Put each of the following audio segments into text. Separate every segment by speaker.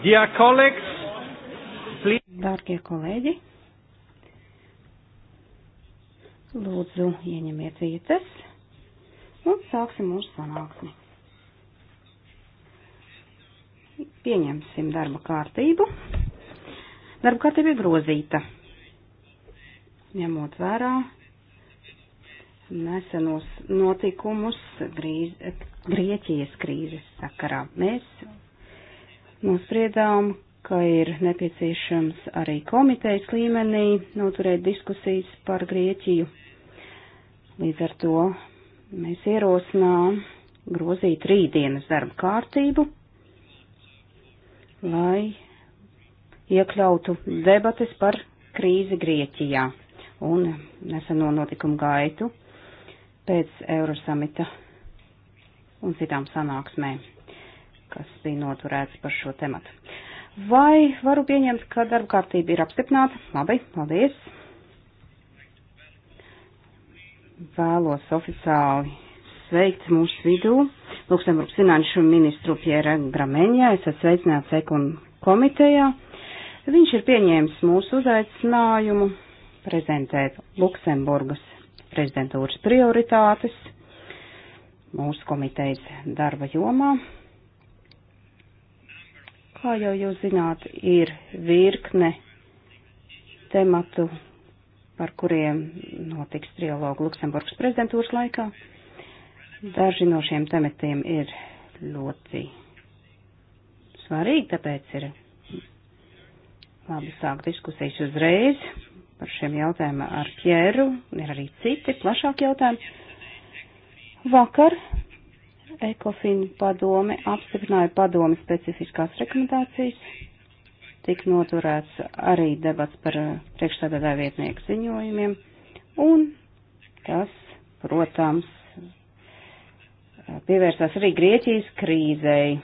Speaker 1: Dear colleagues, please.
Speaker 2: Dārgie kolēģi, lūdzu ieņemiet vietas un sāksim mūsu sanāksmi. Pieņemsim darba kārtību. Darba kārtība ir grozīta, ņemot vērā nesenos notikumus grīz, Grieķijas krīzes sakarā. Mēs Nospriedām, ka ir nepieciešams arī komitejas līmenī noturēt diskusijas par Grieķiju. Līdz ar to mēs ierosinām grozīt rītdienas darba kārtību, lai iekļautu debates par krīzi Grieķijā un neseno notikumu gaitu pēc Eurosamita un citām sanāksmēm kas bija noturēts par šo tematu. Vai varu pieņemt, ka darba kārtība ir apstiprināta? Labi, paldies. Vēlos oficiāli sveikt mūsu vidū Luksemburgas finanšu ministru Piera Grameņā. Es esmu sveicināts Ekon komitejā. Viņš ir pieņēmis mūsu uzaicinājumu prezentēt Luksemburgas prezidentūras prioritātes mūsu komitejas darba jomā. Kā jau jūs zināt, ir virkne tematu, par kuriem notiks trialogu Luksemburgas prezidentūras laikā. Daži no šiem tematiem ir ļoti svarīgi, tāpēc ir labi sākt diskusijas uzreiz par šiem jautājumiem ar Pjeru. Ir arī citi plašāki jautājumi. Vakar Ekofin padome apstiprināja padomi specifiskās rekomendācijas, tika noturēts arī debats par eh, priekšstādātāju vietnieku ziņojumiem, un tas, protams, pievērsās arī Grieķijas krīzei.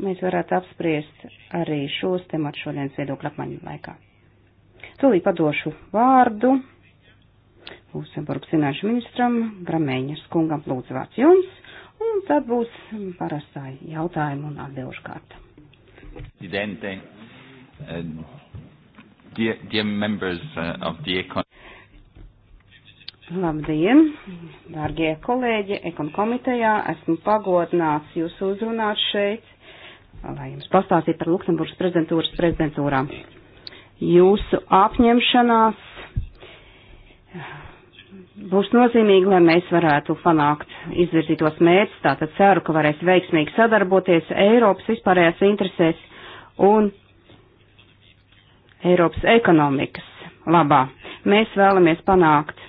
Speaker 2: Mēs varētu apspriest arī šos temats šodienas viedokļu apmaiņu laikā. Tūlīt padošu vārdu Luksemburgas finanšu ministram Gramēņas kungam lūdzu vārds jums, un tad būs parastā jautājuma un atbilžu kārta. Presidente, uh,
Speaker 3: dear, dear members eh, of the econ.
Speaker 2: Labdien, dārgie kolēģi, ekon komitejā esmu pagodināts jūs uzrunāt šeit, lai jums pastāstītu par Luksemburgas prezidentūras prezidentūrām. Jūsu apņemšanās būs nozīmīgi, lai mēs varētu panākt izvirzītos mērķus. Tātad ceru, ka varēs veiksmīgi sadarboties Eiropas vispārējās interesēs un Eiropas ekonomikas labā. Mēs vēlamies panākt uh,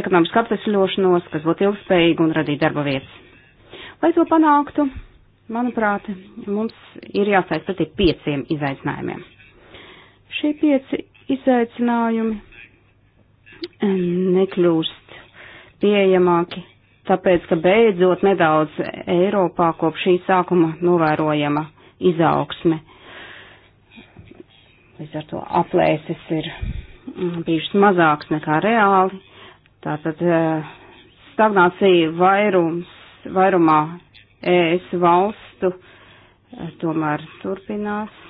Speaker 2: ekonomisku apvesļošanos, kas būtu ilgspējīga un radītu darba vietas. Lai to panāktu, manuprāt, mums ir jāsaist pretī pieciem izaicinājumiem. Šie pieci izaicinājumi nekļūst pieejamāki, tāpēc, ka beidzot nedaudz Eiropā kopš šī sākuma novērojama izaugsme. Līdz ar to aplēses ir mm, bijušas mazākas nekā reāli. Tātad e, stagnācija vairums, vairumā ES valstu e, tomēr turpinās.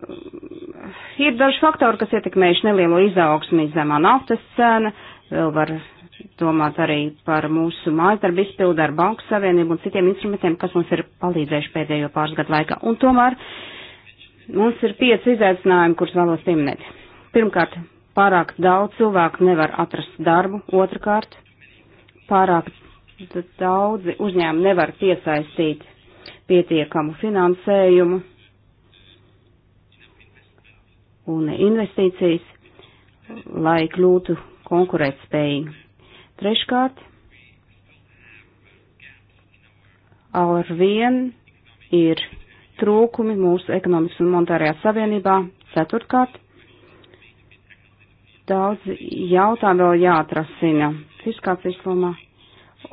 Speaker 2: Eh, ir daži faktori, kas ietekmējuši nelielo izaugsmi, zemā naftas cena, vēl var domāt arī par mūsu mājasdarbu izpildu ar Banku Savienību un citiem instrumentiem, kas mums ir palīdzējuši pēdējo pāris gadu laikā. Un tomēr mums ir pieci izaicinājumi, kurus vēlos pieminēt. Pirmkārt, pārāk daudz cilvēku nevar atrast darbu. Otrakārt, pārāk daudzi uzņēmumi nevar piesaistīt pietiekamu finansējumu un investīcijas, lai kļūtu konkurētspējīgi. Treškārt, ar vien ir trūkumi mūsu ekonomikas un monetārajā savienībā. Ceturtkārt, daudz jautājumu vēl jāatrasina fiskācijas lomā.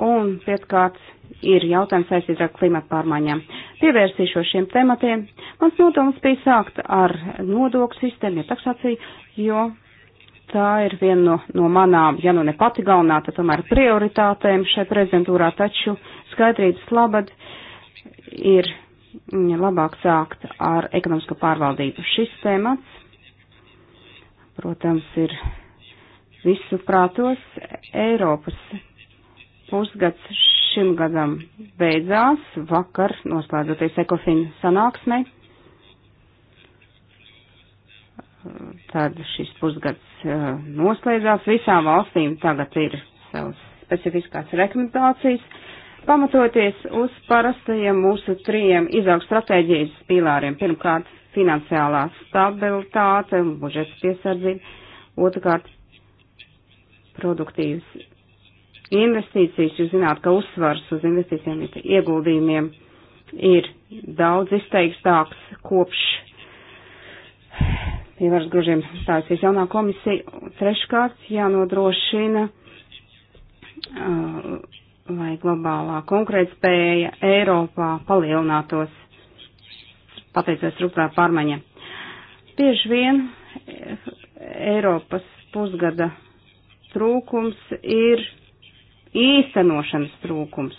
Speaker 2: Un piekārt, ir jautājums saistīts ar klimatu pārmaiņām. Pievērsīšos šiem tematiem. Mans nodoms bija sākt ar nodokļu sistēmu, ja taksāciju, jo tā ir viena no, no manām, ja nu ne pati galvenā, tad tomēr prioritātēm šai prezentūrā, taču skaidrības labad ir mm, labāk sākt ar ekonomisko pārvaldību. Šis temats, protams, ir visu prātos Eiropas pusgads šim gadam beidzās vakar, noslēdzoties ekofina sanāksmei. Tad šis pusgads eh, noslēdzās. Visām valstīm tagad ir savas specifiskās rekomendācijas, pamatoties uz parastajiem mūsu trījiem izaugs stratēģijas pīlāriem. Pirmkārt, finansiālā stabilitāte, budžets piesardzība. Otrakārt, produktīvs investīcijas. Jūs zināt, ka uzsvars uz investīcijiem ieguldījumiem ir daudz izteikstāks kopš pievaras gružiem stāsies jaunā komisija. Treškārt jānodrošina, uh, lai globālā konkurētspēja Eiropā palielinātos pateicoties struktūrā pārmaiņa. Bieži vien eh, Eiropas pusgada trūkums ir īstenošanas trūkums.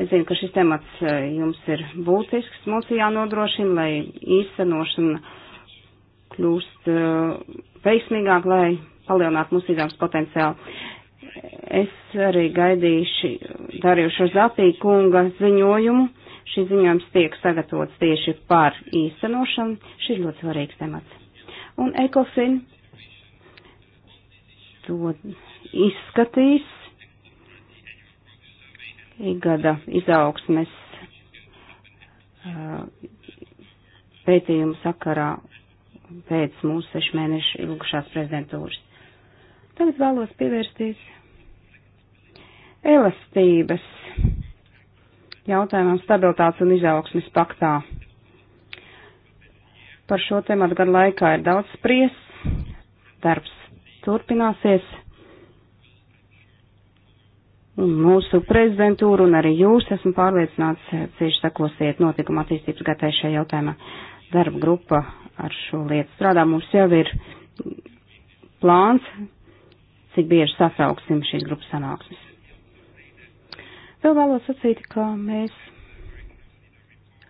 Speaker 2: Es zinu, ka šis temats eh, jums ir būtisks. Mums ir jānodrošina, lai īstenošana kļūst eh, veiksmīgāk, lai palielinātu mūsu izdevums potenciālu. Es arī gaidīšu Darījušo Zapī kunga ziņojumu. Šis ziņojums tiek sagatavots tieši par īstenošanu. Šis ir ļoti svarīgs temats. Un Ekofin to izskatīs gada izaugsmes pētījumu sakarā pēc mūsu sešu mēnešu ilgušās prezidentūras. Tagad vēlos pievērsties elastības jautājumam stabilitātes un izaugsmes paktā. Par šo tematu gadu laikā ir daudz spries, darbs turpināsies. Mūsu prezidentūra un arī jūs, esmu pārliecināts, eh, cieši sekosiet notikuma attīstības gatai šajā jautājumā. Darba grupa ar šo lietu strādā. Mums jau ir plāns, cik bieži sasauksim šīs grupas sanāksmes. Vēl vēlos sacīt, ka mēs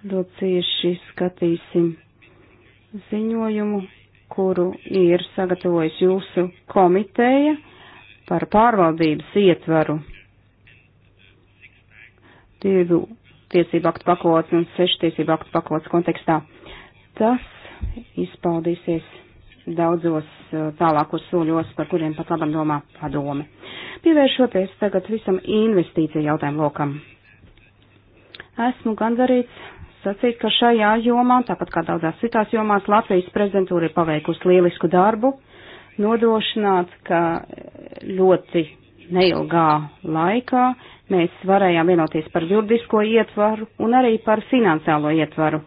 Speaker 2: ļoti cieši skatīsim ziņojumu, kuru ir sagatavojis jūsu komiteja par pārvaldības ietvaru divu tiesību aktu pakotnes un sešu tiesību aktu pakotnes kontekstā. Tas izpaudīsies daudzos eh, tālākos soļos, par kuriem pat labam domā padome. Pievēršoties tagad visam investīciju jautājumu lokam. Esmu gandarīts sacīt, ka šajā jomā, tāpat kā daudzās citās jomās, Latvijas prezidentūra ir paveikusi lielisku darbu, nodrošināt, ka ļoti neilgā laikā Mēs varējām vienoties par juridisko ietvaru un arī par finansiālo ietvaru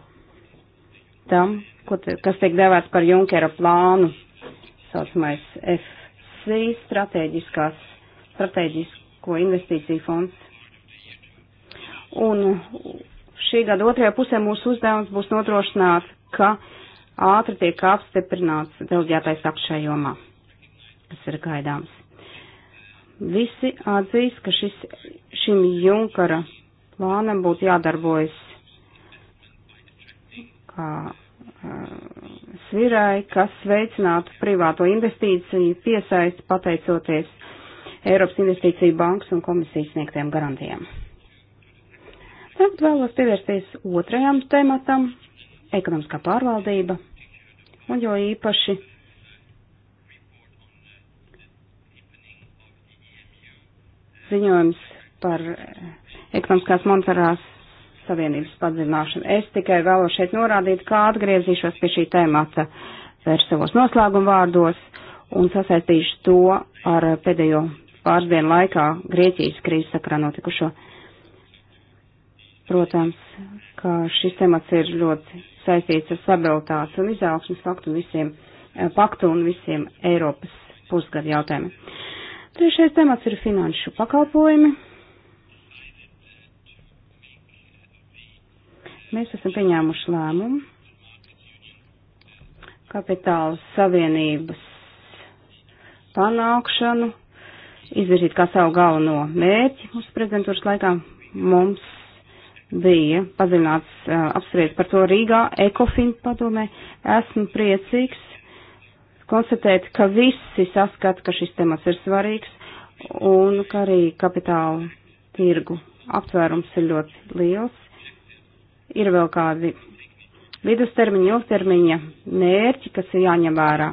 Speaker 2: tam, kas tiek devēts par Junkera plānu, saucamais FC strateģiskās, strateģisko investīciju fonds. Un šī gada otrajā pusē mūsu uzdevums būs nodrošināt, ka ātri tiek apstiprināts delģētais akšējomā, kas ir gaidāms. Visi atzīst, ka šis, šim Junkara plānam būtu jādarbojas kā uh, svirai, kas veicinātu privāto investīciju piesaisti pateicoties Eiropas investīciju bankas un komisijas sniegtiem garantijām. Tagad vēlos pievērsties otrajam tematam - ekonomiskā pārvaldība un jo īpaši ziņojums par eh, ekonomiskās monetārās savienības padzināšanu. Es tikai vēlos šeit norādīt, kā atgriezīšos pie šī tēmata vēl savos noslēguma vārdos un sasaistīšu to ar pēdējo pāris dienu laikā Grieķijas krīzes sakarā notikušo. Protams, ka šis temats ir ļoti saistīts ar stabilitātes un izaugsmas faktu un visiem eh, paktu un visiem Eiropas pusgadu jautājumiem. Trešais temats ir finanšu pakalpojumi. Mēs esam pieņēmuši lēmumu kapitāla savienības panākšanu, izvirzīt kā savu galveno mērķi mūsu prezidentūras laikā. Mums bija padziļināts uh, apspriest par to Rīgā, Ekofin padomē. Esmu priecīgs, konstatēt, ka visi saskata, ka šis temats ir svarīgs un ka arī kapitāla tirgu aptvērums ir ļoti liels. Ir vēl kādi vidustermiņa, ilgtermiņa mērķi, kas ir jāņem vērā.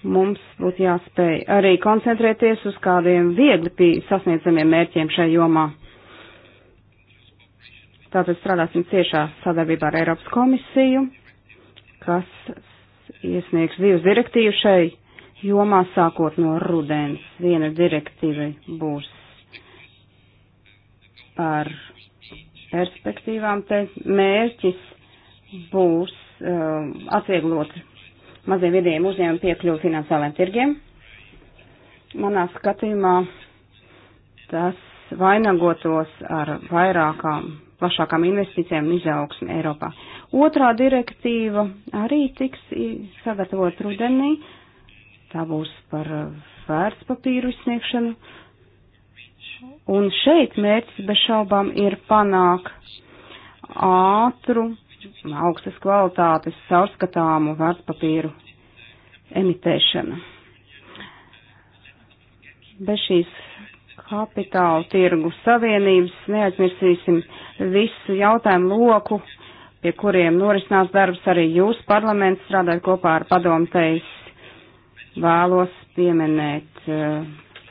Speaker 2: Mums būtu jāspēj arī koncentrēties uz kādiem viegli sasniedzamiem mērķiem šajā jomā. Tātad strādāsim ciešā sadarbībā ar Eiropas komisiju, kas iesniegs divas direktīvas šai jomā sākot no rudens. Viena direktīva būs par perspektīvām, te mērķis būs um, atvieglot maziem vidējiem uzņēmumiem piekļuvu finansiāliem tirgiem. Manā skatījumā tas vainagotos ar vairākām plašākām investīcijām un izaugsmi Eiropā. Otrā direktīva arī tiks sagatavot rudenī. Tā būs par uh, vērtspapīru izsniegšanu. Un šeit mērķis bez šaubām ir panākt ātru, augstas kvalitātes, caurskatāmu vērtspapīru emitēšanu. Bez šīs kapitāla tirgu savienības, neaizmirsīsim visu jautājumu loku, pie kuriem norisinās darbs arī jūs parlaments, strādājot kopā ar padomteis, vēlos pieminēt uh,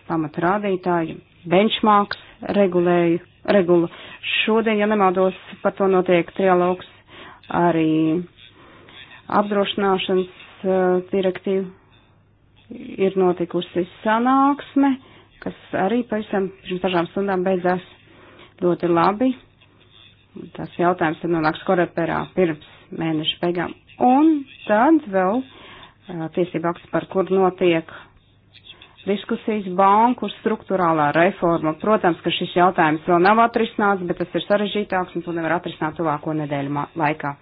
Speaker 2: pamatrādītāju, benchmarks regulēju, regulu. Šodien, ja nemaldos, par to notiek trialogs arī apdrošināšanas uh, eh, direktīvu. Ir notikusi sanāksme kas arī pavisam pirms dažām stundām beidzās ļoti labi. Tas jautājums tad nonāks koreperā pirms mēneša beigām. Un tad vēl tiesība akts, par kur notiek diskusijas banku struktūrālā reforma. Protams, ka šis jautājums vēl nav atrisināts, bet tas ir sarežģītāks un to nevar atrisināt tuvāko nedēļu laikā.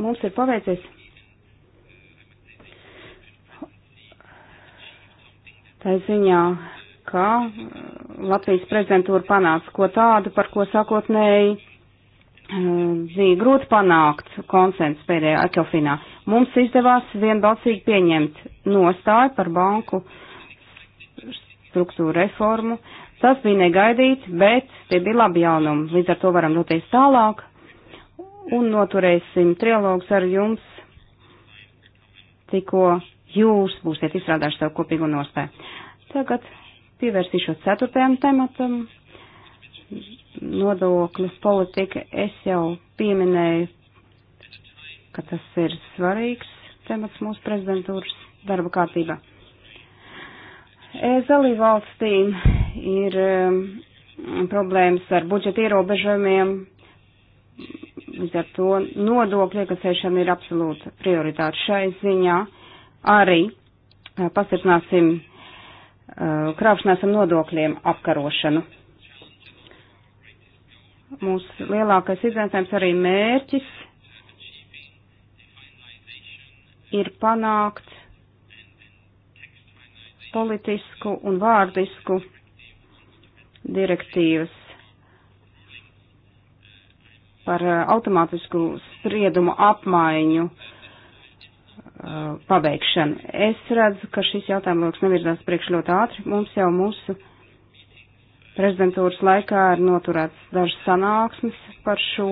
Speaker 2: Mums ir paveicies Tā ziņā, ka uh, Latvijas prezidentūra panāca ko tādu, par ko sākotnēji uh, bija grūti panākt konsensus pēdējā ekofinā. Mums izdevās vienbalsīgi pieņemt nostāju par banku struktūru reformu. Tas bija negaidīts, bet tie bija labi jaunumi. Līdz ar to varam doties tālāk un noturēsim trilogus ar jums tikko jūs būsiet izstrādājuši savu kopīgo nostāju. Tagad pievērsīšos ceturtajam tematam - nodoklis, politika. Es jau pieminēju, ka tas ir svarīgs temats mūsu prezidentūras darba kārtībā. ES dalībvalstīm ir um, problēmas ar budžeta ierobežojumiem, līdz ar to nodokļu iekasēšana ir absolūta prioritāte šai ziņā arī pastiprināsim krāpšanās ar nodokļiem apkarošanu. Mūsu lielākais izaicinājums arī mērķis ir panākt politisku un vārdisku direktīvas par automātisku spriedumu apmaiņu uh, Uh, pabeigšanu. Es redzu, ka šis jautājums nevirzās priekš ļoti ātri. Mums jau mūsu prezidentūras laikā ir noturēts dažas sanāksmes par šo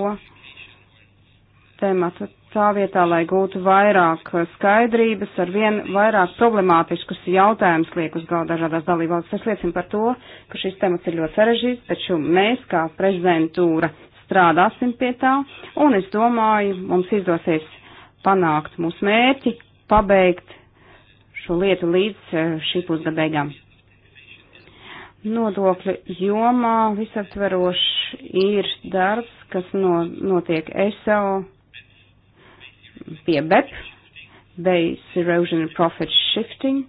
Speaker 2: tēmatu. Tā vietā, lai gūtu vairāk skaidrības, ar vien vairāk problemātiskus jautājumus liek uz galda dažādās dalībvalstis. Tas liecina par to, ka šis temats ir ļoti sarežģīts, taču mēs kā prezidentūra strādāsim pie tā, un es domāju, mums izdosies panākt mūsu mērķi, pabeigt šo lietu līdz eh, šī pusgada beigām. Nodokļu jomā visaptverošs ir darbs, kas no, notiek ESO pie BEP, Base Erosion and Profit Shifting.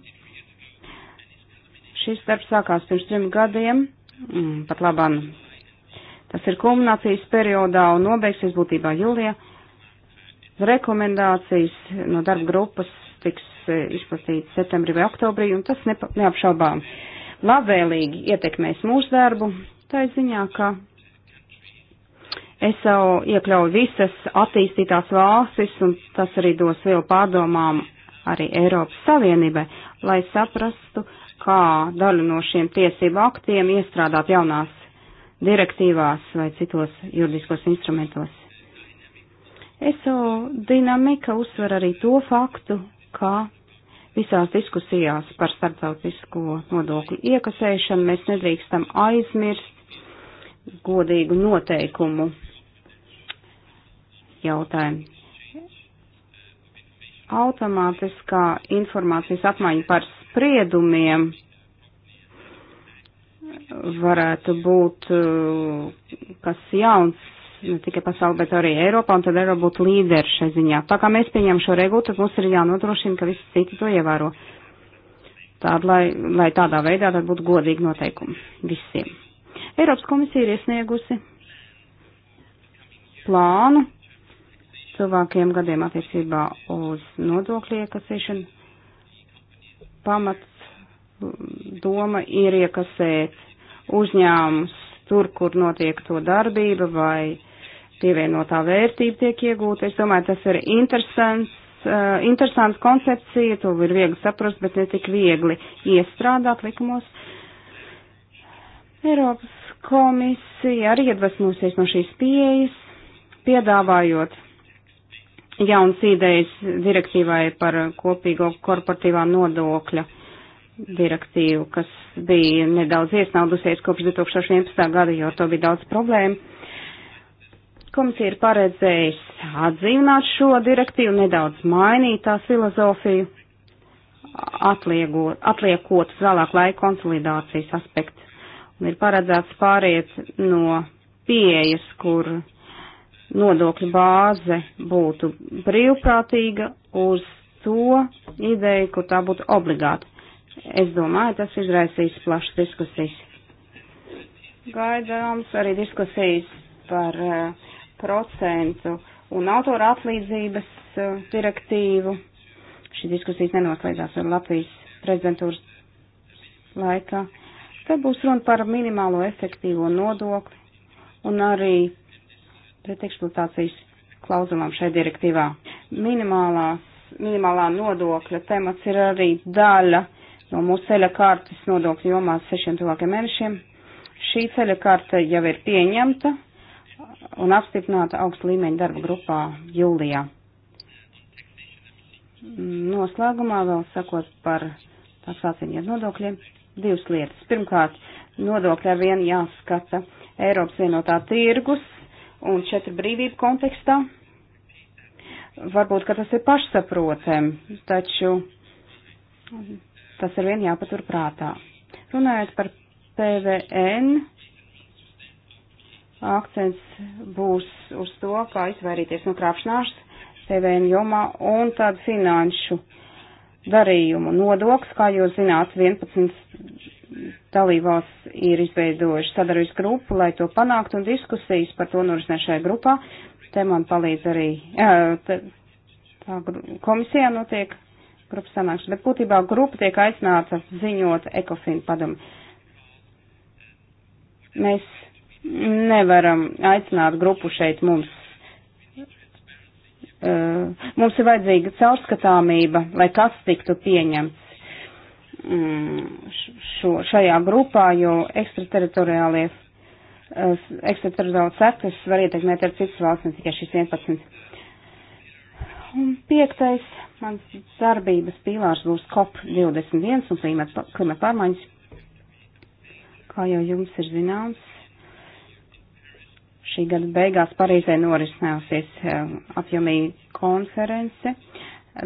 Speaker 2: Šis darbs sākās pirms trim gadiem, mm, pat labāk. Tas ir kulminācijas periodā un nobeigsies būtībā jūlijā rekomendācijas no darba grupas tiks e, izplatītas septembrī vai oktobrī, un tas neapšaubām labvēlīgi ietekmēs mūsu darbu, tā ziņā, ka SAO iekļauj visas attīstītās valstis, un tas arī dos vēl pārdomām arī Eiropas Savienībai, lai saprastu, kā daļu no šiem tiesību aktiem iestrādāt jaunās direktīvās vai citos juridiskos instrumentos. ESO dinamika uzsver arī to faktu, ka visās diskusijās par starptautisko nodokļu iekasēšanu mēs nedrīkstam aizmirst godīgu noteikumu jautājumu. Automātiskā informācijas apmaiņa par spriedumiem varētu būt uh, kas jauns ne tikai pasauli, bet arī Eiropā, un tad Eiropa būtu līderi šai ziņā. Tā kā mēs pieņemam šo regulu, tad mums ir jānodrošina, ka visi citi to ievēro. Tād, lai, lai tādā veidā tad būtu godīgi noteikumi visiem. Eiropas komisija ir iesniegusi plānu cilvēkiem gadiem attiecībā uz nodokļu iekasēšanu. Pamats mm, doma ir iekasēt uzņēmums tur, kur notiek to darbība vai pievienotā vērtība tiek iegūta. Es domāju, tas ir interesants, uh, interesants koncepcija, to ir viegli saprast, bet ne tik viegli iestrādāt likumos. Eiropas komisija arī iedvesmosies no šīs pieejas, piedāvājot jauns idejas direktīvai par kopīgo korporatīvā nodokļa direktīvu, kas bija nedaudz iesnaudusies kopš 2011. gada, jo to bija daudz problēmu. Komisija ir paredzējusi atzīmēt šo direktīvu, nedaudz mainīt tās filozofiju, atliegot, atliekot uz vēlāk laika konsolidācijas aspektu. Un ir paredzēts pāriet no pieejas, kur nodokļu bāze būtu brīvprātīga, uz to ideju, kur tā būtu obligāta. Es domāju, tas izraisīs plašas diskusijas. Gaidāms arī diskusijas par uh, procentu un autora atlīdzības eh, direktīvu. Šī diskusijas nenoslēdzās ar Latvijas prezidentūras laikā. Tad būs runa par minimālo efektīvo nodokli un arī preteksploatācijas klauzulām šai direktīvā. Minimālās, minimālā nodokļa temats ir arī daļa no mūsu ceļa kārtas nodokļu jomās sešiem tuvākiem mēnešiem. Šī ceļa karta jau ir pieņemta un apstiprināta augsta līmeņa darba grupā jūlijā. Noslēgumā vēl sakot par taksācijiem nodokļiem, divas lietas. Pirmkārt, nodokļi ar vienu jāskata Eiropas vienotā tirgus un četru brīvību kontekstā. Varbūt, ka tas ir pašsaprotēm, taču tas ir vien jāpatur prātā. Runājot par PVN, akcents būs uz to, kā izvairīties no krāpšanās PVN jomā un tādu finanšu darījumu nodoklis, kā jūs zināt, 11 dalībās ir izveidojuši sadarījus grupu, lai to panāktu un diskusijas par to norisinās šajā grupā. Te man palīdz arī eh, tā, tā komisijā notiek grupas sanākšana, bet būtībā grupa tiek aicināta ziņot ECOFIN padomu. Mēs nevaram aicināt grupu šeit mums. Uh, mums ir vajadzīga caurskatāmība, lai kas tiktu pieņemts um, šo, šajā grupā, jo ekstrateritoriālie uh, ekstrateritoriāli sekas var ietekmēt ar citas valsts, ne tikai šis 11. Un piektais mans darbības pīlārs būs COP21 un klimata pārmaiņas. Kā jau jums ir zināms, Šī gada beigās Parīzē norisināsies eh, apjomīga konference.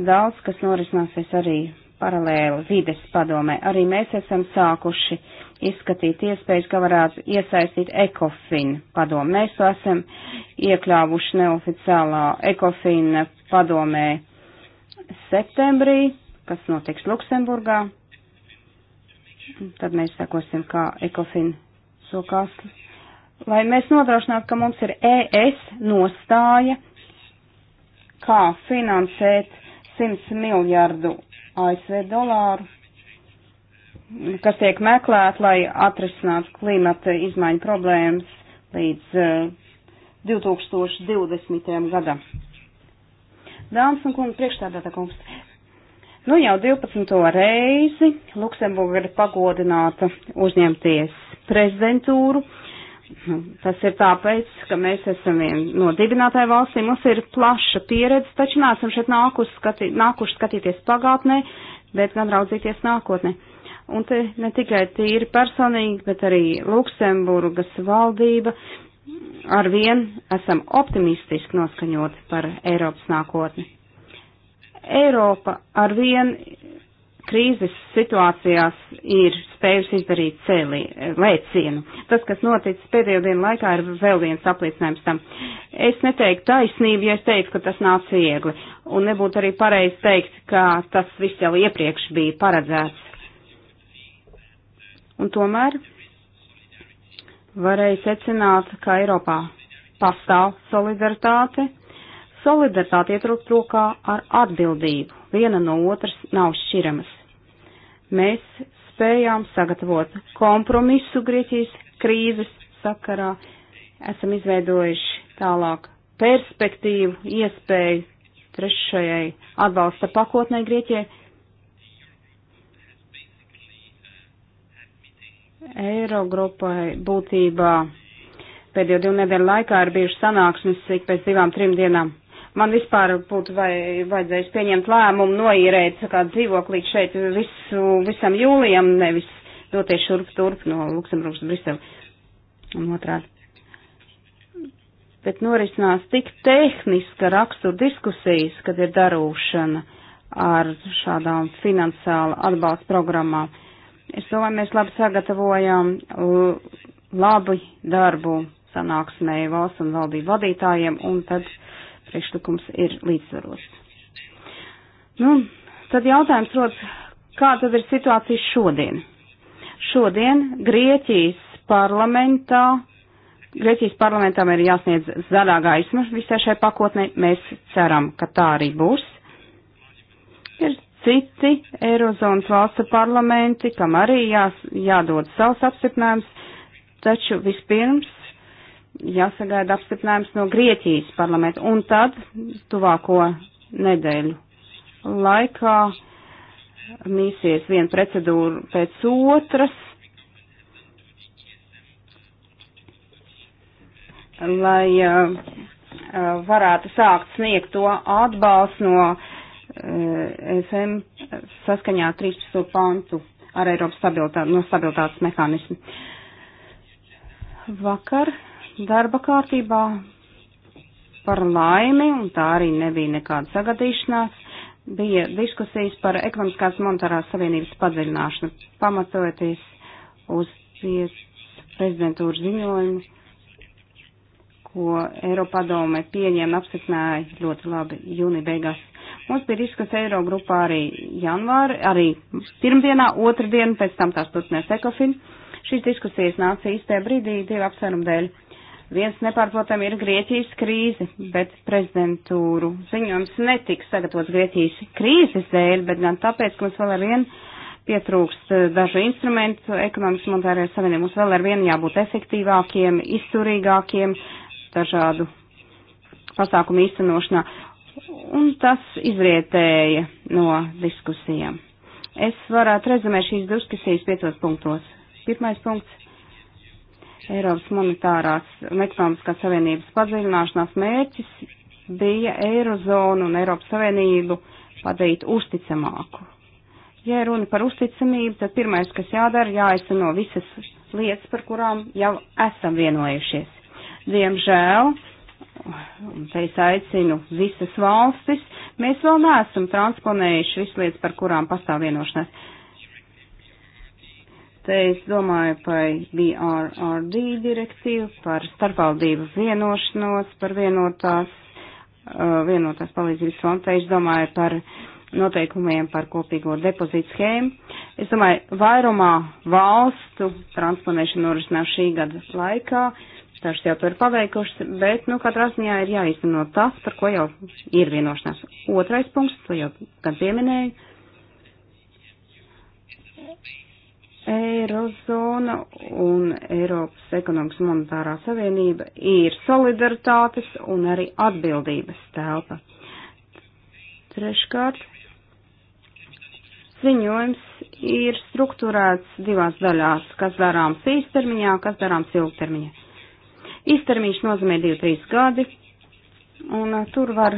Speaker 2: Daudz, kas norisināsies arī paralēli vides padomē. Arī mēs esam sākuši izskatīt iespējas, ka varētu iesaistīt ekofinu padomu. Mēs to esam iekļāvuši neoficiālā ekofina padomē septembrī, kas notiks Luksemburgā. Tad mēs sakosim, kā ekofin sokās lai mēs nodrošinātu, ka mums ir ES nostāja, kā finansēt 100 miljardu ASV dolāru, kas tiek meklēt, lai atrisinātu klimata izmaiņu problēmas līdz uh, e, 2020. gadam. Dāmas un kungi, priekšstādātā kungs. Nu jau 12. reizi Luksemburga ir pagodināta uzņemties prezidentūru Nu, tas ir tāpēc, ka mēs esam vien no dibinātāju valstīm, mums ir plaša pieredze, taču neesam šeit nākuši, skati, nākuši skatīties pagātnē, bet gan raudzīties nākotnē. Un te ne tikai tīri personīgi, bet arī Luksemburgas valdība ar vien esam optimistiski noskaņoti par Eiropas nākotni. Eiropa ar vien krīzes situācijās ir spējusi izdarīt cēlī, eh, lēcienu. Tas, kas noticis pēdējo dienu laikā, ir vēl viens apliecinājums tam. Es neteiktu taisnību, ja es teiktu, ka tas nāca viegli. Un nebūtu arī pareizi teikt, ka tas viss jau iepriekš bija paredzēts. Un tomēr varēja secināt, ka Eiropā pastāv solidaritāte. Solidaritāte iet rokā ar atbildību viena no otras nav šķiramas. Mēs spējām sagatavot kompromisu Grieķijas krīzes sakarā, esam izveidojuši tālāk perspektīvu, iespēju trešajai atbalsta pakotnē Grieķijai. Eirogrupai būtībā pēdējo divu nedēļu laikā ir bijušas sanāksmes ik pēc divām, trim dienām man vispār būtu vai, vajadzējis pieņemt lēmumu noīrēt kādu dzīvoklī šeit visu, visam jūlijam, nevis doties šurp turp no Luksemburgas Brisele un otrādi. Bet norisinās tik tehniska rakstura diskusijas, kad ir darūšana ar šādām finansiāla atbalsta programmām. Es domāju, mēs labi sagatavojām labi darbu sanāksmēji valsts un valdību vadītājiem, un tad priekšlikums ir līdzsvarots. Nu, tad jautājums rodas, kā tad ir situācija šodien? Šodien Grieķijas parlamentā, Grieķijas parlamentam ir jāsniedz zaļā gaisma visai šai pakotnē, mēs ceram, ka tā arī būs. Ir citi Eirozonas valstu parlamenti, kam arī jās, jādod savs apstiprinājums, taču vispirms jāsagaida apstiprinājums no Grieķijas parlamenta. Un tad tuvāko nedēļu laikā mīsies viena procedūra pēc otras, lai uh, varētu sākt sniegt to atbalstu no uh, eh, FM saskaņā 13. pantu ar Eiropas stabilitātes, no stabilitātes mehānismu. Vakar darba kārtībā par laimi, un tā arī nebija nekāda sagadīšanās, bija diskusijas par ekonomiskās monetārās savienības padziļināšanu, pamatojoties uz prezidentūras ziņojumu, ko Eiropadome pieņēma apstiprināja ļoti labi jūnija beigās. Mums bija diskusija Eirogrupā arī janvāri, arī pirmdienā, otrdien, pēc tam tās turpinās Ekofin. Šīs diskusijas nāca īstajā brīdī divu apsvērumu dēļ. Viens nepārprotam ir Grieķijas krīze, bet prezidentūru ziņojums netiks sagatavots Grieķijas krīzes dēļ, bet gan tāpēc, ka mums vēl ar vienu pietrūkst eh, dažu instrumentu ekonomikas monetārajai savienībai. Mums vēl ar vienu jābūt efektīvākiem, izturīgākiem dažādu pasākumu īstenošanā. Un tas izrietēja no diskusijām. Es varētu rezumēt šīs diskusijas piecos punktos. Pirmais punkts Eiropas monetārās un ekonomiskās savienības padziļināšanās mērķis bija Eirozonu un Eiropas Savienību padarīt uzticamāku. Ja runa par uzticamību, tad pirmais, kas jādara, jāizsano visas lietas, par kurām jau esam vienojušies. Diemžēl, un te es aicinu visas valstis, mēs vēl neesam transponējuši visas lietas, par kurām pastāv vienošanās Te es domāju par BRRD direktīvu, par starpvaldību vienošanos, par vienotās, uh, vienotās palīdzības fondu. Te es domāju par noteikumiem par kopīgo depozītu schēmu. Es domāju, vairumā valstu transponēšana norisinās šī gada laikā. Dažas jau to ir paveikušas, bet, nu, katrā ziņā ir jāizteno tas, par ko jau ir vienošanās. Otrais punkts, to jau gan pieminēju Eirozona un Eiropas ekonomikas monetārā savienība ir solidaritātes un arī atbildības telpa. Treškārt, ziņojums ir strukturēts divās daļās, kas darāms īstermiņā, kas darāms ilgtermiņā. Īstermiņš nozīmē 2-3 gadi, un uh, tur var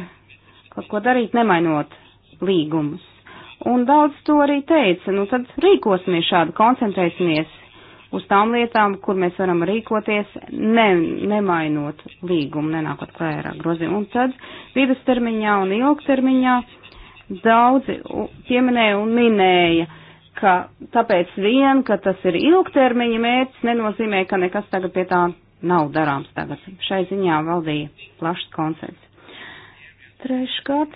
Speaker 2: kaut ko darīt, nemainot līgumus un daudz to arī teica, nu tad rīkosimies šādi, koncentrēsimies uz tām lietām, kur mēs varam rīkoties, ne, nemainot līgumu, nenākot klērā grozījumu. Un tad vidustermiņā un ilgtermiņā daudzi pieminēja un minēja, ka tāpēc vien, ka tas ir ilgtermiņa mērķis, nenozīmē, ka nekas tagad pie tā nav darāms tagad. Šai ziņā valdīja plašs konsens. Treškārt,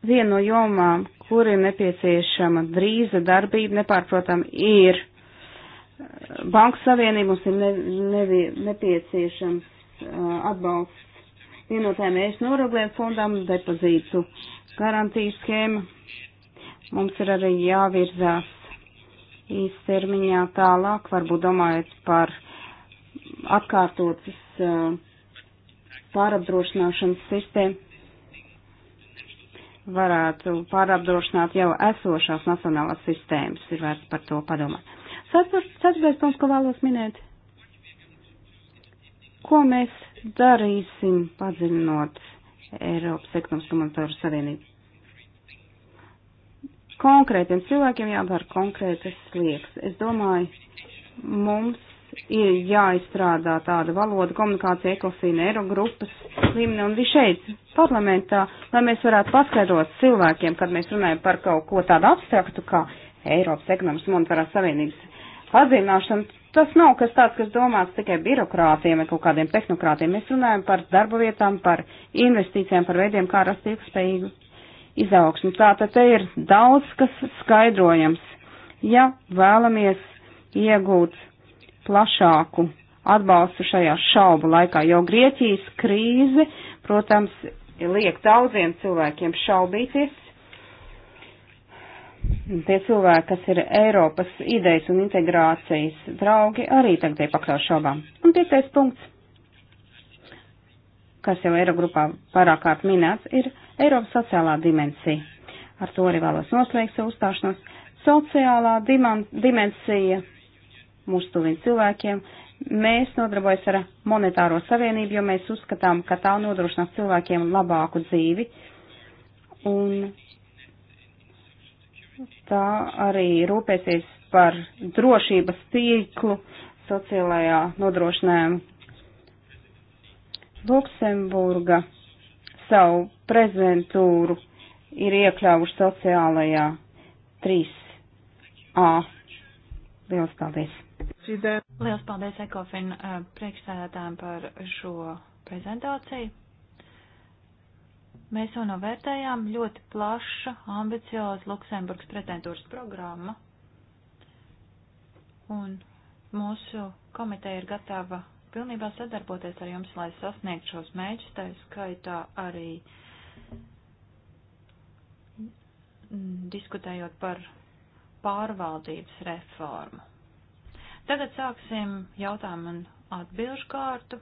Speaker 2: Viena no jomām, kur ir nepieciešama drīza darbība, nepārprotam, ir eh, Banku savienība mums ir ne, ne, nepieciešams uh, atbalsts vienotājiem ēst noragliem fondam, depozītu garantijas schēma. Mums ir arī jāvirzās īstermiņā tālāk, varbūt domājot par atkārtotas uh, pārapdrošināšanas sistēmu varētu pārapdrošināt jau esošās nacionālās sistēmas, ir vērts par to padomāt. Ceturtais punkts, ko vēlos minēt. Ko mēs darīsim padziļinot Eiropas ekonomisko monetāru savienību? Konkrētiem cilvēkiem jādara konkrētas lietas. Es domāju, mums ir jāizstrādā tāda valoda komunikācija ekofina eirogrupas līmenī un šeit parlamentā, lai mēs varētu paskaidrot cilvēkiem, kad mēs runājam par kaut ko tādu abstraktu kā Eiropas ekonomikas monetārās savienības padziļināšanu. Tas nav kas tāds, kas domāts tikai birokrātiem vai kaut kādiem tehnokrātiem. Mēs runājam par darba vietām, par investīcijām, par veidiem, kā rast ilgspējīgu izaugsmu. Tātad te ir daudz, kas skaidrojams, ja vēlamies iegūt plašāku atbalstu šajā šaubu laikā, jo Grieķijas krīze, protams, liek daudziem cilvēkiem šaubīties. Tie cilvēki, kas ir Eiropas idejas un integrācijas draugi, arī tagad ir pakļauts šaubām. Un piektais punkts, kas jau Eirogrupā pārāk kārt minēts, ir Eiropas sociālā dimensija. Ar to arī vēlos noslēgt savu uzstāšanos. Sociālā diman, dimensija mūsu tuviem cilvēkiem. Mēs nodarbojas ar monetāro savienību, jo mēs uzskatām, ka tā nodrošinās cilvēkiem labāku dzīvi. Un tā arī rūpēsies par drošības tīklu sociālajā nodrošinājumā. Luksemburga savu prezentūru ir iekļāvuši sociālajā 3A. Lielas paldies!
Speaker 4: prezident. Liels paldies Ekofin eh, priekšsēdētājiem par šo prezentāciju. Mēs jau novērtējām ļoti plaša, ambicioza Luksemburgas pretendūras programma. Un mūsu komiteja ir gatava pilnībā sadarboties ar jums, lai sasniegtu šos mēģus, tā skaitā arī diskutējot par pārvaldības reformu. Tagad sāksim jautājumu un atbilžu kārtu.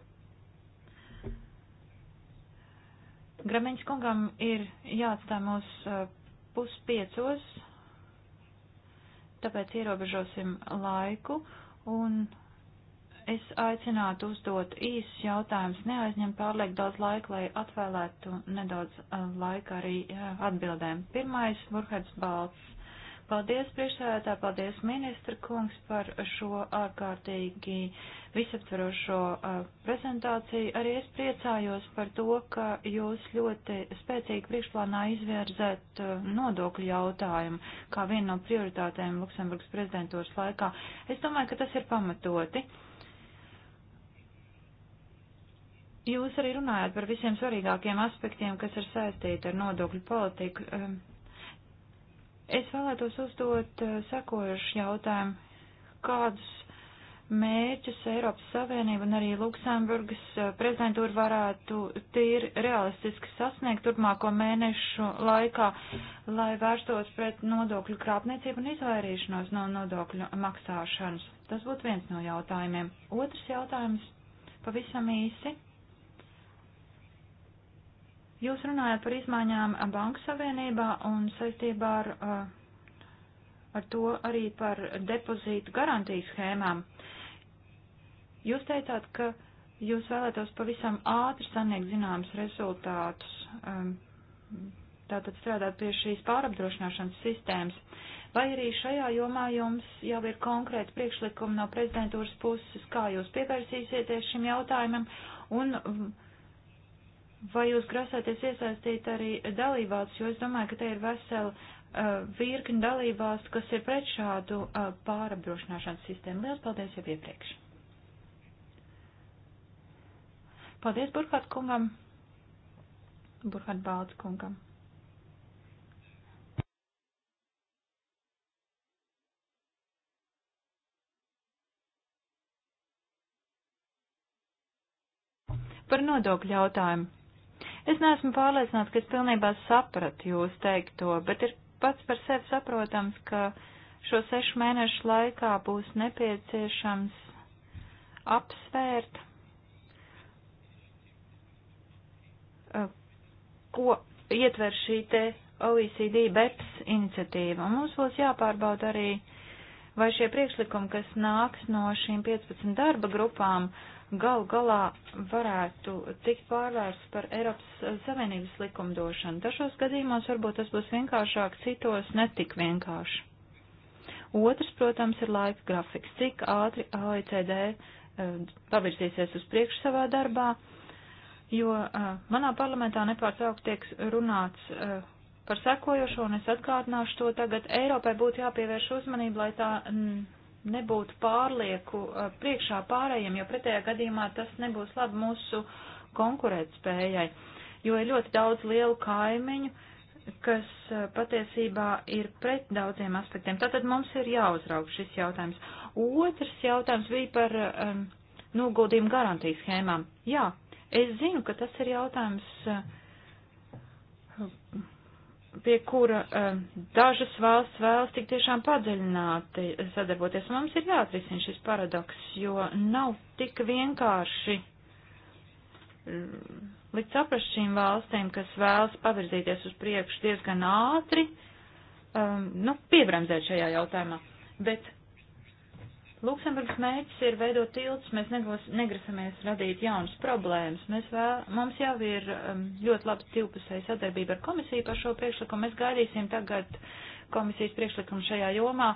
Speaker 4: Gramiņš kungam ir jāatstāj mūs puspiecos, tāpēc ierobežosim laiku un es aicinātu uzdot īsus jautājumus, neaizņemt pārliek daudz laika, lai atvēlētu nedaudz laika arī atbildēm. Pirmais, Burkhards Balts. Paldies, priekšsēdētā, paldies, ministra kungs, par šo ārkārtīgi visaptverošo prezentāciju. Arī es priecājos par to, ka jūs ļoti spēcīgi priekšplānā izvērzēt nodokļu jautājumu kā vienu no prioritātēm Luksemburgas prezidentūras laikā. Es domāju, ka tas ir pamatoti. Jūs arī runājat par visiem svarīgākiem aspektiem, kas ir saistīti ar nodokļu politiku. Es vēlētos uzdot eh, sekojušu jautājumu. Kādus mērķus Eiropas Savienība un arī Luksemburgas eh, prezidentūra varētu tīri realistiski sasniegt turpmāko mēnešu laikā, lai vērstos pret nodokļu krāpniecību un izvairīšanos no nodokļu maksāšanas? Tas būtu viens no jautājumiem. Otrs jautājums pavisam īsi Jūs runājat par izmaiņām Banku Savienībā un saistībā ar, uh, ar to arī par depozītu garantijas schēmām. Jūs teicāt, ka jūs vēlētos pavisam ātri saniegt zināmas rezultātus, um, tātad strādāt pie šīs pārapdrošināšanas sistēmas. Vai arī šajā jomā jums jau ir konkrēti priekšlikumi no prezidentūras puses, kā jūs pievērsīsieties šim jautājumam un um, Vai jūs grasāties iesaistīt arī dalībvalsts, jo es domāju, ka te ir vesela uh, virkni dalībvalstu, kas ir pret šādu uh, pārapdrošināšanas sistēmu. Lielas paldies jau iepriekš. Paldies Burkhard kungam, Burkhard Balts kungam. Par nodokļu jautājumu Es neesmu pārliecināts, ka es pilnībā sapratu jūs teikto, bet ir pats par sevi saprotams, ka šo sešu mēnešu laikā būs nepieciešams apsvērt, eh, ko ietver šī te OECD BEPS iniciatīva. Mums būs jāpārbauda arī, vai šie priekšlikumi, kas nāks no šīm 15 darba grupām, uh, gal galā varētu tikt pārvērsts par Eiropas Savienības likumdošanu. Dažos gadījumos varbūt tas būs vienkāršāk, citos netik vienkārši. Otrs, protams, ir laika grafiks, cik ātri OECD eh, pavirzīsies uz priekšu savā darbā, jo eh, manā parlamentā nepārtraukti tiek runāts eh, par sekojošo, un es atgādināšu to tagad. Eiropai būtu jāpievērš uzmanība, lai tā mm, nebūtu pārlieku eh, priekšā pārējiem, jo pretējā gadījumā tas nebūs labi mūsu konkurētspējai, jo ir ļoti daudz lielu kaimiņu, kas eh, patiesībā ir pret daudziem aspektiem. Tātad mums ir jāuzraug šis jautājums. Otrs jautājums bija par um, noguldījumu garantijas schēmām. Jā, es zinu, ka tas ir jautājums. Uh, pie kura um, dažas valsts vēlas tik tiešām padziļināti sadarboties. Mums ir jāatrisina šis paradoks, jo nav tik vienkārši eh, likt saprast šīm valstīm, kas vēlas pavirzīties uz priekšu diezgan ātri, um, nu, piebremzēt šajā jautājumā. Bet Luksemburgas mērķis ir veidot tilts, mēs negras, negrasamies radīt jaunas problēmas. Mēs vēl, mums jau ir um, ļoti laba divpusēja sadarbība ar komisiju par šo priekšlikumu. Mēs gaidīsim tagad komisijas priekšlikumu šajā jomā.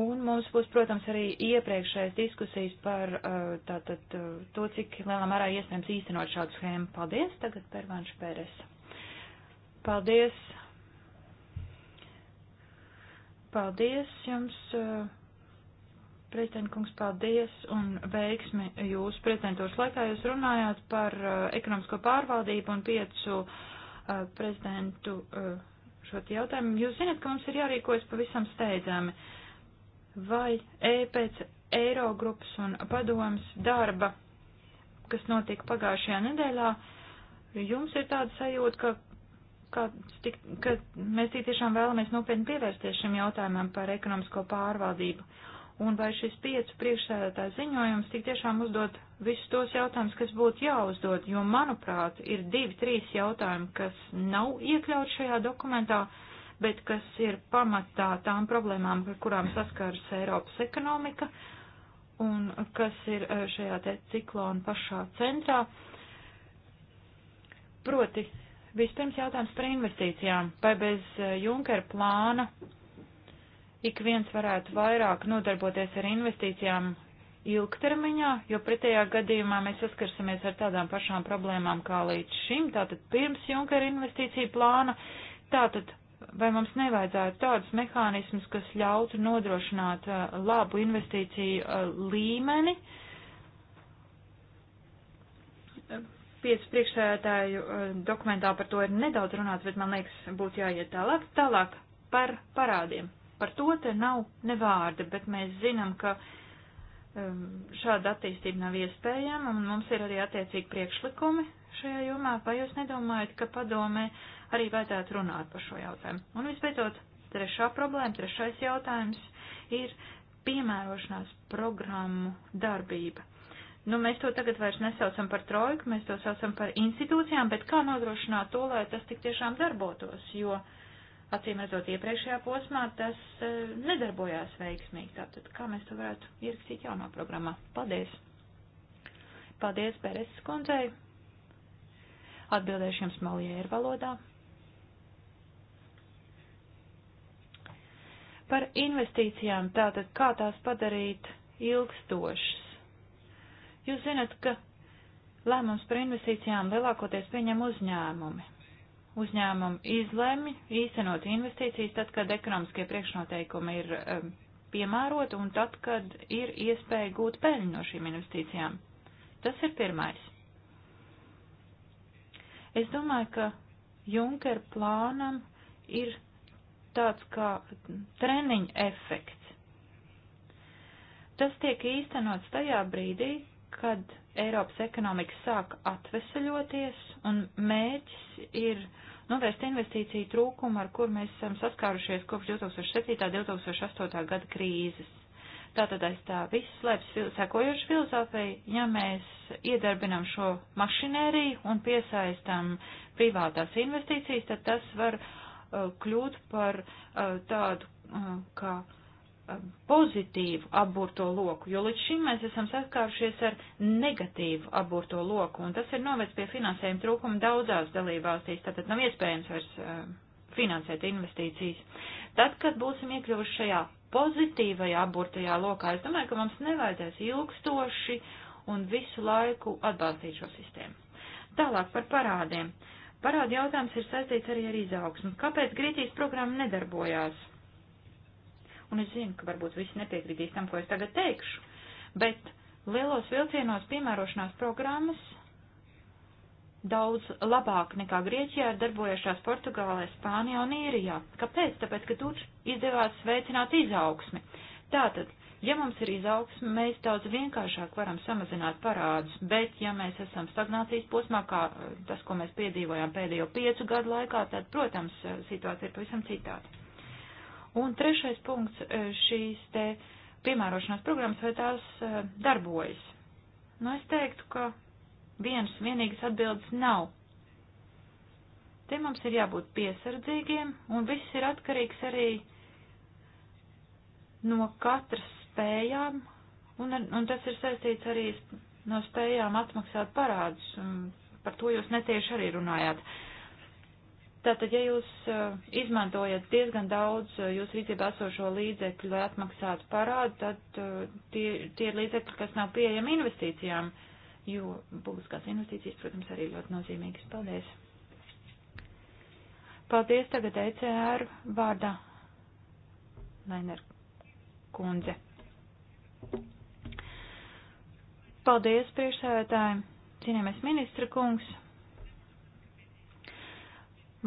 Speaker 4: Un mums būs, protams, arī iepriekšējais diskusijas par uh, tātad, uh, to, cik lielā mērā iespējams īstenot šādu schēmu. Paldies, tagad Pervanš Pēres. Paldies. Paldies jums. Uh, Prezidenta kungs, paldies un veiksmi jūsu prezidentūras laikā. Jūs runājāt par uh, ekonomisko pārvaldību un piecu uh, prezidentu uh, šo jautājumu. Jūs zināt, ka mums ir jārīkojas pavisam steidzami. Vai e pēc Eirogrupas un padomas darba, kas notika pagājušajā nedēļā, jums ir tāda sajūta, ka kā, tik, ka mēs tik tiešām vēlamies nopietni pievērsties šim jautājumam par ekonomisko pārvaldību. Uh, un vai šis piecu priekšsēdētāju ziņojums tik tiešām uzdod visus tos jautājumus, kas būtu jāuzdod, jo, manuprāt, ir divi, trīs jautājumi, kas nav iekļaut šajā dokumentā, bet kas ir pamatā tām problēmām, ar kurām saskaras Eiropas ekonomika un kas ir eh, šajā te ciklona pašā centrā. Proti, vispirms jautājums par investīcijām. Vai bez eh, Junkera plāna ik viens varētu vairāk nodarboties ar investīcijām ilgtermiņā, jo pretējā gadījumā mēs saskarsimies ar tādām pašām problēmām kā līdz šim, tātad pirms Junkera investīcija plāna, tātad vai mums nevajadzētu tādus mehānismus, kas ļautu nodrošināt uh, labu investīciju uh, līmeni. Piecu priekšsēdētāju uh, dokumentā par to ir nedaudz runāts, bet man liekas, būtu jāiet tālāk, tālāk par parādiem. Par to te nav ne vārda, bet mēs zinām, ka um, šāda attīstība nav iespējama, un mums ir arī attiecīgi priekšlikumi šajā jomā. Vai jūs nedomājat, ka padomē arī vajadzētu runāt par šo jautājumu? Un visbeidzot, trešā problēma, trešais jautājums ir piemērošanās programmu darbība. Nu, mēs to tagad vairs nesaucam par trojku, mēs to saucam par institūcijām, bet kā nodrošināt to, lai tas tik tiešām darbotos, jo uh, Acīm redzot, iepriekšējā posmā tas e, nedarbojās veiksmīgi. Tātad, kā mēs to varētu ierakstīt jaunā programmā? Paldies! Paldies, Pēreses kundzei! Atbildēšu jums Maljēra valodā. Par investīcijām, tātad, kā tās padarīt ilgstošas? Jūs zinat, ka lēmums par investīcijām lielākoties pieņem uzņēmumi uzņēmumi izlemj īstenot investīcijas tad, kad ekonomiskie priekšnoteikumi ir um, piemēroti un tad, kad ir iespēja gūt peļņu no šīm investīcijām. Tas ir pirmais. Es domāju, ka Junker plānam ir tāds kā treniņa efekts. Tas tiek īstenots tajā brīdī, kad Eiropas ekonomika sāk atveseļoties un mērķis ir uh, novērst investīciju trūkumu, ar kur mēs esam saskārušies kopš 2007. 2008. gada krīzes. Tātad aiz tā viss slēpjas sekojoši filozofija, ja mēs iedarbinam šo mašinēriju un piesaistam privātās investīcijas, tad tas var uh, kļūt par uh, tādu uh, kā uh, pozitīvu apburto loku, jo līdz šim mēs esam saskārušies ar negatīvu apburto loku, un tas ir novēc pie finansējuma trūkuma daudzās dalībvalstīs, tātad nav iespējams vairs uh, finansēt investīcijas. Tad, kad būsim iekļuvuši šajā pozitīvajā apburtajā lokā, es domāju, ka mums nevajadzēs ilgstoši un visu laiku atbalstīt šo sistēmu. Tālāk par parādiem. Parādu jautājums ir saistīts arī ar izaugsmu. Kāpēc Grieķijas programma nedarbojās? un es zinu, ka varbūt visi nepiekritīs tam, ko es tagad teikšu, bet lielos vilcienos piemērošanās programmas daudz labāk nekā Grieķijā ir darbojušās Portugālē, Spānijā un Īrijā. Kāpēc? Tāpēc, ka tur izdevās veicināt izaugsmi. Tātad, ja mums ir izaugsme, mēs daudz vienkāršāk varam samazināt parādus, bet ja mēs esam stagnācijas posmā, kā eh, tas, ko mēs piedzīvojām pēdējo piecu gadu laikā, tad, protams, eh, situācija ir pavisam citāda. Un trešais punkts e, - šīs te piemērošanās programmas, vai tās e, darbojas. Nu, es teiktu, ka vienas vienīgas atbildes nav. Te mums ir jābūt piesardzīgiem, un viss ir atkarīgs arī no katras spējām, un, un tas ir saistīts arī no spējām atmaksāt parādus, un par to jūs netieši arī runājāt. Uh, Tātad, ja jūs eh, izmantojat diezgan daudz eh, jūsu rīcībā esošo līdzekļu, lai atmaksātu parādu, tad eh, tie, tie ir līdzekļi, kas nav pieejami investīcijām, jo publiskās investīcijas, protams, arī ļoti nozīmīgas. Paldies! Paldies tagad ECR vārdā Leiner kundze. Paldies priekšsēdētājiem, cienījamies ministra kungs.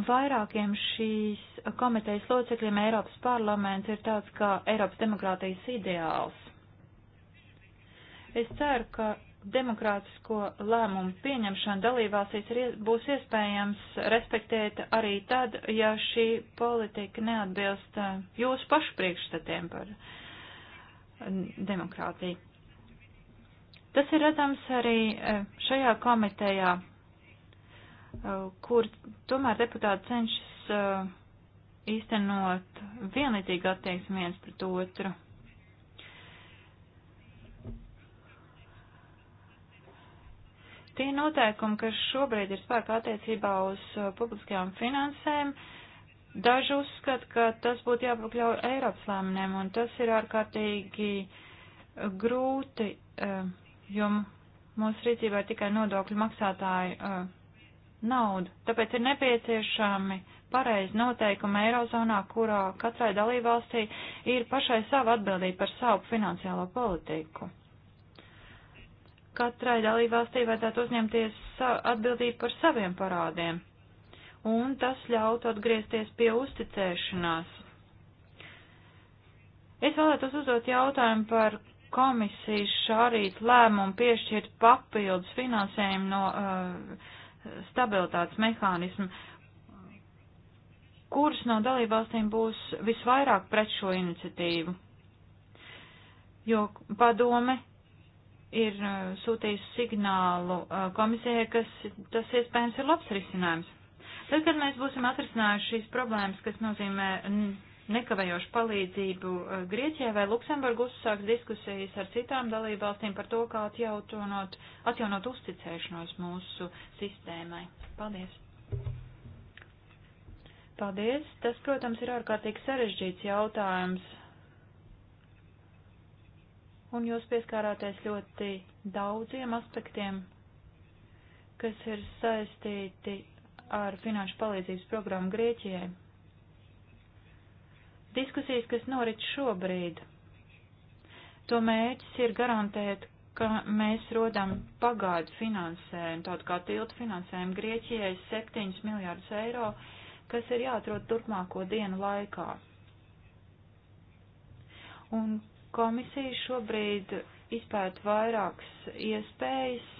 Speaker 4: Vairākiem šīs komitejas locekļiem Eiropas parlaments ir tāds kā Eiropas demokrātijas ideāls. Es ceru, ka demokrātisko lēmumu pieņemšana dalībvalstīs būs iespējams respektēt arī tad, ja šī politika neatbilst uh, jūsu pašu priekšstatiem par uh, demokrātiju. Tas ir redzams arī uh, šajā komitejā. Uh, kur tomēr deputāti cenšas uh, īstenot vienlīdzīgu attieksmi viens pret otru. Tie noteikumi, kas šobrīd ir spēkā attiecībā uz uh, publiskajām finansēm, daži uzskata, ka tas būtu jāpakļauj Eiropas lēmumiem, un tas ir ārkārtīgi grūti, jo mūsu rīcībā ir tikai nodokļu maksātāju naudu. Tāpēc ir nepieciešami pareizi noteikumi Eirozonā, kurā katrai dalībvalstī ir pašai sava atbildība par savu finansiālo politiku. Katrai dalībvalstī vajadzētu uzņemties atbildību par saviem parādiem, un tas ļautu atgriezties pie uzticēšanās. Es vēlētos uzdot jautājumu par komisijas šārīt lēmumu piešķirt papildus finansējumu no uh, stabilitātes mehānismu. Kuras no dalībvalstīm būs visvairāk pret šo iniciatīvu? Jo padome ir uh, sūtījusi signālu uh, komisijai, kas tas iespējams ir labs risinājums. Tad, kad mēs būsim atrisinājuši šīs problēmas, kas nozīmē nekavējošu palīdzību eh, Grieķijai vai Luksemburgu uzsāks diskusijas ar citām dalībvalstīm par to, kā atjaunot, atjaunot uzticēšanos mūsu sistēmai. Paldies! Paldies! Tas, protams, ir ārkārtīgi sarežģīts jautājums. Un jūs pieskārāties ļoti daudziem aspektiem, kas ir saistīti ar finanšu palīdzības programmu Grieķijai. Diskusijas, kas norit šobrīd, to mērķis ir garantēt, ka mēs rodam pagādu finansējumu, tādu kā tiltu finansējumu Grieķijai 7 miljārdus eiro, kas ir jāatrod turpmāko dienu laikā. Un komisija šobrīd izpēta vairākas iespējas,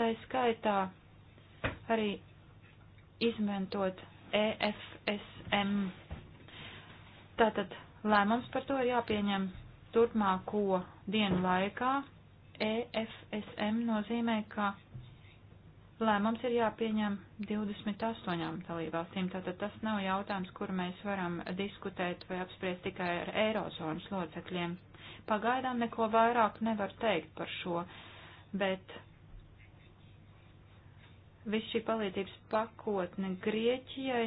Speaker 4: tā skaitā arī izmantot EFSM Tātad lēmums par to ir jāpieņem turpmāko dienu laikā. EFSM nozīmē, ka lēmums ir jāpieņem 28 dalībvalstīm. Tātad tas nav jautājums, kur mēs varam diskutēt vai apspriest tikai ar Eirozonas locekļiem. Pagaidām neko vairāk nevar teikt par šo, bet viss šī palīdzības pakotne Grieķijai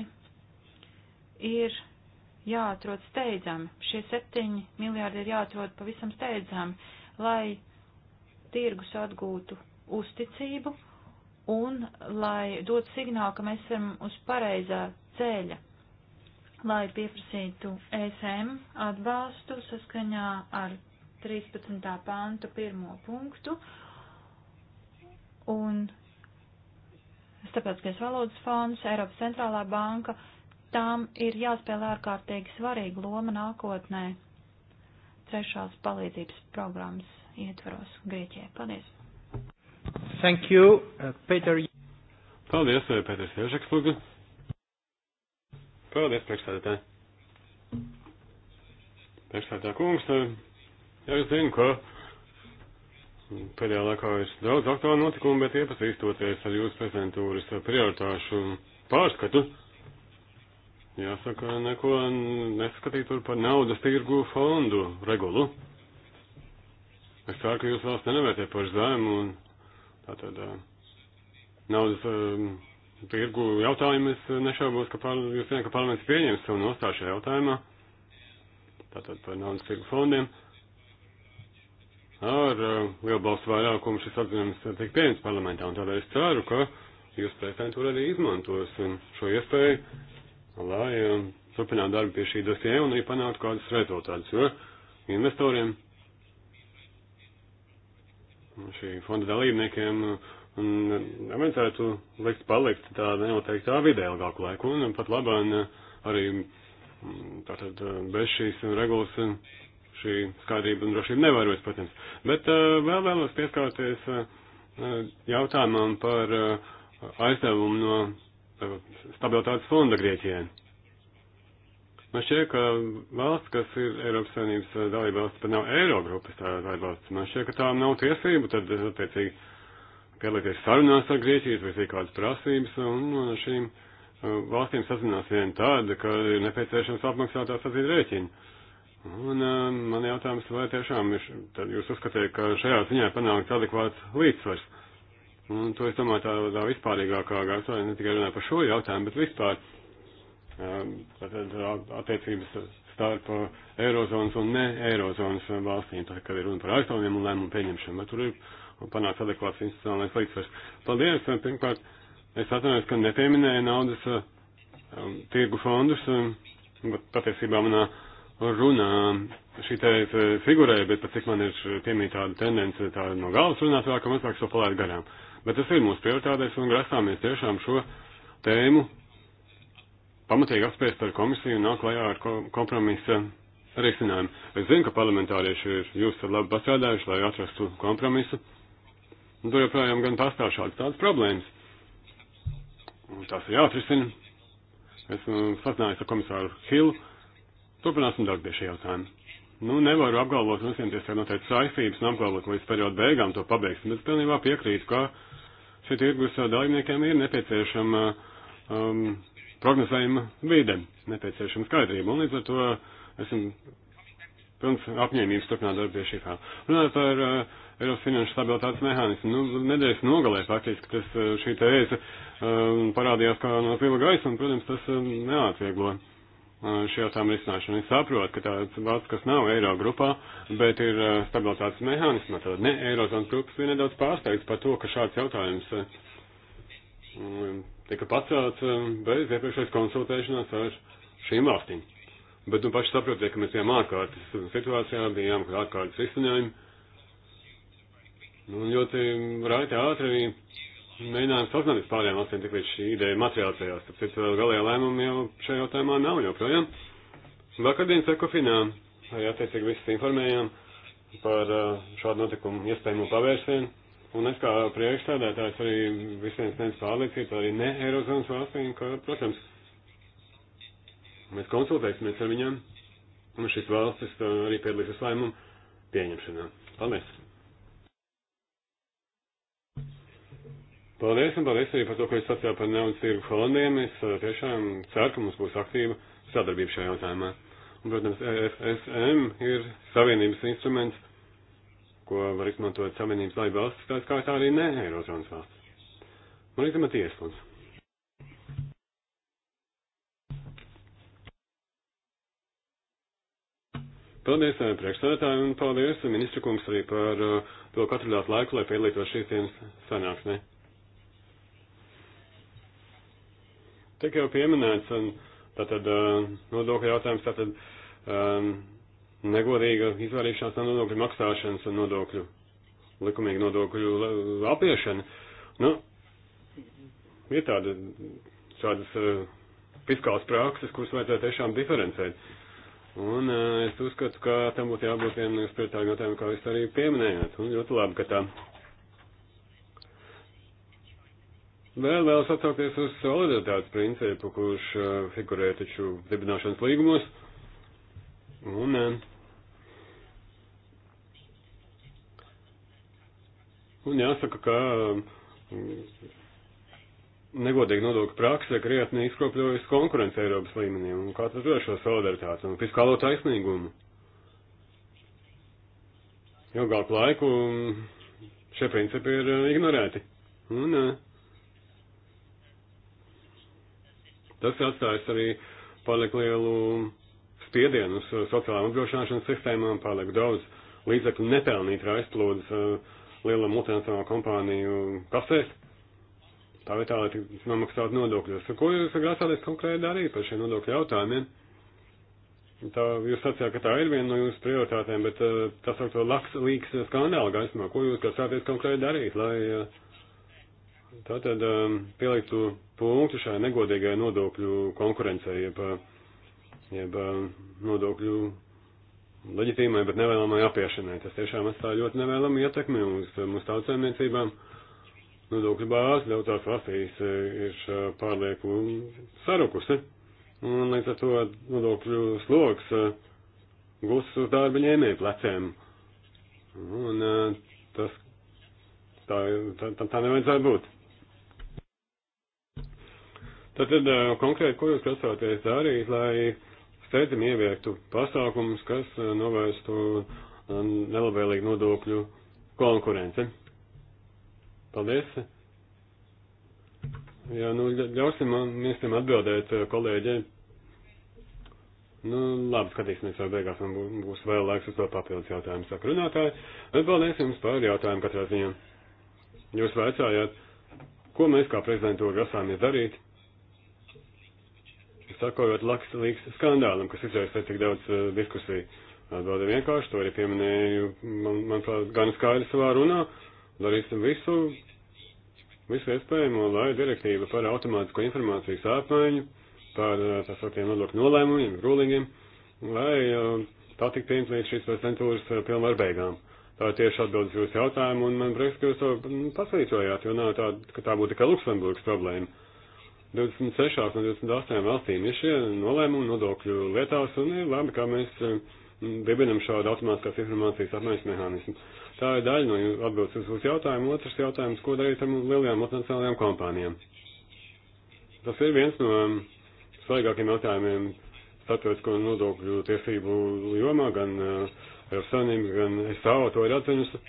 Speaker 4: ir jāatrod steidzami. Šie septiņi miljārdi ir jāatrod pavisam steidzami, lai tirgus atgūtu uzticību un lai dot signālu, ka mēs esam uz pareizā ceļa, lai pieprasītu ESM atbalstu saskaņā ar 13. pāntu pirmo punktu un Starptautiskais valodas fonds, Eiropas centrālā banka tām ir jāspēlē ārkārtīgi svarīga loma nākotnē trešās palīdzības programmas ietvaros Grieķijai. Paldies!
Speaker 3: Thank you, uh, Peter. Paldies, uh, Pēters Ježeks, lūdzu.
Speaker 5: Paldies, priekšstādātāji. Priekšstādā kungs, uh, jā, es zinu, ka pēdējā laikā ir daudz aktuālu notikumu, bet iepazīstoties ar jūsu prezentūras prioritāšu pārskatu, Jāsaka, neko neskatīt tur par naudas tirgu fondu regulu. Es ceru, ka jūs valsts nenevērtē par zemu un tātad eh, naudas eh, tirgu jautājumu es nešaubos, ka par, jūs zināt, ka parlaments pieņems savu nostāju šajā jautājumā. Tātad par naudas tirgu fondiem. Ar eh, lielu balstu vairākumu šis atzinums tiek pieņems parlamentā un tādēļ es ceru, ka jūs prezidentūra arī izmantos šo iespēju lai eh, turpinātu darbu pie šī dosie un arī panāktu kādus rezultātus, jo investoriem šī fonda dalībniekiem mm, mm, nevajadzētu likt palikt tādā nenoteiktā vidē ilgāku laiku, un pat labāk eh, arī mm, tātad eh, bez šīs regulas šī skaidrība un drošība nevērojas, protams. Bet vēl vēlos pieskārties jautājumam par aizdevumu no Eh, stabilitātes fonda Grieķijai. Man šķiet, ka valsts, kas ir Eiropas Savienības eh, dalība valsts, pat nav Eirogrupas dalība valsts, man šķiet, ka tām nav tiesību, tad, eh, attiecīgi, piedalīties sarunās ar Grieķiju, vai ir kādas prasības, un šīm valstīm sazinās vien tāda, ka ir nepieciešams apmaksāt tās atzīt rēķinu. Un man jautājums, vai tiešām ir, tad jūs uzskatījat, ka šajā ziņā panākts adekvāts līdzsvars? Un to es domāju tādā vispārīgākā gaisotnē, ne tikai runāju par šo jautājumu, bet vispār um, tātad attiecības starp eirozonas un ne eirozonas valstīm, tā kad ir runa par aizstāvjiem un lēmumu pieņemšanu, bet tur ir panāks adekvāts institucionālais līdzsvars. Paldies, uh, pirmkārt, es atvainojos, ka nepieminēju naudas uh, um, tirgu fondus, bet patiesībā manā runā šī te figurē, bet pat cik man ir piemīt tāda tendence, tā no galvas runāt vēl, ka mazāk to palaid garām. Uh, Bet tas ir mūsu prioritātēs un grasāmies tiešām šo tēmu pamatīgi apspēst ar komisiju un nāk klajā ar kompromisa risinājumu. Es zinu, ka parlamentārieši ir jūs labi pastrādājuši, lai atrastu kompromisu. Un tur joprojām gan pastāv šādas tādas problēmas. Un tās ir jāatrisina. Esmu um, sazinājis ar komisāru Hilu. Turpināsim darbu pie šī jautājuma. Nu, nevaru apgalvot, un visiem tiesībā noteikti saistības, un apgalvot, ka līdz perioda beigām to pabeigsim, bet pilnībā piekrītu, ka šī tirgus dalībniekiem ir nepieciešama um, prognozējuma vide, nepieciešama skaidrība, un līdz ar to esam pilns apņēmības turpināt darbu pie šī kā. Runājot par uh, Eiropas finanšu stabilitātes mehānismu, nu, nedēļas nogalē faktiski tas, uh, šī tēze um, parādījās kā no zila gaisa, un, protams, tas um, neatvieglo. Uh, šī jautājuma risināšana. Es saprotu, ka tāds valsts, kas nav eiro grupā, bet ir stabilitātes mehānismā, tad ne eirozonas grupas bija nedaudz pārsteigts par to, ka šāds jautājums tika pacelts bez iepriekšējas konsultēšanās ar šīm valstīm. Bet, nu, paši saprotiet, ka mēs bijām ārkārtas situācijā, bijām ārkārtas izcinājumi. Nu, ļoti raiti ātri mēģinājām sazināties pārējām valstīm, tik līdz šī ideja materializējās. Tāpēc vēl galējā lēmuma jau šajā jautājumā nav joprojām. Vakardienas ekofinā arī attiecīgi visus informējām par uh, šādu notikumu iespējamo pavērsienu. Un es kā priekšstādētājs arī visiem sniedz pārliecību arī ne Eirozonas valstīm, ka, protams, mēs konsultēsimies ar viņām, un šīs valstis uh, arī piedalīsies lēmumu pieņemšanā. Paldies! Paldies, un paldies arī par to, ko jūs sacījāt par naudas tirgu fondiem. Es eh, tiešām ceru, ka mums būs aktīva sadarbība šajā jautājumā. Un, protams, EFSM ir savienības instruments, ko var izmantot savienības laiba valsts, tā kā tā arī ne Eirozonas valsts. Man ir tam tieslūdzu. Paldies eh, priekšstādātāji un paldies ministru kungs arī par eh, to, ka atradāt laiku, lai piedalītos šīs dienas sanāksmē. Ne? Tik jau pieminēts, un tātad nodokļu jautājums, tātad um, negodīga izvairīšanās no nodokļu maksāšanas un nodokļu, likumīga nodokļu apiešana. Nu, ir tāda, šādas uh, fiskālas prakses, kuras vajadzētu tiešām diferencēt. Un uh, es uzskatu, ka tam būtu jābūt vienam no spēlētājiem, kā jūs arī pieminējāt. Un ļoti labi, ka tā Vēl vēlas atsaukties uz solidaritātes principu, kurš uh, figurē taču dibināšanas līgumos. Un, uh, un jāsaka, ka uh, um, negodīga nodokļa prakse krietni izkropļojas konkurence Eiropas līmenī. Un kā tad vēl šo solidaritāti un fiskālo taisnīgumu? Ilgāku laiku šie principi ir uh, ignorēti. Un, uh, Tas atstājas arī pārliek lielu spiedienu uz uh, sociālām apdrošināšanas sistēmām, pārliek daudz līdzekļu nepelnīt raizplūdes uh, liela multinacionāla kompāniju kasēs. Tā vietā, lai nomaksātu nodokļus. Ko jūs grasāties konkrēti darīt par šiem nodokļu jautājumiem? Tā, jūs sacījāt, ka tā ir viena no jūsu prioritātēm, bet uh, tas ar to laks līks skandāla gaismā. Ko jūs grasāties konkrēti darīt, lai uh, Tātad um, pieliktu punktu šai negodīgai nodokļu konkurencei, jeb, jeb um, nodokļu leģitīmai, bet nevēlamai apiešanai. Tas tiešām atstāja ļoti nevēlamu ietekmi uz mūsu um, tautsēmniecībām. Nodokļu bāze daudzās valstīs e, ir e, pārlieku sarukusi, un līdz ar to nodokļu sloks e, gūst uz darba ņēmēju pleciem. Un tas tā, tā, tā nevajadzētu būt. Tātad konkrēti, ko jūs grasāties darīt, lai steidzami ieviektu pasākumus, kas novērstu nelabvēlīgu nodokļu konkurenci? Paldies! Jā, nu, ļausim man ministriem atbildēt kolēģiem. Nu, labi, skatīsimies, vai beigās man būs, būs vēl laiks uz to papildus jautājumu saka runātāji. Bet paldies jums par jautājumu katrā ziņā. Jūs vaicājāt, ko mēs kā prezidentūra grasāmies darīt? sakojot laks līgas skandālam, kas izraisa pēc tik daudz uh, diskusiju. Atbildi vienkārši, to arī pieminēju, man, manuprāt, gan skaidri savā runā. Darīsim visu, visu iespējamo, lai direktīva par automātisko informācijas apmaiņu, par eh, tā sauktiem nodokļu nolēmumiem, rulingiem, lai uh, tā tik pieņemt līdz šīs prezentūras pilnvaru beigām. Tā ir tieši atbildes jūsu jautājumu, un man prieks, ka jūs to nu, pasvītrojāt, jo nav tā, ka tā būtu tikai Luksemburgas problēma. 26 no 28 valstīm ir šie nolēmumi nodokļu lietās, un ir labi, kā mēs eh, dibinam šādu automātiskās informācijas apmaiņas mehānismu. Tā ir daļa no atbildes uz jūsu jautājumu. Otrs jautājums, ko darīt ar lielajām multinacionālajām kompānijām? Tas ir viens no um, svaigākiem jautājumiem starptautisko nodokļu tiesību jomā, gan uh, Eiropas Savienības, gan SAO to ir atzinusi.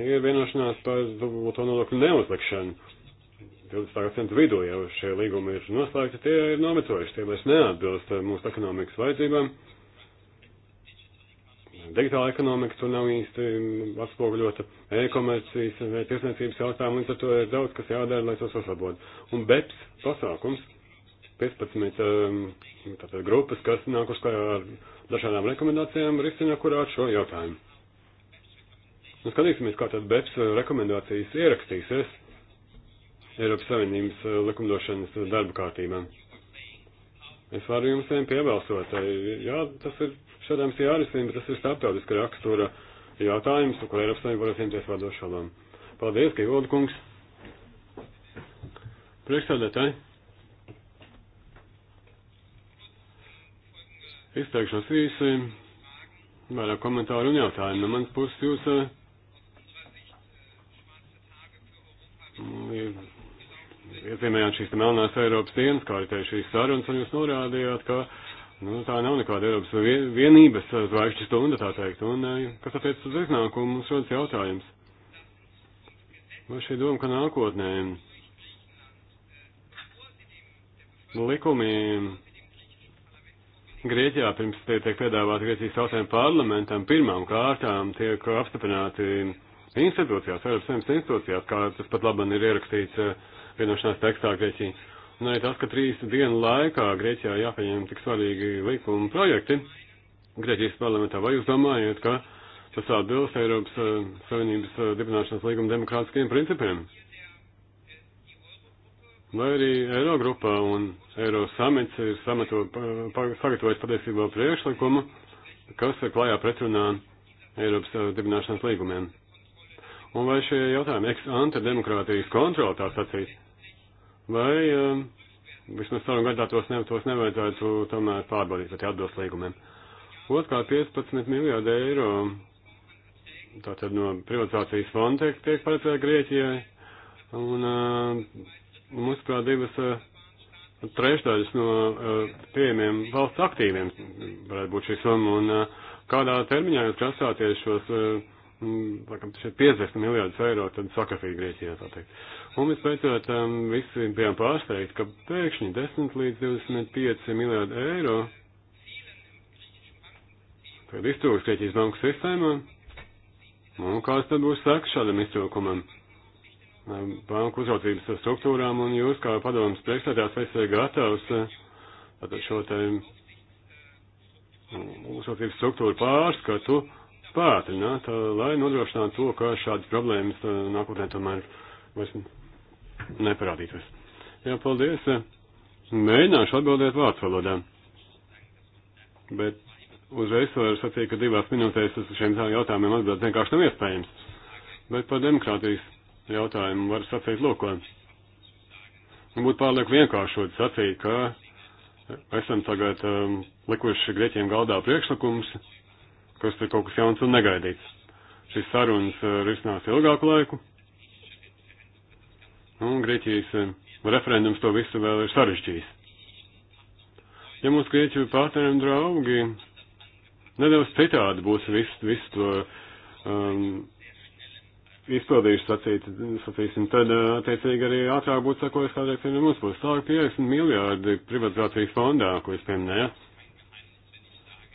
Speaker 5: Ir vienošanās par dubulto nodokļu neuzlikšanu 20. gadsimta vidū jau šie līgumi ir noslēgti, tie ir nomecojuši, tie vairs neatbilst mūsu ekonomikas vajadzībām. Digitāla ekonomika tur nav īsti atspoguļota, e-komercijas, tiesniecības jautājumi, līdz ar to ir daudz, kas jādara, lai tos uzlabotu. Un BEPS pasākums, 15 um, tātad, grupas, kas nākuši klajā ar dažādām rekomendācijām, risina kurā šo jautājumu. Nu, skatīsimies, kā tad BEPS rekomendācijas ierakstīsies Eiropas Savienības eh, likumdošanas eh, darba kārtībā. Es varu jums vien piebalsot, eh, jā, tas ir šādām jārisina, bet tas ir starptautiska rakstura jautājums, kur Eiropas Savienība var censties vadošā loma. Paldies, Gaivoda kungs. Priekšsādētāji. Izteikšos īsi, vairāk komentāru un jautājumu no manas puses jūs. Uh, iezīmējāt šīs melnās Eiropas dienas, kā arī šīs sarunas, un jūs norādījāt, ka nu, tā nav nekāda Eiropas vienības zvaigžņu stunda, tā teikt. Un eh, kas attiecas uz iznākumu, mums rodas jautājums. Vai šī doma, ka nākotnē likumi Grieķijā pirms tie tiek piedāvāti Grieķijas tautēm parlamentam, pirmām kārtām tiek apstiprināti institūcijās, Eiropas Savienības institūcijās, kā tas pat labam ir ierakstīts uh, vienošanās tekstā Grieķija. Un arī tas, ka trīs dienu laikā Grieķijā jāpieņem tik svarīgi likuma projekti Grieķijas parlamentā. Vai jūs domājat, ka tas atbilst Eiropas eh, Savienības eh, dibināšanas līguma demokrātiskiem principiem? Vai arī Eirogrupā un Eiro samits ir samato, sagatavojis patiesībā priekšlikumu, kas ir klājā pretrunā Eiropas eh, dibināšanas līgumiem. Un vai šie jautājumi ex ante demokrātijas kontrola tā sacīt vai um, vismaz sarunu gadā tos, ne, tos nevajadzētu tomēr pārbaudīt, vai tie atbilst līgumiem. Otrkārt, 15 miljārdi eiro, tātad no privatizācijas fonda tiek, tiek paredzēta Grieķijai, un uh, mums prāt divas uh, trešdaļas no uh, pieejamiem valsts aktīviem varētu būt šī summa, un uh, kādā termiņā jūs grasāties šos uh, 50 mm, miljārdus eiro, tad sakrafīgi Grieķijā, tā teikt. Uh, Un visbeidzot, um, visi bijām pārsteigti, ka pēkšņi 10 līdz 25 miljārdi eiro tagad iztrūks Grieķijas banku sistēmā. Un kāds tad būs seks šādam iztrūkumam? Um, banku uzraudzības struktūrām un jūs kā padomas priekšsēdās esat gatavs uh, tātad šo te mm, uzraudzības struktūru pārskatu pātrināt, uh, lai nodrošinātu to, ka šādas problēmas uh, nākotnē tomēr vairs neparādītos. Jā, paldies. Mēģināšu atbildēt vārdu valodā. Bet uzreiz varu sacīt, ka divās minūtēs uz šiem jautājumiem atbildēt vienkārši nav iespējams. Bet par demokrātijas jautājumu varu sacīt loko. Būtu pārlieku vienkāršot sacīt, ka esam tagad um, likuši grieķiem galdā priekšlikums, kas ir kaut kas jauns un negaidīts. Šis sarunas uh, risinās ilgāku laiku. Nu, un Grieķijas eh, referendums to visu vēl ir sarežģījis. Ja mūsu Grieķu partneriem draugi nedaudz citādi būs visu, visu to um, izpildījuši, sacīt, sacīsim, tad, eh, attiecīgi, arī ātrāk būtu sakojis, kādreiz ir mums būs tālāk 50 miljārdi privatizācijas fondā, ko es pieminēju.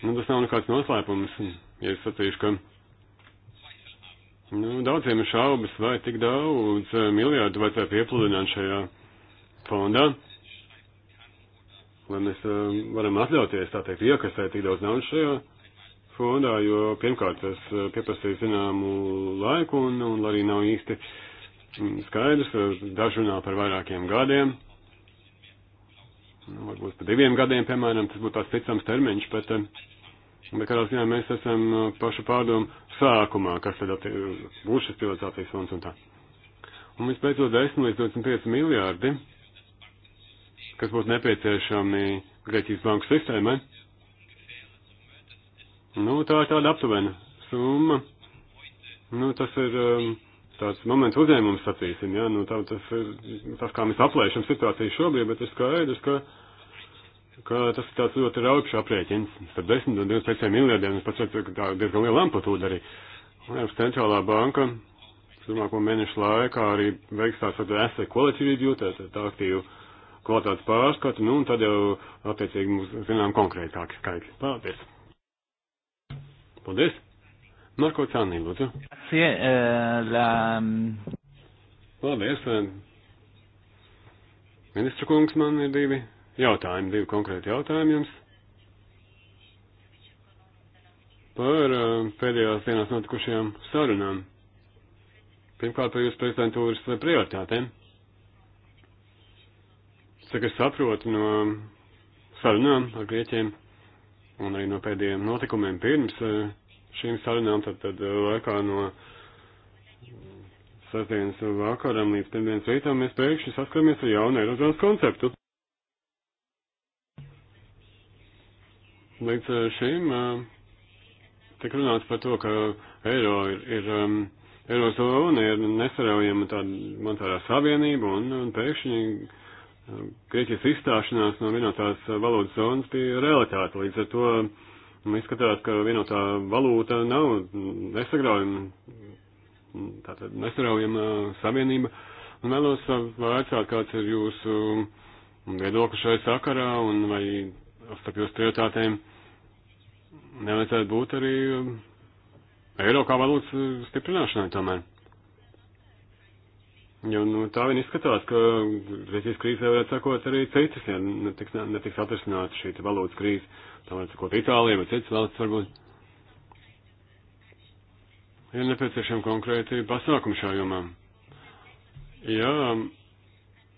Speaker 5: Nu, tas nav nekāds noslēpums, ja es sacīšu, ka Nu, daudziem ir šaubas, vai tik daudz eh, miljārdu vajadzētu iepludināt šajā fondā, lai mēs eh, varam atļauties, tā teikt, iekasēt tik daudz naudas šajā fondā, jo pirmkārt tas eh, pieprasīja zināmu laiku un, un arī nav īsti mm, skaidrs, daži runā par vairākiem gadiem. Nu, varbūt par diviem gadiem, piemēram, tas būtu tāds ticams termiņš, bet. Uh, Bet kādā ziņā mēs esam uh, pašu pārdomu sākumā, kas tad būs šis privatizācijas fonds un tā. Un visbeidzot 10 līdz 25 miljārdi, kas būtu nepieciešami Grieķijas banku sistēmai. Nu, tā ir tāda aptuvena summa. Nu, tas ir um, tāds moments uzņēmums, sacīsim, jā. Ja? Nu, tā, tas ir tas, kā mēs aplēšam situāciju šobrīd, bet ir skaidrs, ka. Skaidrs, ka ka tas ir tāds ļoti raukšs aprēķins. Starp 10 un 25 miljardiem es pats redzu, ka tā diezgan liela amplitūda arī. Un Eiropas centrālā banka turmāko mēnešu laikā arī veiks tās asset quality review, tātad tā aktīvu kvalitātes pārskatu, nu un tad jau attiecīgi mums zinām konkrētāki skaitļi. Paldies! Paldies! Marko Cānī, lūdzu. Eh, mm, Paldies! Eh. Ministra kungs, man ir divi jautājumi, divi konkrēti jautājumi jums. Par eh, pēdējās dienās notikušajām sarunām. Pirmkārt, par jūsu prezidentūras prioritātēm. Cik es saprotu no sarunām ar grieķiem un arī no pēdējiem notikumiem pirms eh, šīm sarunām, tad, tad eh, laikā no sestdienas vakaram līdz pirmdienas rītam mēs pēkšņi saskaramies ar jaunu Eirozonas konceptu. Līdz eh, šim eh, tik runāts par to, ka eiro ir, ir um, Eirozona ir nesaraujama tāda monetārā savienība un, un pēkšņi eh, Grieķijas izstāšanās no vienotās valūtas zonas bija realitāte. Līdz ar to mm, izskatās, ka vienotā valūta nav nesagraujama, mm, tātad nesaraujama savienība. Un vēlos vaicāt, kāds ir jūsu viedoklis šai sakarā un vai starp jūsu prioritātēm nevajadzētu būt arī um, eiro kā valūtas uh, stiprināšanai tomēr. Jo, nu, tā vien izskatās, ka Grieķijas krīzē varētu sakot arī citas, ja netiks, netiks atrisināt šī valūtas krīze. Tā varētu sakot Itālija vai citas valsts varbūt. Ir nepieciešami konkrēti pasākumi šā jomā. Jā, um,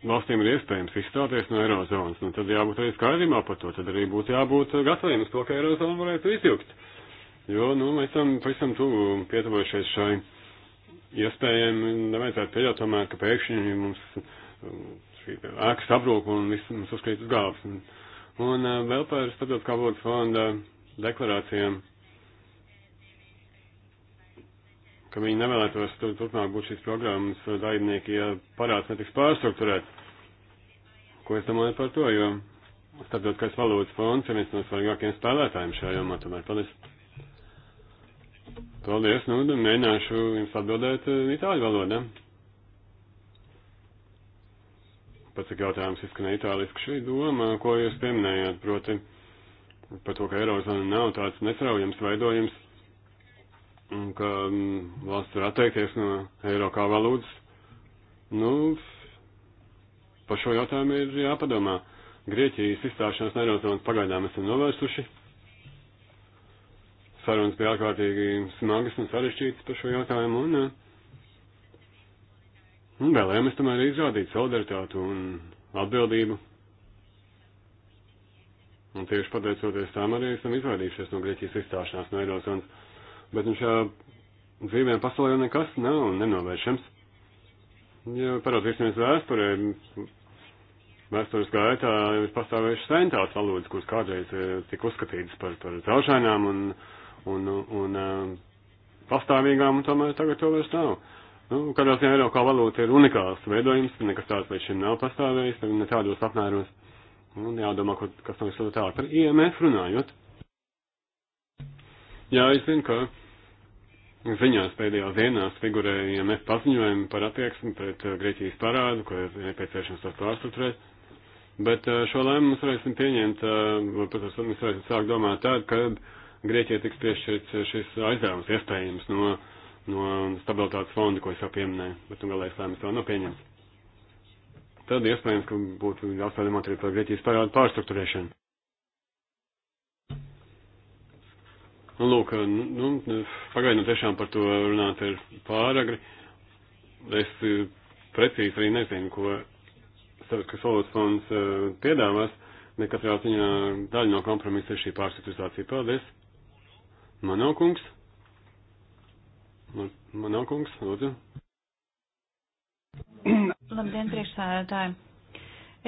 Speaker 5: valstīm ir iespējams izstāties no Eirozonas, nu tad jābūt arī skaidrībā par to, tad arī būtu jābūt gataviem uz to, ka Eirozona varētu izjūgt. Jo, nu, mēs esam pavisam tuvu pietuvojušies šai iespējām, nevajadzētu pieļaut tomēr, ka pēkšņi mums uh, šī ēkas aprūk un viss mums uzkrīt uz galvas. Un, un uh, vēl par stabilitātes kā valodas fonda deklarācijām. Uh, ka viņi nevēlētos turpmāk būt šīs programmas dalībnieki, ja parāds netiks pārstruktūrēt. Ko es domāju par to, jo starptautiskais valūtas fonds ir viens no svarīgākajiem spēlētājiem šajā jomā, tomēr paldies. Paldies, nu, mēģināšu jums atbildēt uh, itāļu valodā. Pats ir jautājums izskanēja itāliski šī doma, ko jūs pieminējāt, proti par to, ka Eirozona nav tāds nesraujams veidojums un ka mm, valsts var atteikties no eiro kā valūtas. Nu, par šo jautājumu ir jāpadomā. Grieķijas izstāšanās no Eirozonas pagaidām esam novērsuši. Sarunas bija ārkārtīgi smagas un sarežģītas par šo jautājumu, un, eh, un nu, vēlējāmies tomēr izrādīt solidaritātu un atbildību. Un tieši pateicoties tām arī esam izvairījušies no Grieķijas izstāšanās no Eirozonas bet nu šajā dzīvēm pasaulē nekas nav nenovēršams. Ja paraudzīsimies vēsturē, vēstures gaitā ir pastāvējušas sentās valodas, kuras kādreiz eh, tika uzskatītas par, par traušainām un, un, un, un eh, pastāvīgām, un tomēr tagad to vairs nav. Nu, kādā ziņā Eiropā valoda ir unikāls veidojums, nekas tāds līdz šim nav pastāvējis, ne tādos apmēros. Un jādomā, kas no visu tā par IMF runājot. Ja? Jā, es zinu, ka ziņās pēdējās dienās figurēja IMF paziņojumi par attieksmi pret eh, Grieķijas parādu, ko ir nepieciešams to pārstruktūrēt. Bet eh, šo lēmumu mēs varēsim pieņemt, eh, protams, mēs varēsim sākt domāt tad, kad Grieķijai tiks piešķirts šis aizdevums iespējams no, no stabilitātes fonda, ko es jau pieminēju, bet nu galējas lēmums vēl nav pieņemts. Tad iespējams, ka būtu jāspēlēmot arī par Grieķijas parādu pārstruktūrēšanu. Nu, lūk, nu, pagaidu tiešām par to runāt ir pāragri. Es e, precīzi arī nezinu, ko starptautiskās valodas fonds uh, piedāvās, bet katrā ziņā daļa no kompromisa ir šī pārstatizācija. Paldies! Manau kungs! Manau kungs, lūdzu!
Speaker 4: Labdien, priekšsēdētāji!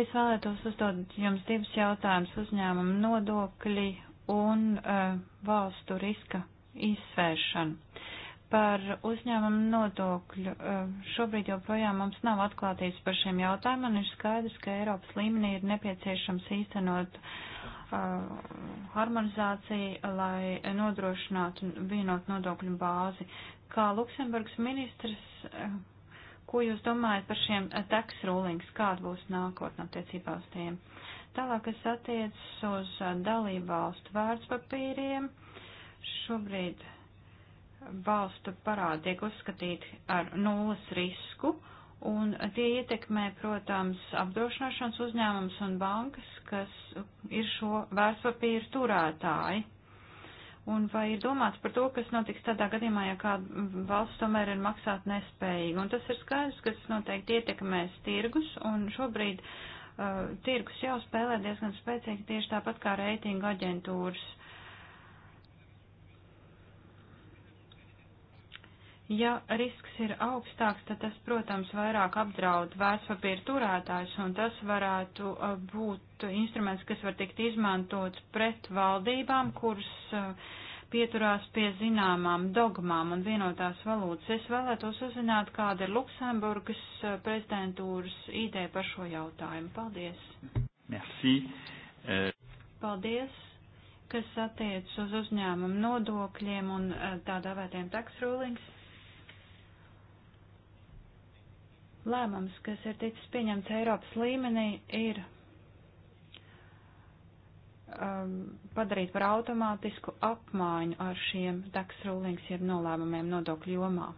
Speaker 4: Es vēlētos uzdot jums divus jautājumus uzņēmumu nodokļi un uh, valstu riska izsvēršanu. Par uzņēmumu nodokļu uh, šobrīd joprojām mums nav atklātības par šiem jautājumiem. Ir skaidrs, ka Eiropas līmenī ir nepieciešams īstenot uh, harmonizāciju, lai nodrošinātu vienot nodokļu bāzi. Kā Luksemburgas ministrs, uh, ko jūs domājat par šiem tax rulings, kāda būs nākotnē attiecībā uz tiem? Uh, Tālāk, kas attiecas uz uh, dalību valstu vārdspapīriem, šobrīd valstu parādi tiek uzskatīti ar nulles risku, un tie ietekmē, protams, apdrošināšanas uzņēmums un bankas, kas ir šo vērtspapīru turētāji. Un vai ir domāts par to, kas notiks tādā gadījumā, ja kāda valsts tomēr ir maksāt nespējīga? Un tas ir skaidrs, kas noteikti ietekmēs tirgus, un šobrīd uh, uh, tirgus jau spēlē diezgan spēcīgi tieši tāpat kā reitinga aģentūras. Ja risks ir augstāks, tad tas, protams, vairāk apdraud vērtspapīra turētājs, un tas varētu uh, būt instruments, kas var tikt izmantots pret valdībām, kuras uh, pieturās pie zināmām dogmām un vienotās valūtas. Es vēlētos uzzināt, kāda ir Luksemburgas eh, prezidentūras ideja par šo jautājumu. Paldies!
Speaker 3: Merci. Eh,
Speaker 4: Paldies, kas attiec uz uzņēmumu nodokļiem un eh, tā dēvētiem tax rulings. Lēmums, kas ir ticis pieņemts Eiropas līmenī, ir um, padarīt par automātisku apmaiņu ar šiem tax rulings, jeb nolēmumiem nodokļu jomā.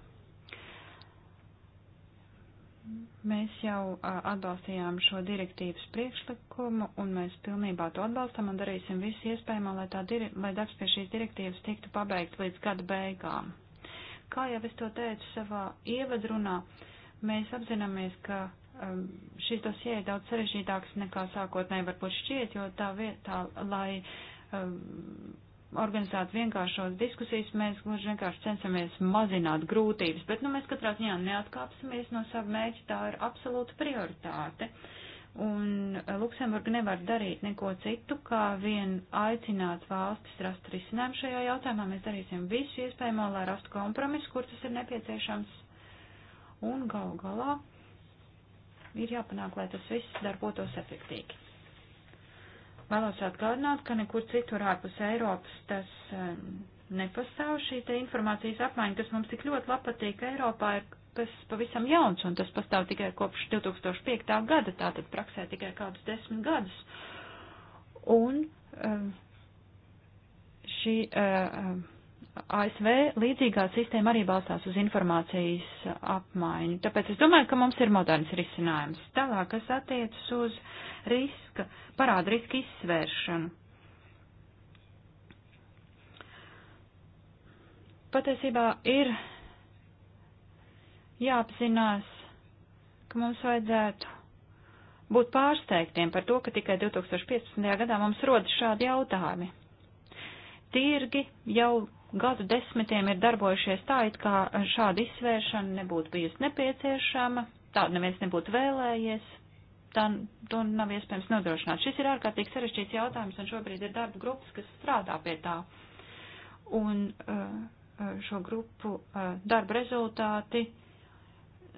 Speaker 4: Mēs jau uh, atbalstījām šo direktīvas priekšlikumu, un mēs pilnībā to atbalstam un darīsim visu iespējamo, lai, tā, lai darbs pie šīs direktīvas tiktu pabeigts līdz gada beigām. Kā jau es to teicu savā ievadrunā, mēs apzināmies, ka Um, šis dosie ir daudz sarežģītāks nekā sākotnēji varbūt šķiet, jo tā vietā, lai um, organizētu vienkāršos diskusijas, mēs gluži vienkārši cenšamies mazināt grūtības, bet nu, mēs katrā ziņā neatkāpsimies no savu mērķu, tā ir absolūta prioritāte. Un uh, Luksemburga nevar darīt neko citu, kā vien aicināt valstis rast risinājumu šajā jautājumā. Mēs darīsim visu iespējamo, lai rastu kompromisu, kur tas ir nepieciešams. Un gal galā ir jāpanāk, lai tas viss darbotos efektīgi. Vēlos atgādināt, ka nekur citur ārpus Eiropas tas um, nepastāv šī te informācijas apmaiņa, kas mums tik ļoti patīk Eiropā, ir kas pavisam jauns, un tas pastāv tikai kopš 2005. gada, tātad praksē tikai kādus desmit gadus. Un um, šī uh, um, ASV līdzīgā sistēma arī balstās uz informācijas apmaiņu. Tāpēc es domāju, ka mums ir moderns risinājums. Tālāk, kas attiecas uz riska, parāda riska izsvēršanu. Patiesībā ir jāapzinās, ka mums vajadzētu būt pārsteigtiem par to, ka tikai 2015. gadā mums rodas šādi jautājumi. Tirgi jau gadu desmitiem ir darbojušies tā, it kā šāda izsvēršana nebūtu bijusi nepieciešama, tādu neviens nebūtu vēlējies, tā, to nav iespējams nodrošināt. Šis ir ārkārtīgi sarežģīts jautājums, un šobrīd ir darba grupas, kas strādā pie tā. Un uh, uh, šo grupu uh, darba rezultāti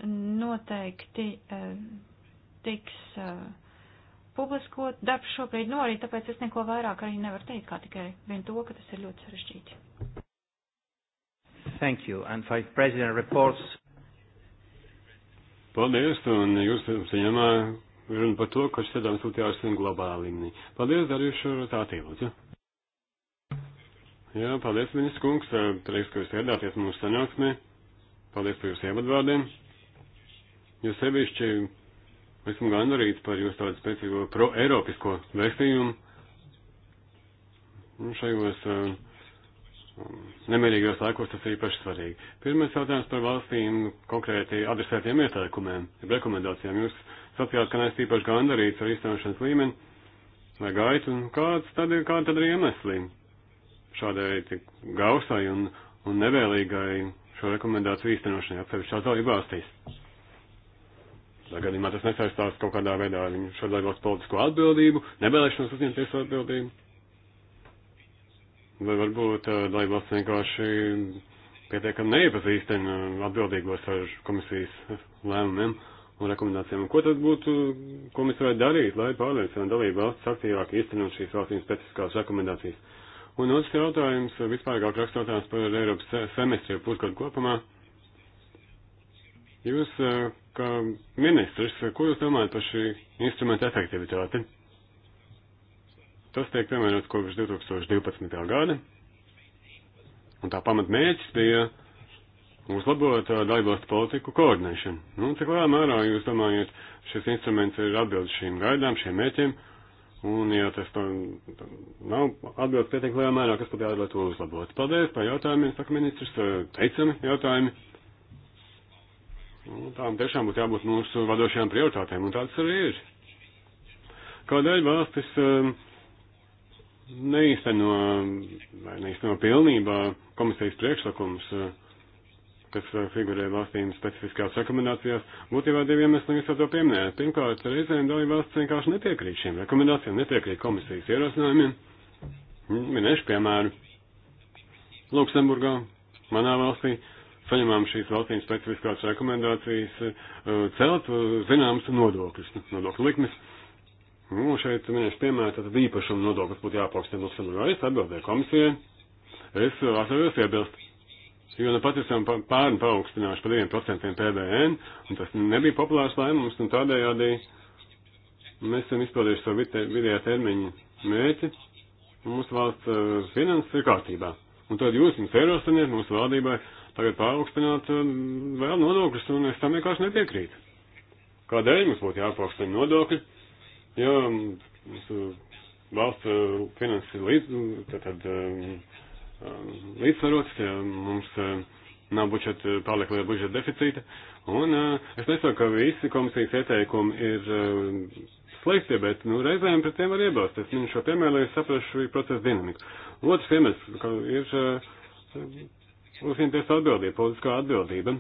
Speaker 4: noteikti tiks publiskot. Darbs šobrīd norit, nu tāpēc es neko vairāk arī nevaru teikt, kā tikai vien to, ka tas ir ļoti sarežģīti.
Speaker 3: Thank you. And Vice President reports.
Speaker 5: Paldies, un jūs saņemā runa par to, ka šis jautājums būtu jārisina globālā līmenī. Paldies, darīšu tā tīlūdzu. Jā, paldies, ministrs kungs, reiz, ka jūs ieradāties mūsu sanāksmē. Paldies par jūsu ievadvārdiem. Jūs sevišķi Esmu gandarīts par jūsu tādu spēcīgo pro-eiropisko vēstījumu nu, šajos uh, um, nemierīgajos laikos tas ir īpaši svarīgi. Pirmais jautājums par valstīm konkrēti adresētiem ieteikumiem, rekomendācijām. Jūs sacījāt, ka neesat īpaši gandarīts ar izstāšanas līmeni vai gaitu, un kāds tad ir, kāda tad ir iemesli šādai tik gausai un, un nevēlīgai šo rekomendāciju īstenošanai atsevišķās dalībvalstīs? gadījumā tas nesaistās kaut kādā veidā ar viņu šodienos politisko atbildību, nevēlēšanos uzņemties atbildību. Vai varbūt dalībvalsts eh, vienkārši pietiekami neiepazīstina atbildīgos ar komisijas lēmumiem un rekomendācijām. Ko tad būtu komisijai darīt, lai pārliecinātu dalībvalsts aktīvāk īstenot šīs valstīm specifiskās rekomendācijas? Un otrs jautājums, vispārīgāk rakstotājs par Eiropas semestri pusgadu kopumā. Jūs eh, kā ministrs, ko jūs domājat par šī instrumenta efektivitāti? Tas tiek piemērots kopš 2012. gada, un tā pamatmērķis bija uzlabot daļbalstu politiku koordinēšanu. Nu, cik lielā mērā jūs domājat, šis instruments ir atbildes šīm gaidām, šiem mērķiem, un ja tas to nav atbildes pietiek lielā mērā, kas pat jādara to uzlabot? Paldies par jautājumiem, saka ministrs, teicami jautājumi. Nu, tām tiešām būtu jābūt mūsu vadošajām prioritātēm, un tāds arī ir. Kādēļ valstis um, neīsteno vai neīsteno pilnībā komisijas priekšlikums, uh, kas uh, figurē valstīm specifiskās rekomendācijās, būtībā divi iemesli jūs to pieminējāt. Pirmkārt, reizēm dalība valsts vienkārši nepiekrīt šiem rekomendācijām, nepiekrīt komisijas ierosinājumiem. Minēšu piemēru Luksemburgā, manā valstī saņemām šīs valstīm specifiskās rekomendācijas eh, celt eh, zināmas nodokļus, nu, nodokļu likmes. Nu, šeit minēšu piemēru, tad īpašuma nodoklis būtu jāpaukstina no saimnieka. Es atbildēju komisijai, es eh, atļaujos iebilst, jo nu pat esam pārni paaugstinājuši par 2% PVN, un tas nebija populārs lēmums, un tādējādi mēs esam izpildījuši savu vidējā termiņa mērķi, un mūsu valsts finanses ir kārtībā. Un tad jūs jums ierosiniet mūsu valdībai tagad paaugstināt um, vēl nodokļus, un es tam vienkārši nepiekrītu. Kādēļ mums būtu jāpaukstina nodokļi, ja um, mūsu valsts uh, finanses ir līdz, um, tad, līdzsvarots, ja mums uh, nav budžeta, uh, paliek liela budžeta deficīta, un es nesaku, ka visi komisijas ieteikumi ir slēgtie, bet, nu, reizēm pret tiem var iebilst. Es minu šo piemēru, lai saprastu šī procesa dinamiku. Otrs piemērs ir uzņemties atbildību, politiskā atbildība.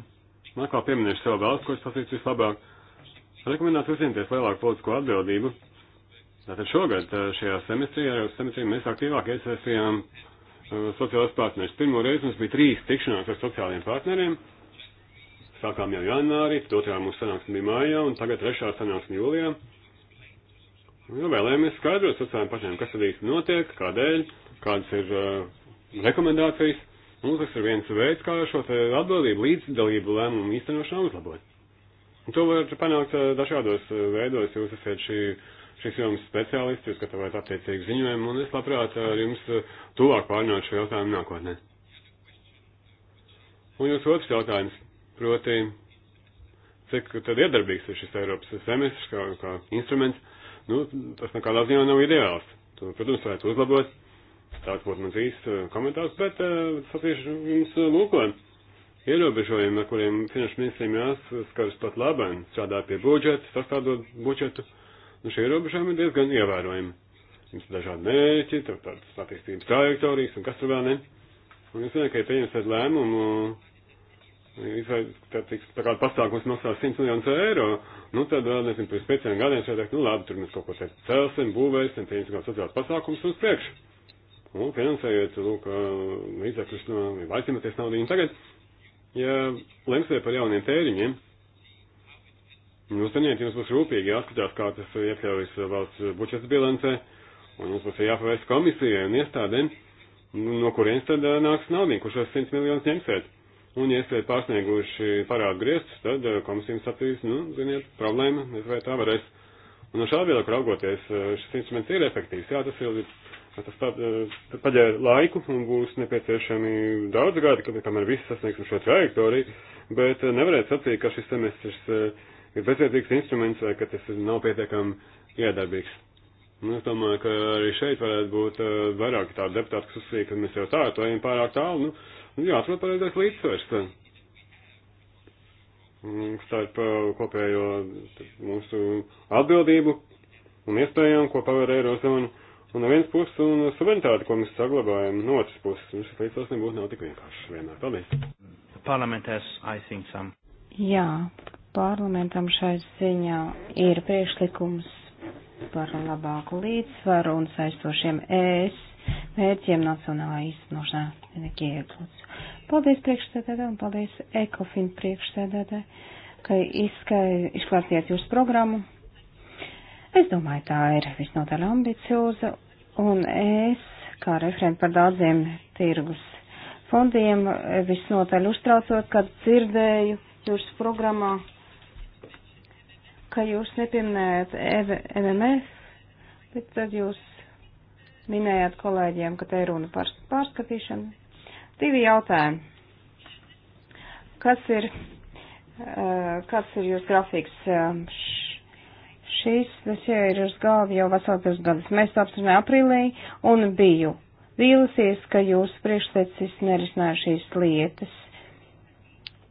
Speaker 5: Man kā pieminēšu sev valsts, kuras pazīst vislabāk, rekomendāts uzņemties lielāku politisko atbildību. Tātad šogad eh, šajā semestrī, jau semestrī mēs aktīvāk iesaistījām eh, sociālās partnerus. Pirmo reizi mums bija trīs tikšanās ar sociālajiem partneriem. Sākām jau janvārī, otrā mūsu sanāksme bija mājā un tagad trešā sanāksme jūlijā. Nu, vēlējamies skaidrot sociālajiem partneriem, kas tad īsti notiek, kādēļ, kādas ir uh, rekomendācijas. Un nu, tas ir viens veids, kā šo atbildību līdzdalību lēmumu īstenošanā uzlabot. Un to var panākt eh, dažādos eh, veidos, jūs esat šī, šis joms speciālists, jūs gatavojat attiecīgu ziņojumu, un es labprāt eh, ar jums tuvāk pārnāšu šo jautājumu nākotnē. Un jūsu otrs jautājums, proti, cik tad iedarbīgs ir šis Eiropas semestrs kā, kā instruments, nu, tas nekādā ziņā nav ideāls. To, protams, varētu uzlabot. Tāds būtu mans īsts uh, komentārs, bet uh, sapriešu jums uh, lūkojumu ierobežojumi, ar kuriem finanšu ministriem jāskaras pat labāk, strādā pie budžeta, sastādot budžetu, nu šie ierobežojumi ir diezgan ievērojami. Jums ir dažādi mērķi, tādas attīstības trajektorijas un kas tur vēl ne. Un es zinu, ka ja pieņemsiet lēmumu, uh, tā kāda pasākums maksā 100 miljonus eiro, nu tad vēl, nezinu, pirms pieciem gadiem šeit teikt, nu labi, tur mēs kaut ko te celsim, būvēsim, pieņemsim kāds sociāls pasākums uz priekšu un nu, finansējot, lūk, līdzekļus no vaicinoties naudiņu tagad, ja lemsiet par jauniem tēriņiem, nu, ziniet, jums būs rūpīgi jāskatās, kā tas iekļaujas valsts budžeta bilancē, un jums būs jāpavērst komisijai un iestādēm, no kurienes tad nāks naudiņu, kurš šos 100 miljonus ņemsiet. Un, ja esat pārsnieguši parādu griestus, tad komisija jums sacīs, nu, ziniet, problēma, nezinu, vai tā varēs. Un no šā viedokļa raugoties, šis instruments ir efektīvs. Jā, tas ir tas pa, eh, paģēra laiku un būs nepieciešami daudz gadi, kad, kamēr visi sasniegsim šo trajektoriju, bet eh, nevarētu sacīt, ka šis semestrs eh, ir bezvērtīgs instruments vai ka tas nav pietiekami iedarbīgs. Nu, es domāju, ka arī šeit varētu būt uh, vairāk tādu deputātu, kas uzsīk, ka mēs jau tā, to ejam pārāk tālu, nu, nu jāatrod pareizais līdzsvers. Starp uh, kopējo mūsu atbildību un iespējām, ko paver Eirozonu, Un no vienas puses, un suverenitāte, ko mēs saglabājam, no otras puses, un šis līdzsvars nebūtu nav tik vienkāršs vienmēr. Paldies.
Speaker 3: Parlamentēs, I think some.
Speaker 2: Jā, parlamentam šai ziņā ir priekšlikums par labāku līdzsvaru un saistošiem ES mērķiem nacionālā īstenošanā. Nekieglūts. Paldies priekšsēdētē un paldies Ekofin priekšsēdētē, ka izklāstījāt jūsu programmu. Es domāju, tā ir visnotaļ ambicioza Un es, kā referenti par daudziem tirgus fondiem, visnotaļ uztraucot, kad dzirdēju jūsu programmā, ka jūs nepieminējat e e MMF, bet tad jūs minējāt kolēģiem, ka te ir runa par pārskatīšanu. Divi jautājumi. Kas ir, eh, kāds ir jūs grafiks eh, Šīs dosie ir uz galvu jau veselu pirms gadus. Mēs to apstrinājām aprīlī un biju vīlusies, ka jūsu priekšsēcis nerisināja šīs lietas.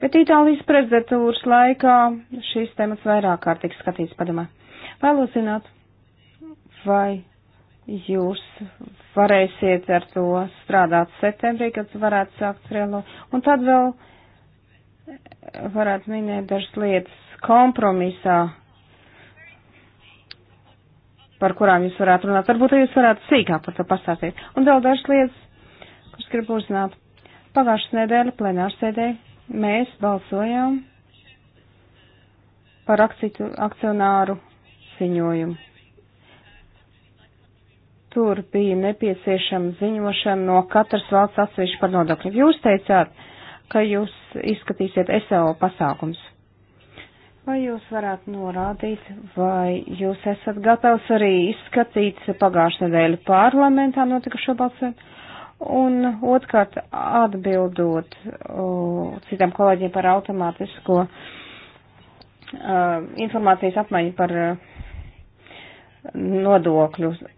Speaker 2: Bet Itālijas prezidentūras laikā šīs temats vairāk kārt tiks skatīts padomā. Vēlos zināt, vai jūs varēsiet ar to strādāt septembrī, kad varētu sākt trilogu. Un tad vēl varētu minēt dažas lietas kompromisā par kurām jūs varētu runāt. Varbūt jūs varētu sīkāk par to pastāstīt. Un vēl dažas lietas, kuras gribu uzzināt. Pagājušas nedēļa plenārsēdē mēs balsojām par akcitu, akcionāru ziņojumu. Tur bija nepieciešama ziņošana no katras valsts atsevišķi par nodokļu. Jūs teicāt, ka jūs izskatīsiet SEO pasākums. Vai jūs varētu norādīt, vai jūs esat gatavs arī izskatīt pagājušā nedēļa parlamentā notikušo balsojumu? Un otrkārt, atbildot uh, citam kolēģiem par automātisko uh, informācijas apmaiņu par uh, nodokļu uh,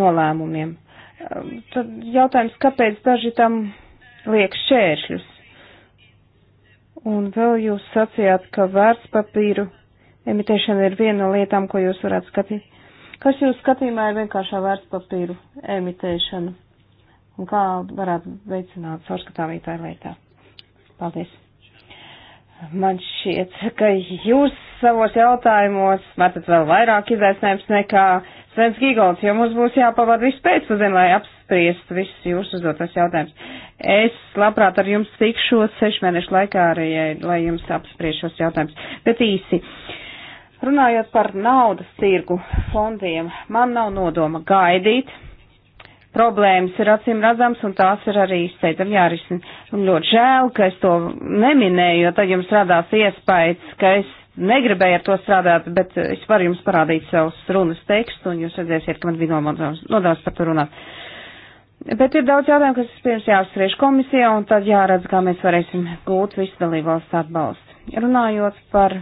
Speaker 2: nolēmumiem, uh, tad jautājums, kāpēc daži tam liek šķēršļus? Un vēl jūs sacījāt, ka vērtspapīru emitēšana ir viena no lietām, ko jūs varētu skatīt. Kas jūs skatījumā ir vienkāršā vērtspapīru emitēšana? Un kā varētu veicināt sorskatāmītāju lietā? Paldies. Man šķiet, ka jūs savos jautājumos metat vēl vairāk izaicinājumus nekā Sēdz Gigolds, jo mums būs jāpavada visu pēcpazinu, lai apspriestu visus jūsu uzdotos jautājumus. Es labprāt ar jums tikšos sešu mēnešu laikā arī, lai jums apspriest šos jautājumus. Bet īsi, runājot par naudas tirgu fondiem, man nav nodoma gaidīt. Problēmas ir acīm redzams un tās ir arī izteicami jārisina. Un ļoti žēl, ka es to neminēju, jo tad jums radās iespējas, ka es negribēju ar to strādāt, bet eh, es varu jums parādīt savus runas tekstu, un jūs redzēsiet, ka man bija nodoms par to runāt. Bet ir daudz jautājumu, kas pirms jāspriež komisijā, un tad jāredz, kā mēs varēsim gūt visu dalībvalstu atbalstu. Runājot par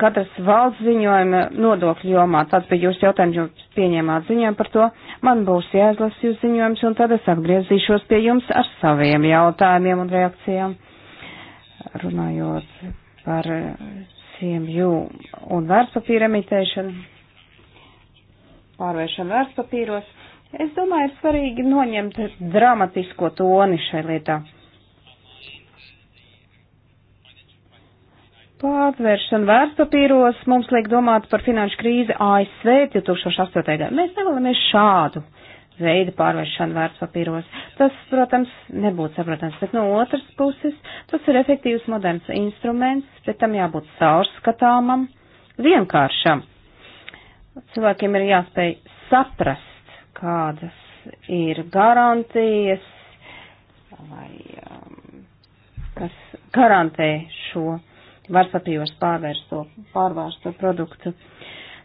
Speaker 2: katras valsts ziņojuma nodokļu jomā, tāds bija jūsu jautājums, jūs pieņēmāt ziņojumu par to, man būs jāizlasa jūsu ziņojums, un tad es atgriezīšos pie jums ar saviem jautājumiem un reakcijām, runājot par CMU un vērtspapīra emitēšanu, pārvēršanu vērtspapīros, es domāju, ir svarīgi noņemt dramatisko toni šai lietā. Pārvēršana vērtspapīros mums liek domāt par finanšu krīzi ASV 2008. gadā. Mēs nevēlamies šādu veida pārvēršanu vērtspapīros. Tas, protams, nebūtu saprotams, bet no otras puses tas ir efektīvs moderns instruments, bet tam jābūt caurskatāmam, vienkāršam. Cilvēkiem ir jāspēj saprast, kādas ir garantijas vai um, kas garantē šo vērtspapīros pārvērsto, pārvērsto produktu.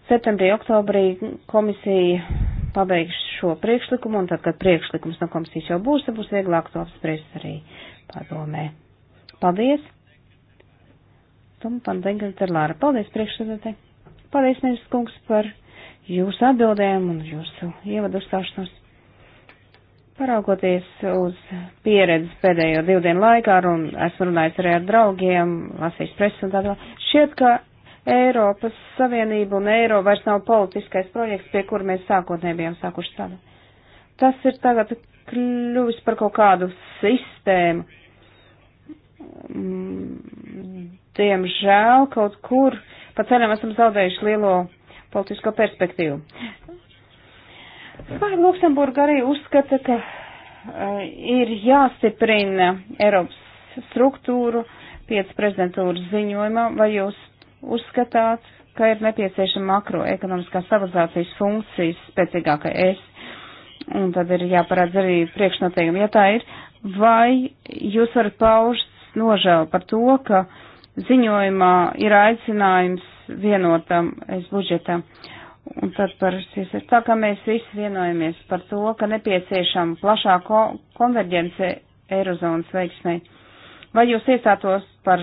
Speaker 2: Septembrī, oktobrī komisija pabeigšu šo priekšlikumu, un tad, kad priekšlikums no komisijas jau būs, tad būs vieglāk to apspriest arī padomē. Paldies! Tuma Pandengas Derlāra. Paldies priekšsēdētāji! Paldies, Nevis kungs, par jūsu atbildēm un jūsu ievadu uzstāšanos. Paraugoties uz pieredzi pēdējo divu dienu laikā, un esmu runājis arī ar draugiem, lasījis presi un tādā, šķiet, ka Eiropas Savienība un eiro vairs nav politiskais projekts, pie kur mēs sākotnēji bijām sākuši strādāt. Tas ir tagad kļuvis par kaut kādu sistēmu. Mm, diemžēl kaut kur pa ceļam esam zaudējuši lielo politisko perspektīvu. Vai Luksemburga arī uzskata, ka uh, ir jāstiprina Eiropas struktūru pēc prezidentūras ziņojumā, vai jūs uzskatāt, ka ir nepieciešama makroekonomiskās stabilizācijas funkcijas spēcīgāka es, un tad ir jāparādz arī priekšnoteikumi, ja tā ir, vai jūs varat paužt nožēlu par to, ka ziņojumā ir aicinājums vienotam es budžetam. Un tad par šis ir tā, ka mēs visi vienojamies par to, ka nepieciešama plašāka konverģence Eirozonas veiksmē. Vai jūs iestātos par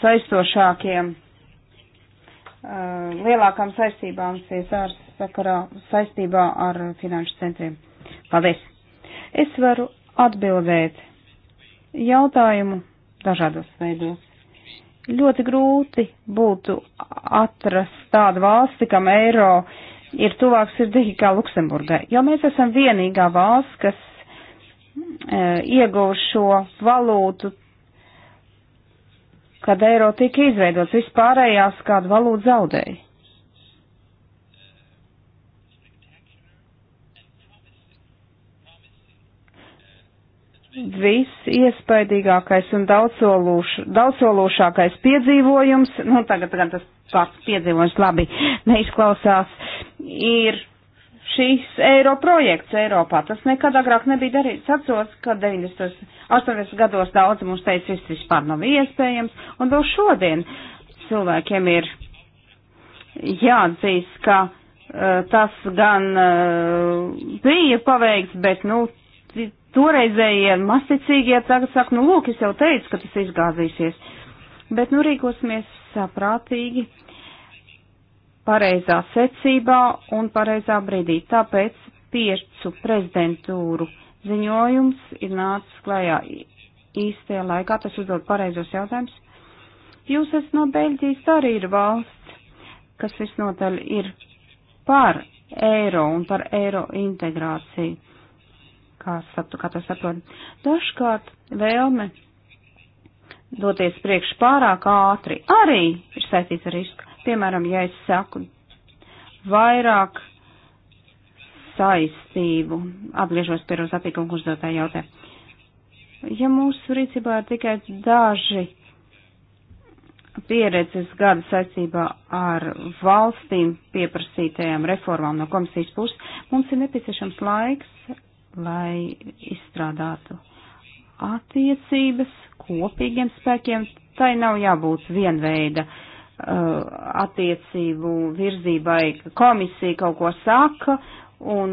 Speaker 2: saistošākiem Uh, lielākām saistībām Cēzārs sakarā saistībā ar finanšu centriem. Paldies! Es varu atbildēt jautājumu dažādos veidos. Ļoti grūti būtu atrast tādu valsti, kam eiro ir tuvāk sirdīgi kā Luksemburgai, jo mēs esam vienīgā valsts, kas e, uh, ieguv šo valūtu kad eiro tika izveidots, vispārējās kādu valūtu zaudēja. Viss iespaidīgākais un daudzsološākais piedzīvojums, nu tagad gan tas kāds piedzīvojums labi neizklausās, ir šīs eiro projekts Eiropā. Tas nekad agrāk nebija darīts. Atceros, ka 90. 80. gados daudz mums teica, viss vispār nav iespējams, un vēl šodien cilvēkiem ir jāatzīst, ka uh, tas gan uh, bija paveikts, bet, nu, toreizējie masticīgie tagad saka, nu, lūk, es jau teicu, ka tas izgāzīsies. Bet, nu, rīkosimies saprātīgi. Uh, pareizā secībā un pareizā brīdī. Tāpēc piecu prezidentūru ziņojums ir nācis klajā īstajā laikā, tas uzdod pareizos jautājumus. Jūs esat no Beļģijas, tā arī ir valsts, kas visnotaļ ir par eiro un par eiro integrāciju. Kā, saptu, kā to saprot? Dažkārt vēlme doties priekš pārāk ātri arī ir saistīts ar risku. Piemēram, ja es saku vairāk saistību, atgriežos pie rozatīkuma uzdotā jautājuma. Ja mūsu rīcībā ir tikai daži pieredzes gada saistībā ar valstīm pieprasītajām reformām no komisijas puses, mums ir nepieciešams laiks, lai izstrādātu attiecības kopīgiem spēkiem. Tai nav jābūt vienveida Uh, attiecību virzībai komisija kaut ko saka un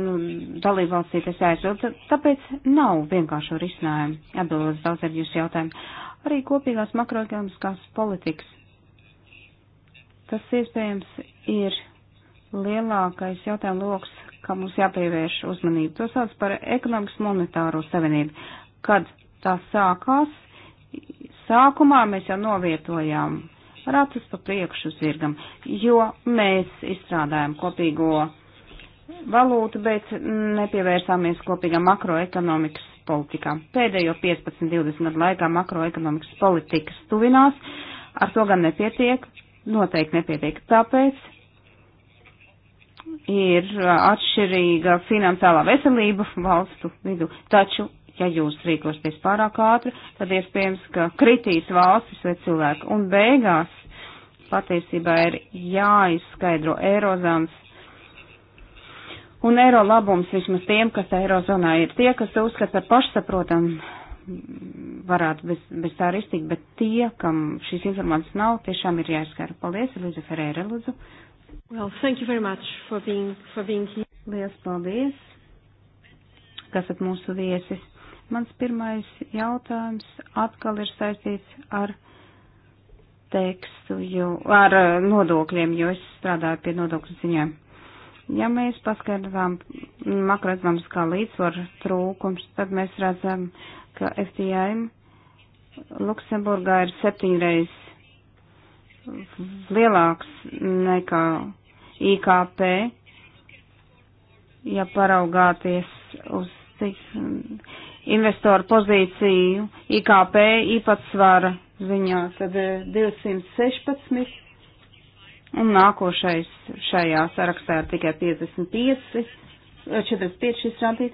Speaker 2: dalībvalstī tas aizvilkt, tāpēc nav vienkāršo risinājumu, atbildot daudz ar jūsu jautājumu. Arī kopīgās makroekonomiskās politikas. Tas iespējams ir lielākais jautājumu loks, kam mums jāpievērš uzmanība. To sauc par ekonomikas monetāro savienību. Kad tā sākās, sākumā mēs jau novietojām ratus pa priekšu zirgam, jo mēs izstrādājam kopīgo valūtu, bet nepievērsāmies kopīgā makroekonomikas politikā. Pēdējo 15-20 gadu laikā makroekonomikas politikas tuvinās, ar to gan nepietiek, noteikti nepietiek. Tāpēc ir atšķirīga finansiālā veselība valstu vidu, taču Ja jūs rīkosties pārāk ātri, tad iespējams, ka kritīs valstis vai cilvēki. Un beigās patiesībā ir jāizskaidro Eirozonas un eiro labums vismaz tiem, kas eirozonā ir. Tie, kas uzskata par pašsaprotam, varētu bez, bez tā arī iztikt, bet tie, kam šīs informācijas nav, tiešām ir jāizskara. Paldies, Elīza Ferēra, lūdzu. Well, thank you very much for being, for being here. Lielas paldies, kas esat mūsu viesis. Mans pirmais jautājums atkal ir saistīts ar tekstu, jo, ar eh, nodokļiem, jo es strādāju pie nodokļu ziņām. Ja mēs paskatām makroekonomiskā līdzsvara trūkums, tad mēs redzam, ka FTI Luksemburgā ir septiņreiz lielāks nekā IKP, ja paraugāties uz cik investoru pozīciju IKP īpatsvara ziņā, tad 216, eh, un nākošais šajā sarakstā ir tikai 55, 45 eh, šis rādīt.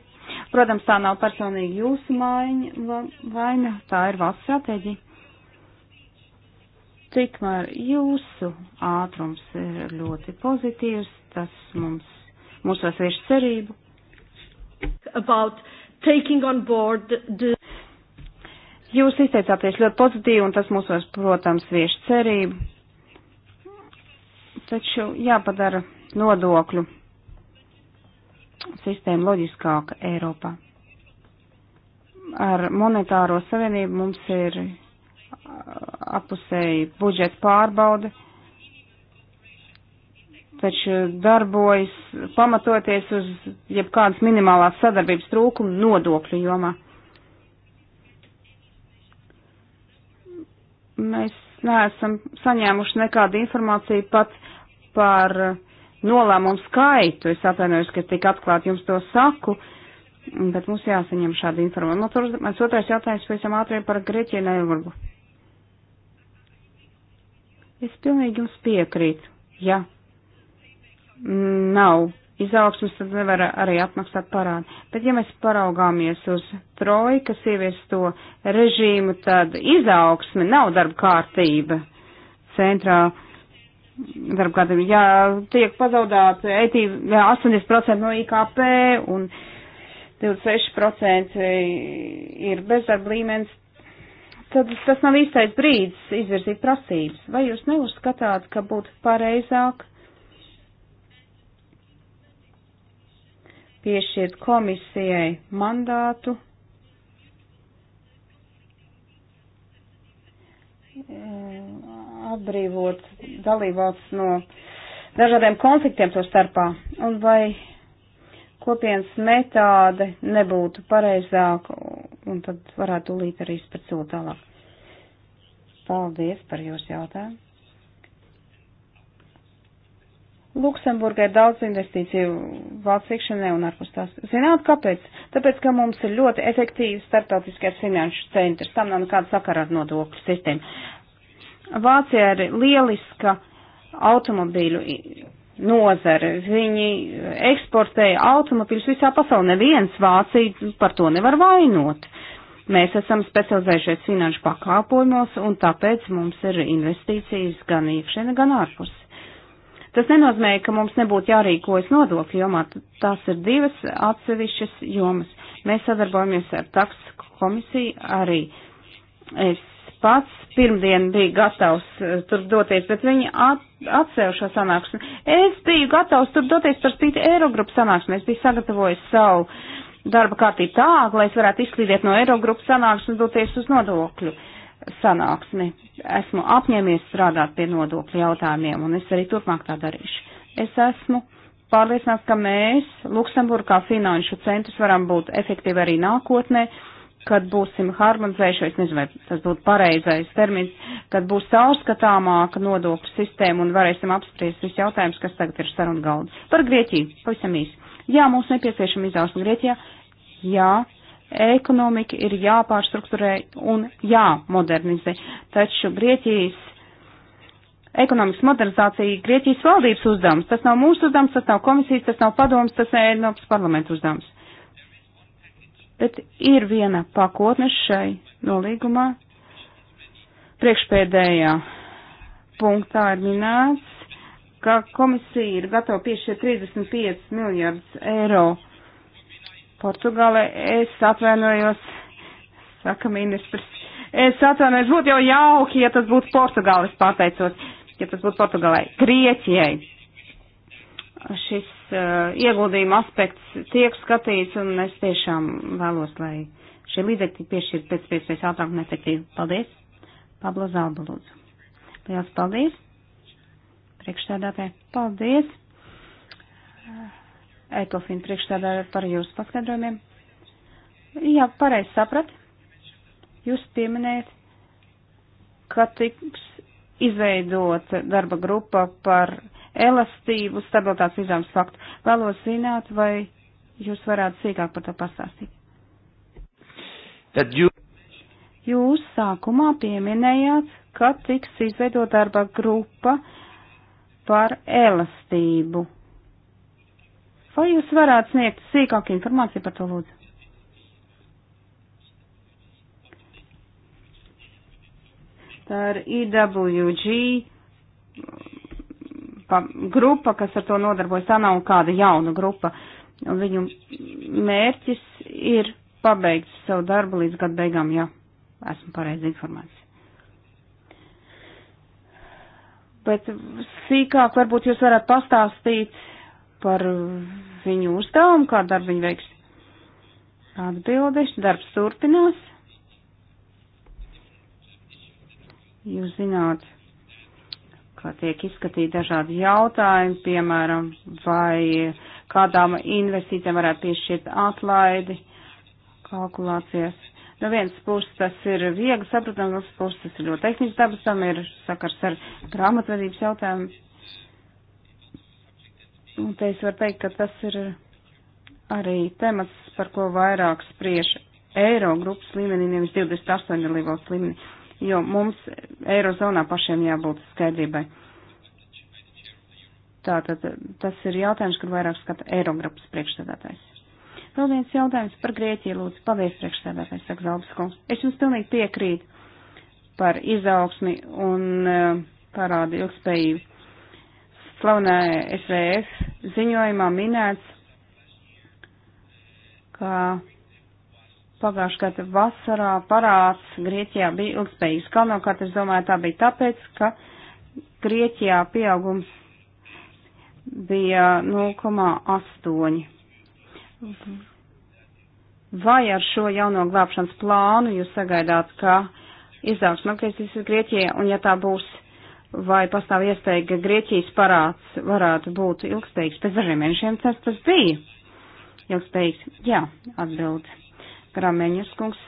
Speaker 2: Protams, tā nav personīgi jūsu maiņa, vaina, tā ir valsts stratēģija. Tikmēr jūsu ātrums ir ļoti pozitīvs, tas mums, mūs vēl svieš cerību. About taking on board the Jūs izteicāties ļoti pozitīvi, un tas mūs, var, protams, vieš cerību. Taču jāpadara nodokļu sistēma loģiskāka Eiropā. Ar monetāro savienību mums ir apusēji budžeta pārbaude taču darbojas pamatoties uz jebkādas minimālās sadarbības trūkumu nodokļu jomā. Mēs neesam saņēmuši nekādu informāciju pat par nolēmumu skaitu. Es atvainojos, ka tik atklāti jums to saku, bet mums jāsaņem šāda informācija. Nu, mans otrais jautājums pēc tam ātriem par Grieķiju un Eirburgu. Es pilnīgi jums piekrītu. Jā, ja nav izaugsmas, tad nevar arī atmaksāt parādu. Bet ja mēs paraugāmies uz troju, kas ievies to režīmu, tad izaugsme nav darba kārtība centrā. Darba kārtība, ja tiek pazaudāta 80% no IKP un 26% ir bezdarba līmenis, tad tas nav īstais brīdis izvirzīt prasības. Vai jūs neuzskatāt, ka būtu pareizāk? piešķirt komisijai mandātu atbrīvot dalībvalsts no dažādiem konfliktiem to starpā, un vai kopienas metāde nebūtu pareizāka, un tad varētu līdz arī izpēc tālāk. Paldies par jūsu jautājumu! Luksemburga ir daudz investīciju valsts iekšienē un ārpus tās. Zināt, kāpēc? Tāpēc, ka mums ir ļoti efektīvs startautiskais finanšu centrs. Tam nav nekāda sakara ar nodokļu sistēmu. Vācijā ir lieliska automobīļu nozare. Viņi eksportēja automobīļus visā pasaulē. Neviens Vācija par to nevar vainot. Mēs esam specializējušies finanšu pakāpojumos, un tāpēc mums ir investīcijas gan iekšienē, gan ārpus. Tas nenozīmē, ka mums nebūtu jārīkojas nodokļu jomā. Tās ir divas atsevišķas jomas. Mēs sadarbojamies ar taks komisiju arī. Es pats pirmdien biju gatavs eh, tur doties, bet viņi at, atsev šo sanāksmi. Es biju gatavs tur doties par spīti Eirogrupu sanāksmi. Es biju sagatavojis savu darba kārtību tā, lai es varētu izslīdēt no Eirogrupu sanāksmi un doties uz nodokļu. Uh, sanāksmi. Esmu apņēmies strādāt pie nodokļu jautājumiem, un es arī turpmāk tā darīšu. Es esmu pārliecināts, ka mēs Luksemburgā kā finanšu centrs varam būt efektīvi arī nākotnē, kad būsim harmonizējušies, nezinu, vai tas būtu pareizais termins, kad būs caurskatāmāka nodokļu sistēma un varēsim apspriest visus jautājumus, kas tagad ir sarunu galda. Par Grieķiju, pavisam īsi. Jā, mums nepieciešama izaugsme Grieķijā. Jā, ekonomika ir jāpārstrukturē un jāmodernizē. Taču Grieķijas ekonomikas modernizācija ir Grieķijas valdības uzdevums. Tas nav mūsu uzdevums, tas nav komisijas, tas nav padoms, tas ir Eiropas parlamenta uzdevums. Bet ir viena pakotne šai nolīgumā. Priekšpēdējā punktā ir minēts, ka komisija ir gatava piešķirt 35 miljardus eiro Portugālē. Es atvainojos, saka ministrs. Es atvainojos, būtu jau jauki, ja tas būtu Portugālis, pateicos, ja tas būtu Portugālē. Grieķijai šis uh, ieguldījuma aspekts tiek skatīts, un es tiešām vēlos, lai šie līdzekļi piešķirt pēc iespējas ātrāk un efektīvi. Paldies! Pablo Zalba, lūdzu. Liels paldies! Priekšstādātē, paldies! Uh Eikofina priekšstādāja par jūsu paskaidrojumiem. Jā, pareizi saprat. Jūs pieminējat, ka tiks izveidot darba grupa par elastību stabilitātes izaugsmas faktu. Vēlos zināt, vai jūs varētu sīkāk par to pastāstīt. Tad jūs. Jūs sākumā pieminējāt, ka tiks izveidot darba grupa par elastību Vai jūs varētu sniegt sīkāku informāciju par to lūdzu? Tā ir IWG grupa, kas ar to nodarbojas. Tā nav kāda jauna grupa. Viņu mērķis ir pabeigt savu darbu līdz gada beigām, ja esmu pareizi informēts. Bet sīkāk varbūt jūs varat pastāstīt par viņu uzdevumu, kā darbu viņi veiks. Atbildes, darbs turpinās. Jūs zināt, kā tiek izskatīti dažādi jautājumi, piemēram, vai kādām investīcijām varētu piešķirt atlaidi kalkulācijas. No nu, vienas puses tas ir viegli saprotams, no otras puses tas ir ļoti tehnisks dabas, tam ir sakars ar grāmatvedības jautājumu. Un te es varu teikt, ka tas ir arī temats, par ko vairāk spriež eiro grupas līmenī, nevis 28 dalībvalsts līmenī, jo mums eirozonā pašiem jābūt skaidrībai. Tātad tas ir jautājums, kur vairāk skata eiro grupas priekšstādātājs. Vēl viens jautājums par Grieķiju, lūdzu, paldies priekšstādātājs, saka Zalbskungs. Es jums pilnīgi piekrītu par izaugsmi un uh, parādu ilgspējību slavenā SVF ziņojumā minēts, ka pagājušā gada vasarā parāds Grieķijā bija ilgspējīgs. Galvenokārt es domāju, tā bija tāpēc, ka Grieķijā pieaugums bija 0,8. Vai ar šo jauno glābšanas plānu jūs sagaidāt, ka izaugs nokritīsies Grieķijā, un ja tā būs vai pastāv iespēja, ka Grieķijas parāds varētu būt ilgspējīgs. Pēc dažiem mēnešiem tas, tas bija ilgspējīgs. Jā, atbild Grameņus kungs.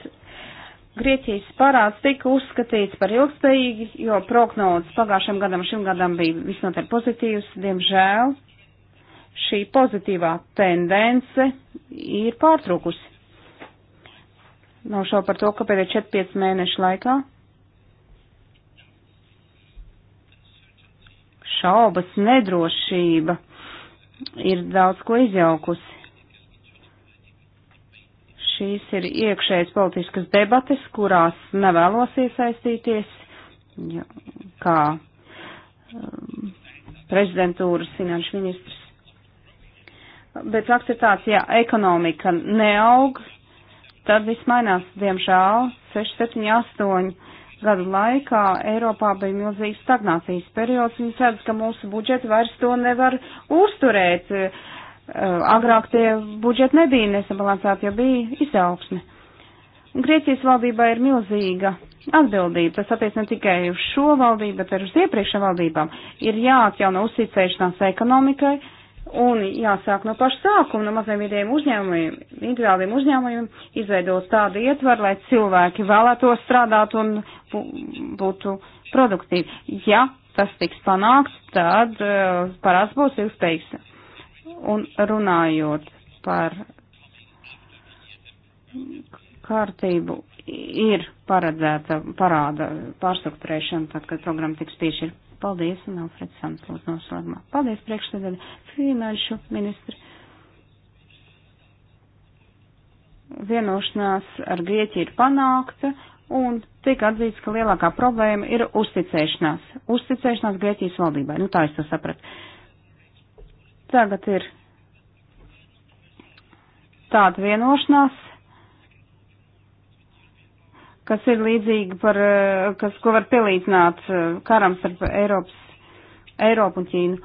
Speaker 2: Grieķijas parāds tika uzskatīts par ilgspējīgi, jo prognozes pagājušam gadam šim gadam bija visnotaļ pozitīvas. Diemžēl šī pozitīvā tendence ir pārtrūkusi. Nav šau par to, ka pēdējo 4-5 mēnešu laikā šaubas, nedrošība ir daudz ko izjaukusi. Šīs ir iekšējas politiskas debates, kurās nevēlos iesaistīties, jo, kā um, prezidentūras finanšu ministrs. Bet fakts ir tāds, ja ekonomika neaug, tad viss mainās, diemžēl, 6, 7, 8 gadu laikā Eiropā bija milzīgs stagnācijas periods, un cerams, ka mūsu budžeti vairs to nevar uzturēt. Eh, agrāk tie budžeti nebija nesabalansēti, jo bija izaugsme. Un Grieķijas valdībā ir milzīga atbildība. Tas attiec ne tikai uz šo valdību, bet arī uz iepriekšējām valdībām. Ir jāatjauno uzticēšanās ekonomikai, uh, Un jāsāk no paša sākuma, no maziem vidējiem uzņēmumiem, individuāliem uzņēmumiem, izveidot tādu ietvaru, lai cilvēki vēlētos strādāt un būtu produktīvi. Ja tas tiks panākts, tad uh, parāds būs ilgspējīgs. Un runājot par kārtību, ir paredzēta parāda pārstrukturēšana, tad, kad programma tiks piešķirta Paldies, un Alfreds Sams lūdzu noslēgumā. Paldies, priekšsēdēļ, finanšu ministri. Vienošanās ar Grieķiju ir panākta, un tiek atzīts, ka lielākā problēma ir uzticēšanās. Uzticēšanās Grieķijas valdībai. Nu, tā es to sapratu. Tagad ir tāda vienošanās kas ir līdzīgi par, eh, kas, ko var pielīdzināt eh, karam starp Eiropas, Eiropu un Ķīnu.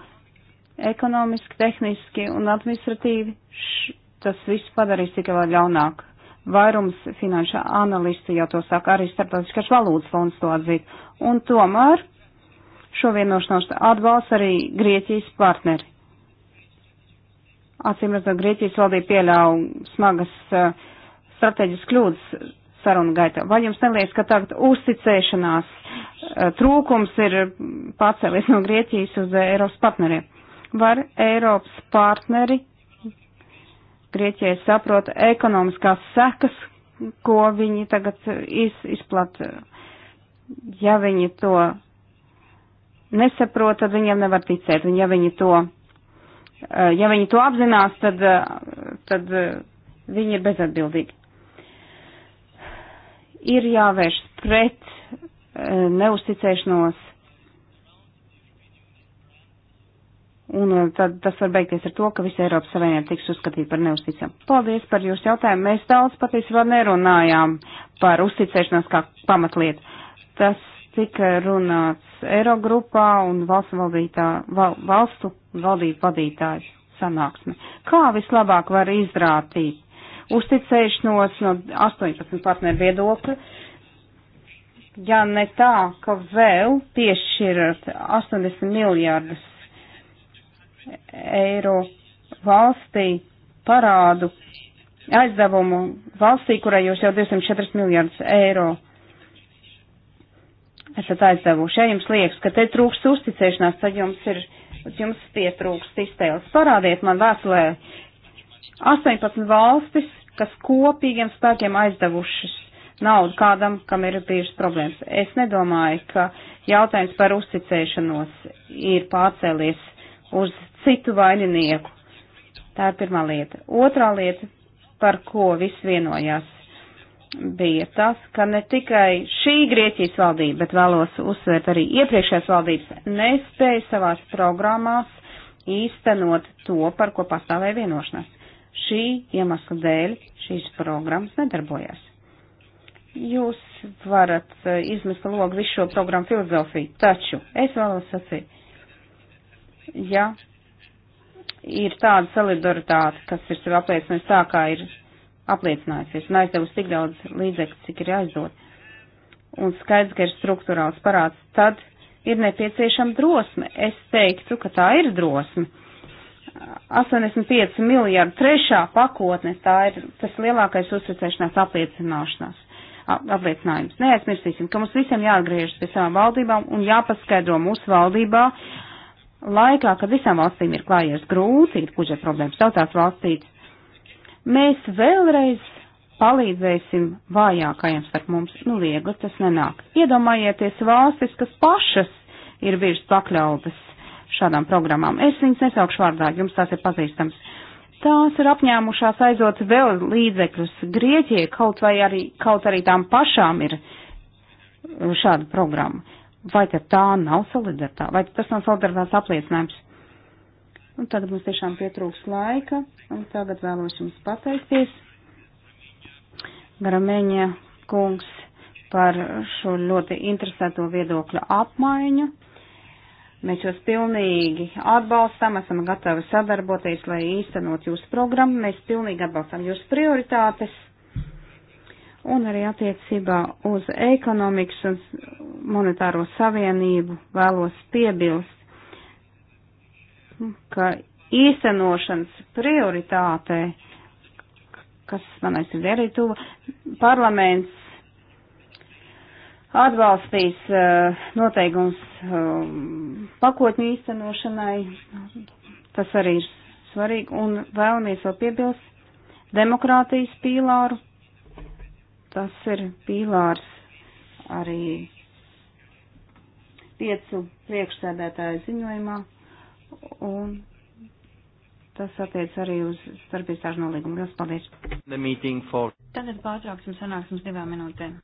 Speaker 2: Ekonomiski, tehniski un administratīvi š, tas viss padarīs tikai vēl ļaunāk. Vairums finanšu analistu jau to saka, arī starptautiskās valūtas fonds to atzīt. Un tomēr šo vienošanos atbalsta arī Grieķijas partneri. Acīm redzot, Grieķijas valdība pieļauj smagas uh, strateģiskas kļūdas sarunu gaitā. Vai jums neliekas, ka tagad uzticēšanās eh, trūkums ir pacēlies no Grieķijas uz Eiropas partneriem? Var Eiropas partneri Grieķijai saprot ekonomiskās sekas, ko viņi tagad iz, izplat, ja viņi to nesaprot, tad viņiem nevar ticēt. Un ja viņi to, eh, ja viņi to apzinās, tad, eh, tad viņi ir bezatbildīgi ir jāvērš pret eh, neusticēšanos. Un eh, tad tas var beigties ar to, ka visa Eiropas Savienība tiks uzskatīta par neusticamu. Paldies par jūsu jautājumu. Mēs daudz patiesībā nerunājām par uzticēšanos kā pamatlietu. Tas tika runāts Eirogrupā un valstu, valdītā, val, valstu valdību vadītāju sanāksme. Kā vislabāk var izrātīt uzticēšanos no 18 partneru viedokļa. Ja ne tā, ka vēl piešķirat 80 miljārdus eiro valstī parādu aizdevumu valstī, kurai jūs jau 204 miljārdus eiro esat aizdevuši. Ja jums liekas, ka te trūkst uzticēšanās, tad jums ir, jums pietrūkst iztēles. Parādiet man vēstulē 18 valstis, kas kopīgiem spēkiem aizdevušas naudu kādam, kam ir bijušas problēmas. Es nedomāju, ka jautājums par uzticēšanos ir pārcēlies uz citu vaininieku. Tā ir pirmā lieta. Otrā lieta, par ko viss vienojās, bija tas, ka ne tikai šī Grieķijas valdība, bet vēlos uzsvērt arī iepriekšējās valdības, nespēja savās programmās īstenot to, par ko pastāvēja vienošanās. Šī iemesla dēļ šīs programmas nedarbojas. Jūs varat eh, izmest logu visu šo programmu filozofiju, taču es vēlos sacīt, ja ir tāda solidaritāte, kas ir sev apliecinājusi tā, kā ir apliecinājusies, un aizdevusi tik daudz līdzekļu, cik ir aizdot, un skaidrs, ka ir struktūrāls parāds, tad ir nepieciešama drosme. Es teiktu, ka tā ir drosme 85 miljardu trešā pakotne, tā ir tas lielākais uzticēšanās apliecināšanās apliecinājums. Neaizmirsīsim, ka mums visiem jāatgriežas pie savām valdībām un jāpaskaidro mūsu valdībā laikā, kad visām valstīm ir klājies grūti, ir budžeta problēmas daudzās valstīs. Mēs vēlreiz palīdzēsim vājākajiem starp mums. Nu, viegli tas nenāk. Iedomājieties valstis, kas pašas ir virs pakļautas šādām programmām. Es viņas nesaukšu vārdā, jums tās ir pazīstams. Tās ir apņēmušās aizot vēl līdzekļus Grieķijai, kaut vai arī, kaut arī tām pašām ir uh, šāda programma. Vai tad tā nav solidaritāte? Vai tas nav solidaritātes apliecinājums? Un tagad mums tiešām pietrūks laika, un tagad vēlos jums pateikties, Garameņa kungs, par šo ļoti interesēto viedokļu apmaiņu. Mēs jūs pilnīgi atbalstam, esam gatavi sadarboties, lai īstenot jūsu programmu. Mēs pilnīgi atbalstam jūsu prioritātes un arī attiecībā uz ekonomikas un monetāro savienību vēlos piebilst, ka īstenošanas prioritātei kas manai sirdī arī tuva, parlaments atbalstīs eh, noteikums eh, pakotņu īstenošanai. Tas arī ir svarīgi. Un vēlamies vēl piebilst demokrātijas pīlāru. Tas ir pīlārs arī piecu priekšsēdētāju ziņojumā. Un tas attiec arī uz starpīstāžu nolīgumu. Lielas
Speaker 3: paldies! For...
Speaker 4: Tagad pārtrauksim sanāksmes divām minūtēm.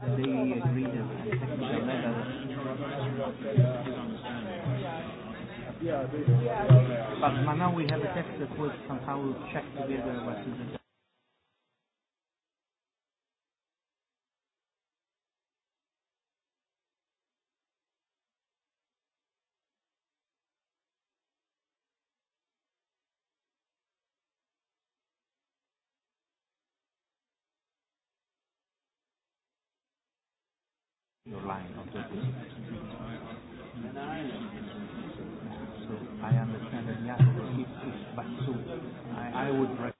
Speaker 3: The day you agreed on a technical level.
Speaker 1: But now we have a text that was somehow checked together what is the line of the distribution.
Speaker 2: So I understand that Jakob is, is Basu.
Speaker 1: I, I would recommend.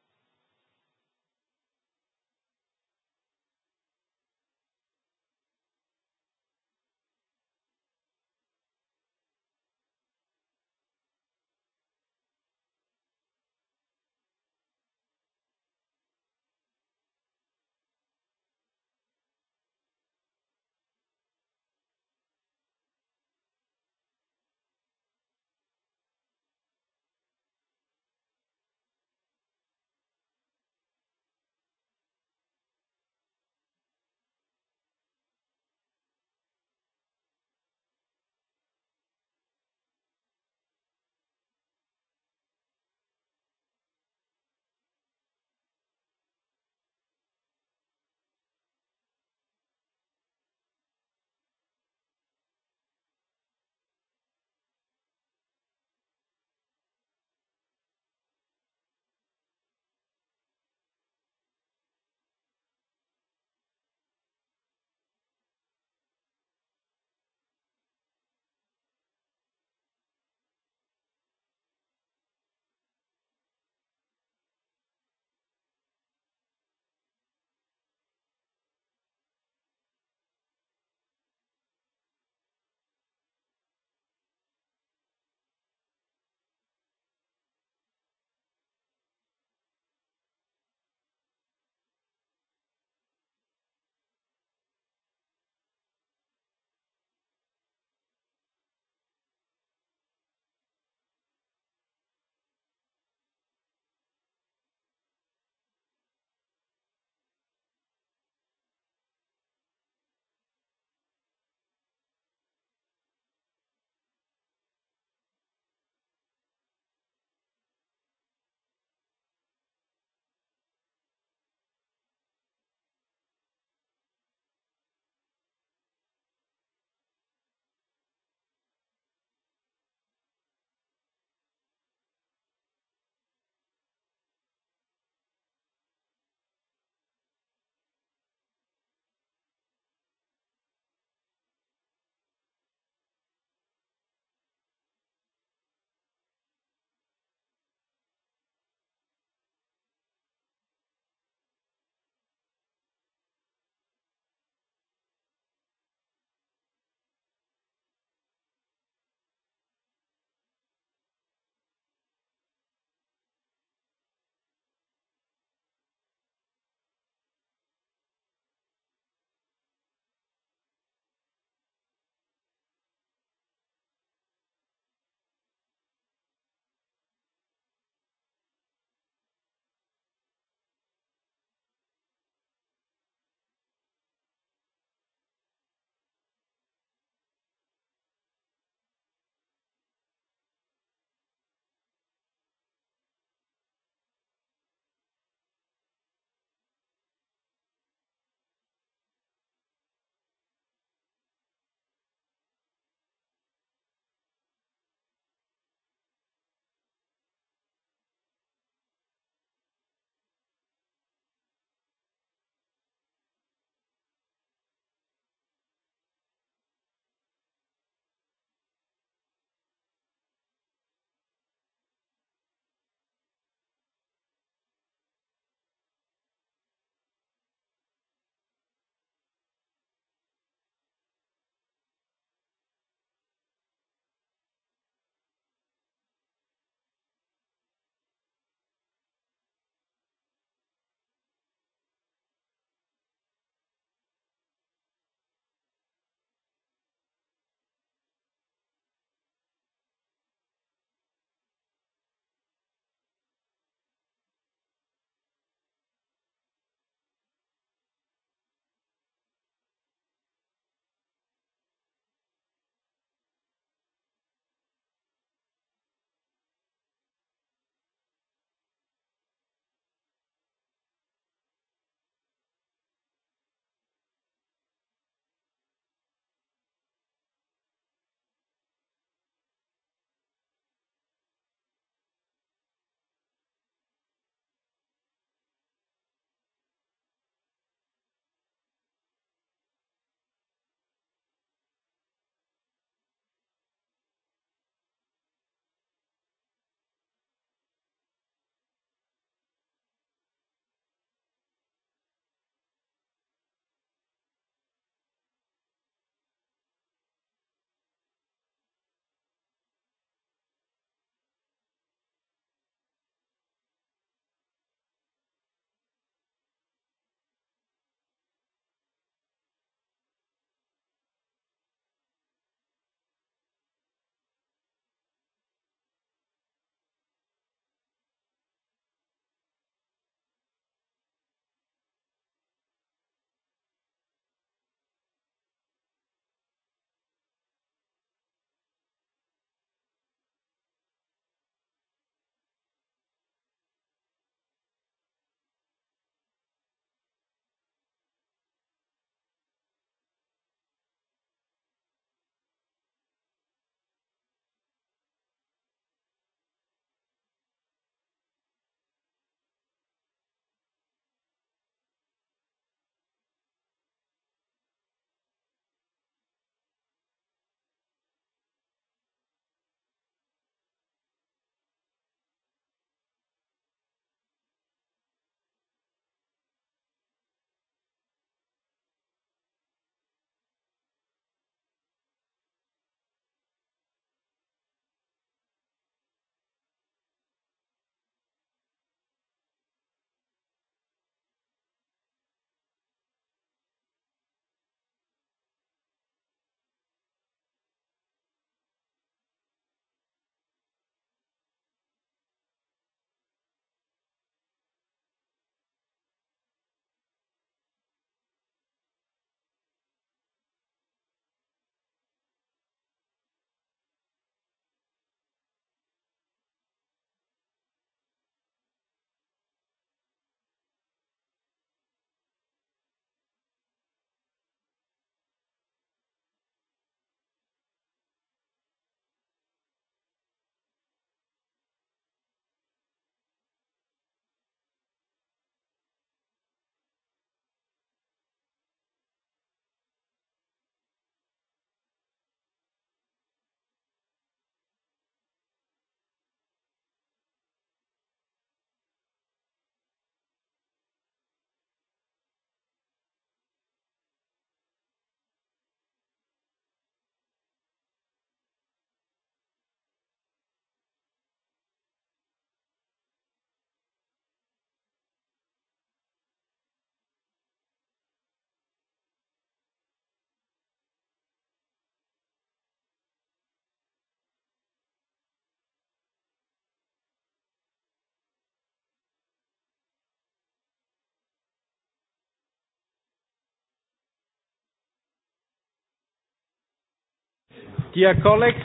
Speaker 1: Dear colleagues,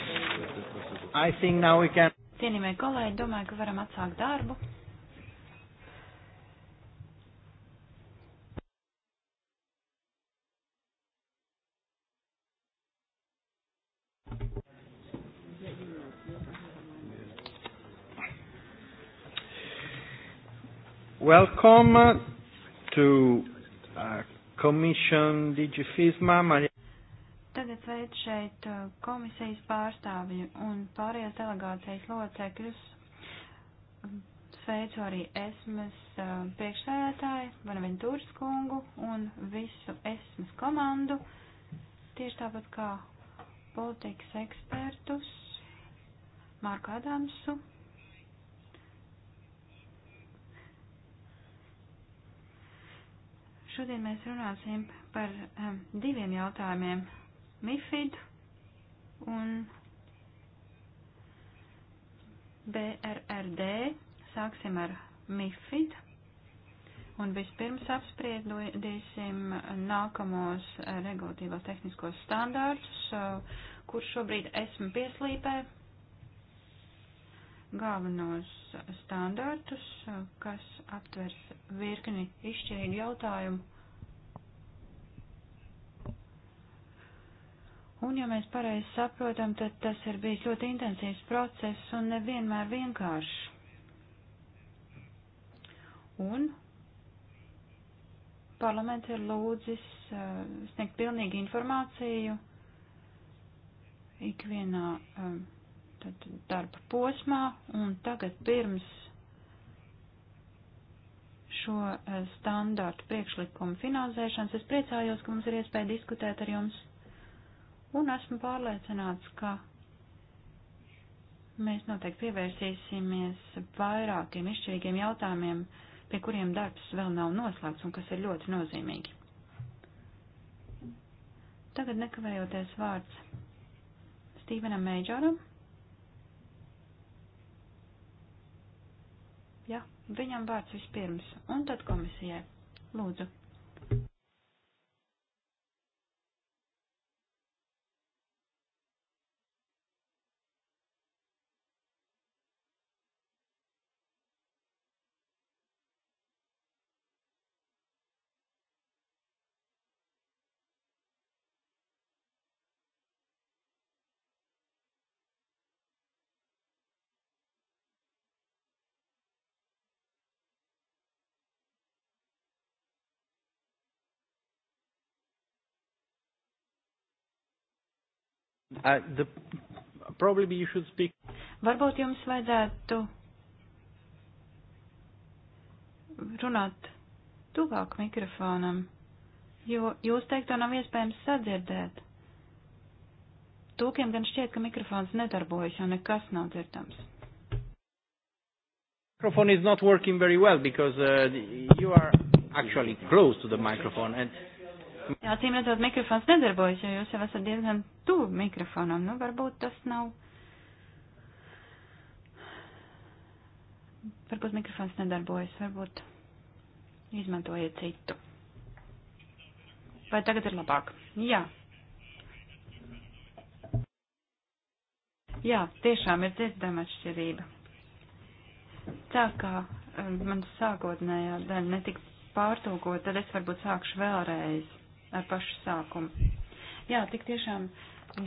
Speaker 3: I think now we can.
Speaker 4: Cienījamie kolēģi, domāju, ka varam atsākt darbu.
Speaker 3: Welcome to uh, Commission DG FISMA.
Speaker 4: Tagad sveic šeit uh, komisijas pārstāvju un pārējās delegācijas locekļus. Sveicu arī esmas uh, priekšsēdētāju, Vanaventūras kungu un visu esmas komandu, tieši tāpat kā politikas ekspertus Marku Adamsu. Šodien mēs runāsim par um, diviem jautājumiem, MIFID un BRRD. Sāksim ar MIFID. Un vispirms apspriedīsim nākamos regulatīvos tehniskos standārtus, kur šobrīd esmu pieslīpē galvenos standārtus, kas aptvers virkni izšķirīgu jautājumu Un, ja mēs pareizi saprotam, tad tas ir bijis ļoti intensīvs process un nevienmēr vienkāršs. Un parlaments ir lūdzis uh, sniegt pilnīgi informāciju ikvienā uh, tad, darba posmā, un tagad pirms šo uh, eh, standārtu priekšlikumu finansēšanas es priecājos, ka mums ir iespēja diskutēt ar jums Un esmu pārliecināts, ka mēs noteikti pievērsīsimies vairākiem izšķirīgiem jautājumiem, pie kuriem darbs vēl nav noslēgts un kas ir ļoti nozīmīgi. Tagad nekavējoties vārds Stīvenam Meidžoram. Jā, viņam vārds vispirms, un tad komisijai. Lūdzu. Uh, the, probably you should speak. Varbūt jums vajadzētu runāt tuvāk mikrofonam, jo jūs teikto nav iespējams sadzirdēt. Tūkiem gan šķiet, ka mikrofons nedarbojas, jo nekas nav dzirdams.
Speaker 3: Microphone is not working very well because uh, you are actually close to the microphone and
Speaker 4: Jā, cīm redzot, mikrofons nedarbojas, jo jūs jau esat diezgan tuvu mikrofonam. Nu, varbūt tas nav. Varbūt mikrofons nedarbojas, varbūt izmantojiet citu. Vai tagad ir labāk? Jā. Jā, tiešām ir dzirdama atšķirība. Tā kā um, man sākotnējā daļa netika pārtūkot, tad es varbūt sākšu vēlreiz ar pašu sākumu. Jā, tik tiešām,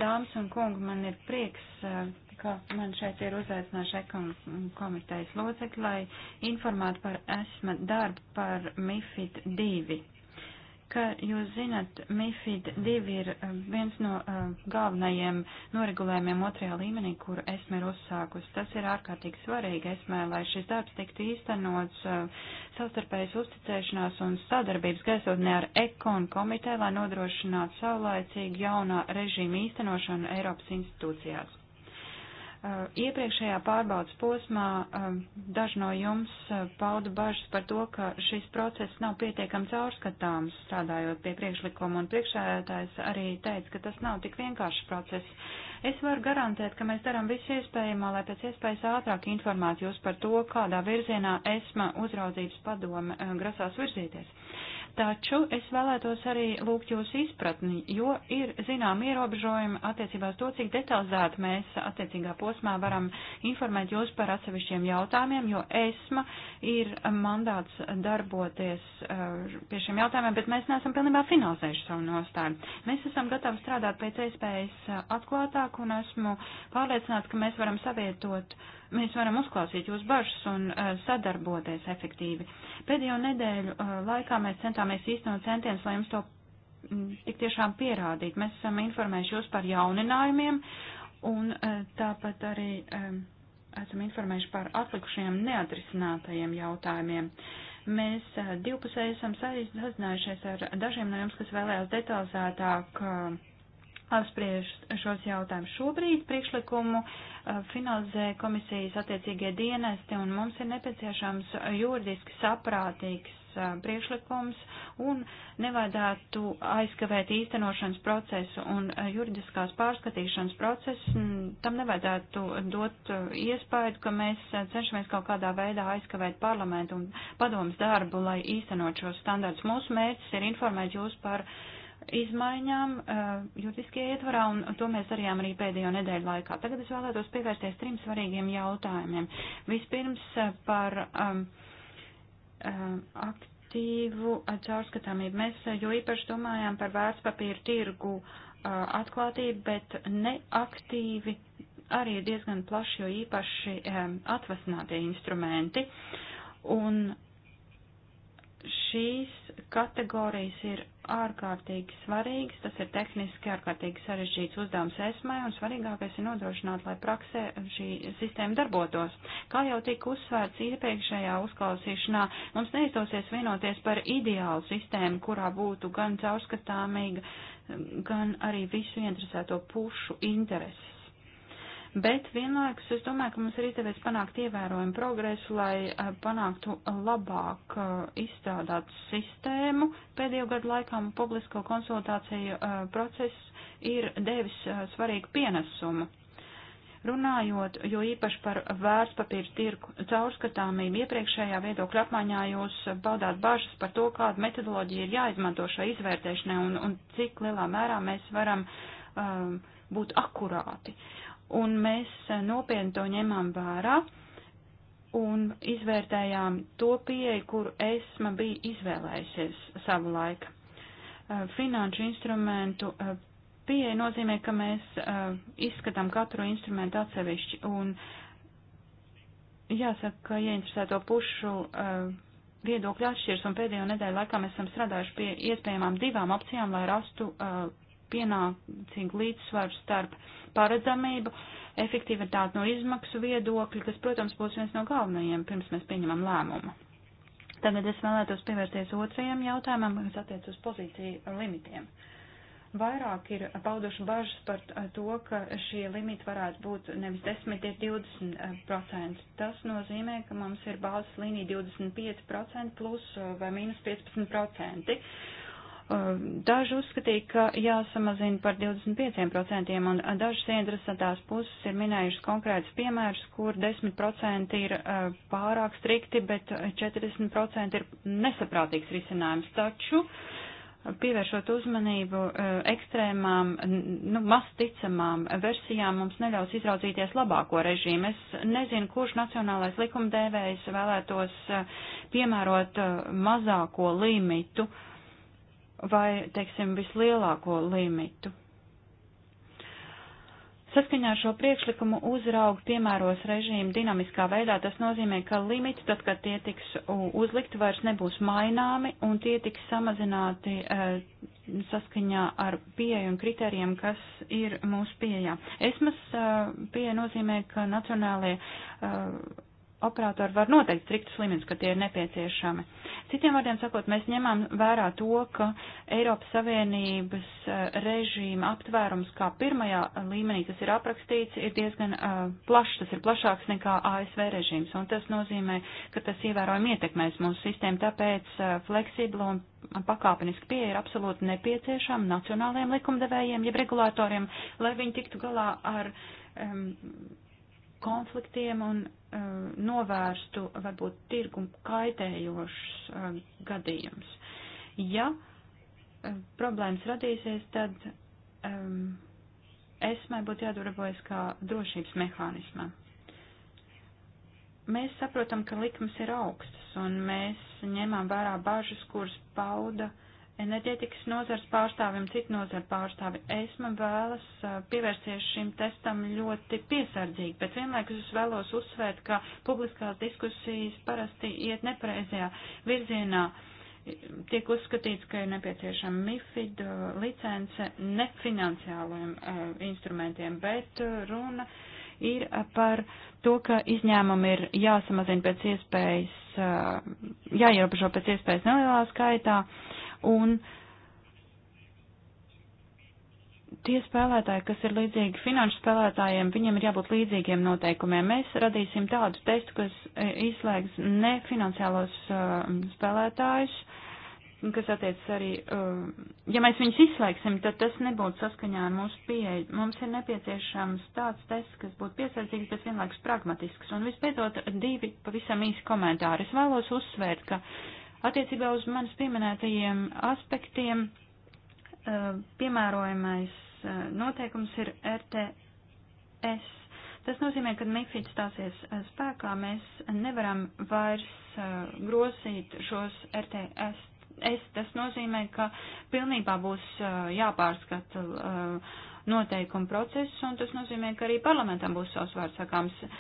Speaker 4: dāmas un kungi, man ir prieks, eh, ka man šeit ir uzaicinājuši komitejas locekļi, lai informētu par esma darbu par MIFID 2 ka jūs zinat, MIFID 2 ir eh, viens no uh, galvenajiem noregulējumiem otrajā līmenī, kuru esmu ir uzsākusi. Tas ir ārkārtīgi svarīgi esmē, lai šis darbs tiktu īstenots uh, savstarpējas uzticēšanās un sadarbības gaisotnē ar ekonu komiteju, lai nodrošinātu saulaicīgu jaunā režīma īstenošanu Eiropas institūcijās. Eh, iepriekšējā pārbaudas posmā eh, daži no jums eh, pauda bažas par to, ka šis process nav pietiekami caurskatāms strādājot pie priekšlikuma, un priekšējātājs arī teica, ka tas nav tik vienkāršs process. Es varu garantēt, ka mēs darām visu iespējamo, lai pēc iespējas ātrāk informētu jūs par to, kādā virzienā ESMA uzraudzības padome grasās virzīties. Taču es vēlētos arī lūgt jūsu izpratni, jo ir zinām ierobežojumi attiecībās to, cik detalizēti mēs attiecīgā posmā varam informēt jūs par atsevišķiem jautājumiem, jo ESMA ir mandāts darboties eh, pie šiem jautājumiem, bet mēs neesam pilnībā finansējuši savu nostāju. Mēs esam gatavi strādāt pēc iespējas eh, atklātāk un esmu pārliecināts, ka mēs varam savietot uh, mēs varam uzklausīt jūs bažas un uh, sadarboties efektīvi. Pēdējo nedēļu uh, laikā mēs centāmies īstenot centienus, lai jums to m, tik tiešām pierādīt. Mēs esam informējuši jūs par jauninājumiem un uh, tāpat arī um, esam informējuši par atlikušajiem neatrisinātajiem jautājumiem. Mēs uh, divpusēji esam sazinājušies ar dažiem no jums, kas vēlējās detalizētāk. Uh, apspriež šos jautājumus šobrīd. Priekšlikumu eh, finalizē komisijas attiecīgie dienesti un mums ir nepieciešams juridiski saprātīgs eh, priekšlikums un nevajadzētu aizkavēt īstenošanas procesu un eh, juridiskās pārskatīšanas procesu. Mm, tam nevajadzētu dot iespēju, ka mēs cenšamies kaut kādā veidā aizkavēt parlamentu un padomas darbu, lai īstenot šos standartus. Mūsu mērķis ir informēt jūs par uh, izmaiņām eh, juridiskajā ietvarā, un to mēs darījām arī pēdējo nedēļu laikā. Tagad es vēlētos pievērsties trim svarīgiem jautājumiem. Vispirms eh, par um, eh, aktīvu caurskatāmību. Mēs jo īpaši domājām par vērtspapīru tirgu atklātību, bet neaktīvi arī diezgan plaši, jo īpaši um, atvasinātie instrumenti. Un šīs kategorijas ir ārkārtīgi svarīgs, tas ir tehniski ārkārtīgi sarežģīts uzdevums esmai un svarīgākais ir nodrošināt, lai praksē šī sistēma darbotos. Kā jau tika uzsvērts iepriekšējā uzklausīšanā, mums neizdosies vienoties par ideālu sistēmu, kurā būtu gan caurskatāmīga, gan arī visu interesēto pušu intereses. Bet vienlaikus es domāju, ka mums ir izdevies panākt ievērojumu progresu, lai eh, panāktu labāk eh, izstrādātu sistēmu. Pēdējo gadu laikā publisko konsultāciju eh, process ir devis svarīgu pienesumu runājot, jo īpaši par vērtspapīru tirku caurskatāmību iepriekšējā viedokļa apmaiņā jūs baudāt bažas par to, kāda metodoloģija ir jāizmanto šai izvērtēšanai un, un cik lielā mērā mēs varam um, būt akurāti un mēs nopietni to ņemam vērā un izvērtējām to pieeju, kuru esma bija izvēlējusies savu laiku. Eh, finanšu instrumentu eh, pieeja nozīmē, ka mēs eh, izskatām katru instrumentu atsevišķi un jāsaka, ka ieinteresēto pušu viedokļi atšķirs un pēdējo nedēļu laikā mēs esam strādājuši pie iespējamām divām opcijām, lai rastu uh, pienācīgu līdzsvaru starp paredzamību, efektivitāti no izmaksu viedokļa, kas, protams, būs viens no galvenajiem, pirms mēs pieņemam lēmumu. Tagad es vēlētos pievērsties otrajam jautājumam, kas attiec uz pozīciju limitiem. Vairāk ir pauduši bažas par to, ka šie limiti varētu būt nevis 10, ir 20%. Eh, Tas nozīmē, ka mums ir bāzes līnija 25% plus eh, vai mīnus 15%. Daži uzskatīja, ka jāsamazina par 25%, un dažas interesētās puses ir minējušas konkrētus piemērus, kur 10% ir pārāk strikti, bet 40% ir nesaprātīgs risinājums. Taču, pievēršot uzmanību ekstrēmām, nu, maz ticamām versijām, mums neļaus izraudzīties labāko režīmu. Es nezinu, kurš nacionālais likumdevējs vēlētos piemērot mazāko limitu. Uh, vai, teiksim, vislielāko limitu. Saskaņā ar šo priekšlikumu uzraugu piemēros režīmu dinamiskā veidā, tas nozīmē, ka limiti, tad, kad tie tiks uzlikti, vairs nebūs maināmi un tie tiks samazināti eh, saskaņā ar pieeju un kritērijiem, kas ir mūsu pieejā. Esmas eh, pieeja nozīmē, ka nacionālie eh, operatori var noteikt striktus līmenis, ka tie ir nepieciešami. Citiem vārdiem sakot, mēs ņemam vērā to, ka Eiropas Savienības eh, režīma aptvērums kā pirmajā eh, līmenī tas ir aprakstīts, ir diezgan uh, plašs, tas ir plašāks nekā ASV režīms, un tas nozīmē, ka tas ievērojami ietekmēs mūsu sistēmu, tāpēc uh, fleksibla un pakāpeniski pieeja ir absolūti nepieciešama nacionālajiem likumdevējiem, jeb regulātoriem, lai viņi tiktu galā ar um, konfliktiem un uh, novērstu varbūt tirgumu kaitējošus uh, gadījumus. Ja uh, problēmas radīsies, tad um, esmai būtu jādarbojas kā drošības mehānismam. Mēs saprotam, ka likmes ir augstas, un mēs ņemam vērā bažas, kuras pauda uh, enerģētikas nozars pārstāvi un citu nozaru pārstāvi. Es man vēlas pievērsties šim testam ļoti piesardzīgi, bet vienlaikus es vēlos uzsvērt, ka publiskās diskusijas parasti iet nepareizajā virzienā. Tiek uzskatīts, ka ir nepieciešama MIFID licence nefinanciālajiem uh, instrumentiem, bet runa ir par to, ka izņēmumi ir jāsamazina pēc iespējas, uh, jāierobežo pēc iespējas nelielā skaitā. Uh, un tie spēlētāji, kas ir līdzīgi finanšu spēlētājiem, viņiem ir jābūt līdzīgiem noteikumiem. Mēs radīsim tādu testu, kas e, izslēgs nefinanciālos uh, spēlētājus, kas attiec arī, uh, ja mēs viņus izslēgsim, tad tas nebūtu saskaņā ar mūsu pieeju. Mums ir nepieciešams tāds tests, kas būtu piesardzīgs, bet vienlaikus pragmatisks. Un vispētot divi pavisam īsi komentāri. Es vēlos uzsvērt, ka uh, Attiecībā uz manis pieminētajiem aspektiem eh, piemērojamais eh, noteikums ir RTS. Tas nozīmē, ka MIFID stāsies eh, spēkā, mēs nevaram vairs grosīt šos RTS. Es, tas nozīmē, ka pilnībā būs jāpārskata noteikuma process, un tas nozīmē, ka arī parlamentam būs savs vārds sakāms. Uh,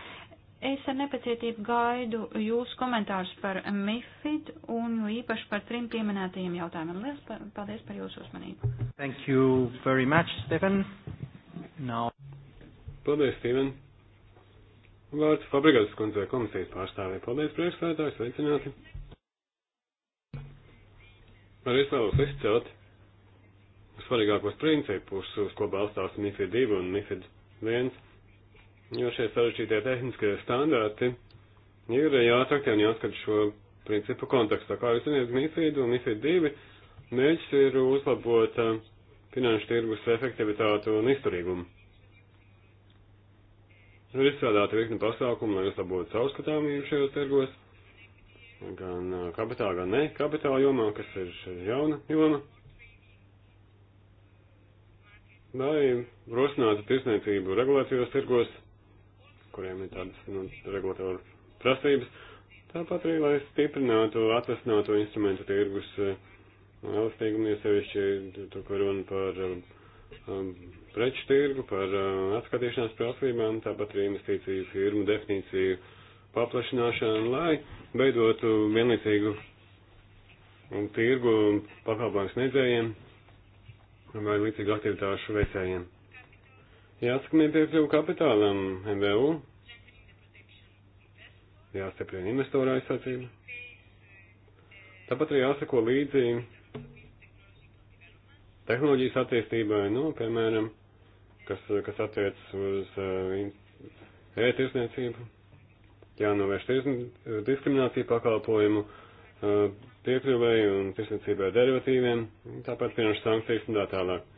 Speaker 4: Es ar nepacietību gaidu jūsu komentārus par MIFID un jo īpaši par trim pieminētajiem jautājumiem. Lielas pa paldies par jūsu uzmanību.
Speaker 3: Thank you very much, Stefan. Now. Paldies, Steven.
Speaker 5: Vārds Fabrikas kundzei komisijas pārstāvē. Paldies, priekšsēdētājs, sveicināti. Arī es vēlos izcelt svarīgākos principus, uz ko balstās MIFID 2 un MIFID 1 jo šie sarežģītie tehniskie standarti ir jāatraktē un jāskat šo principu kontekstā. Kā jūs zināt, MIFID un MIFID 2 mērķis ir uzlabot uh, finanšu tirgus efektivitātu un izturīgumu. Ir izstrādāta virkni pasākumu, lai uzlabotu caurskatāmību šajos tirgos, gan uh, kapitāla, gan ne kapitāla jomā, kas ir jauna joma. Lai rosinātu tirsniecību regulācijos tirgos, kuriem ir tādas nu, regulatora prasības. Tāpat arī, lai stiprinātu, atvesinātu instrumentu tirgus eh, elastīgumu, ja sevišķi tur, kur runa par eh, um, preču tirgu, par um, atskatīšanās prasībām, tāpat arī investīciju firmu definīciju paplašināšanu, lai veidotu vienlīdzīgu um, tirgu pakalpojumu sniedzējiem vai līdzīgu aktivitāšu veicējiem. Jāskamie piekļuvu kapitālam MVU. Jāstiprina investoru aizsardzība. Tāpat arī jāsako līdzi tehnoloģijas attīstībai, nu, piemēram, kas, kas attiecas uz uh, e-tirsniecību, jānovērš diskrimināciju pakalpojumu uh, piekļuvēju un tirsniecībai derivatīviem, tāpat finanšu sankcijas un tā tālāk.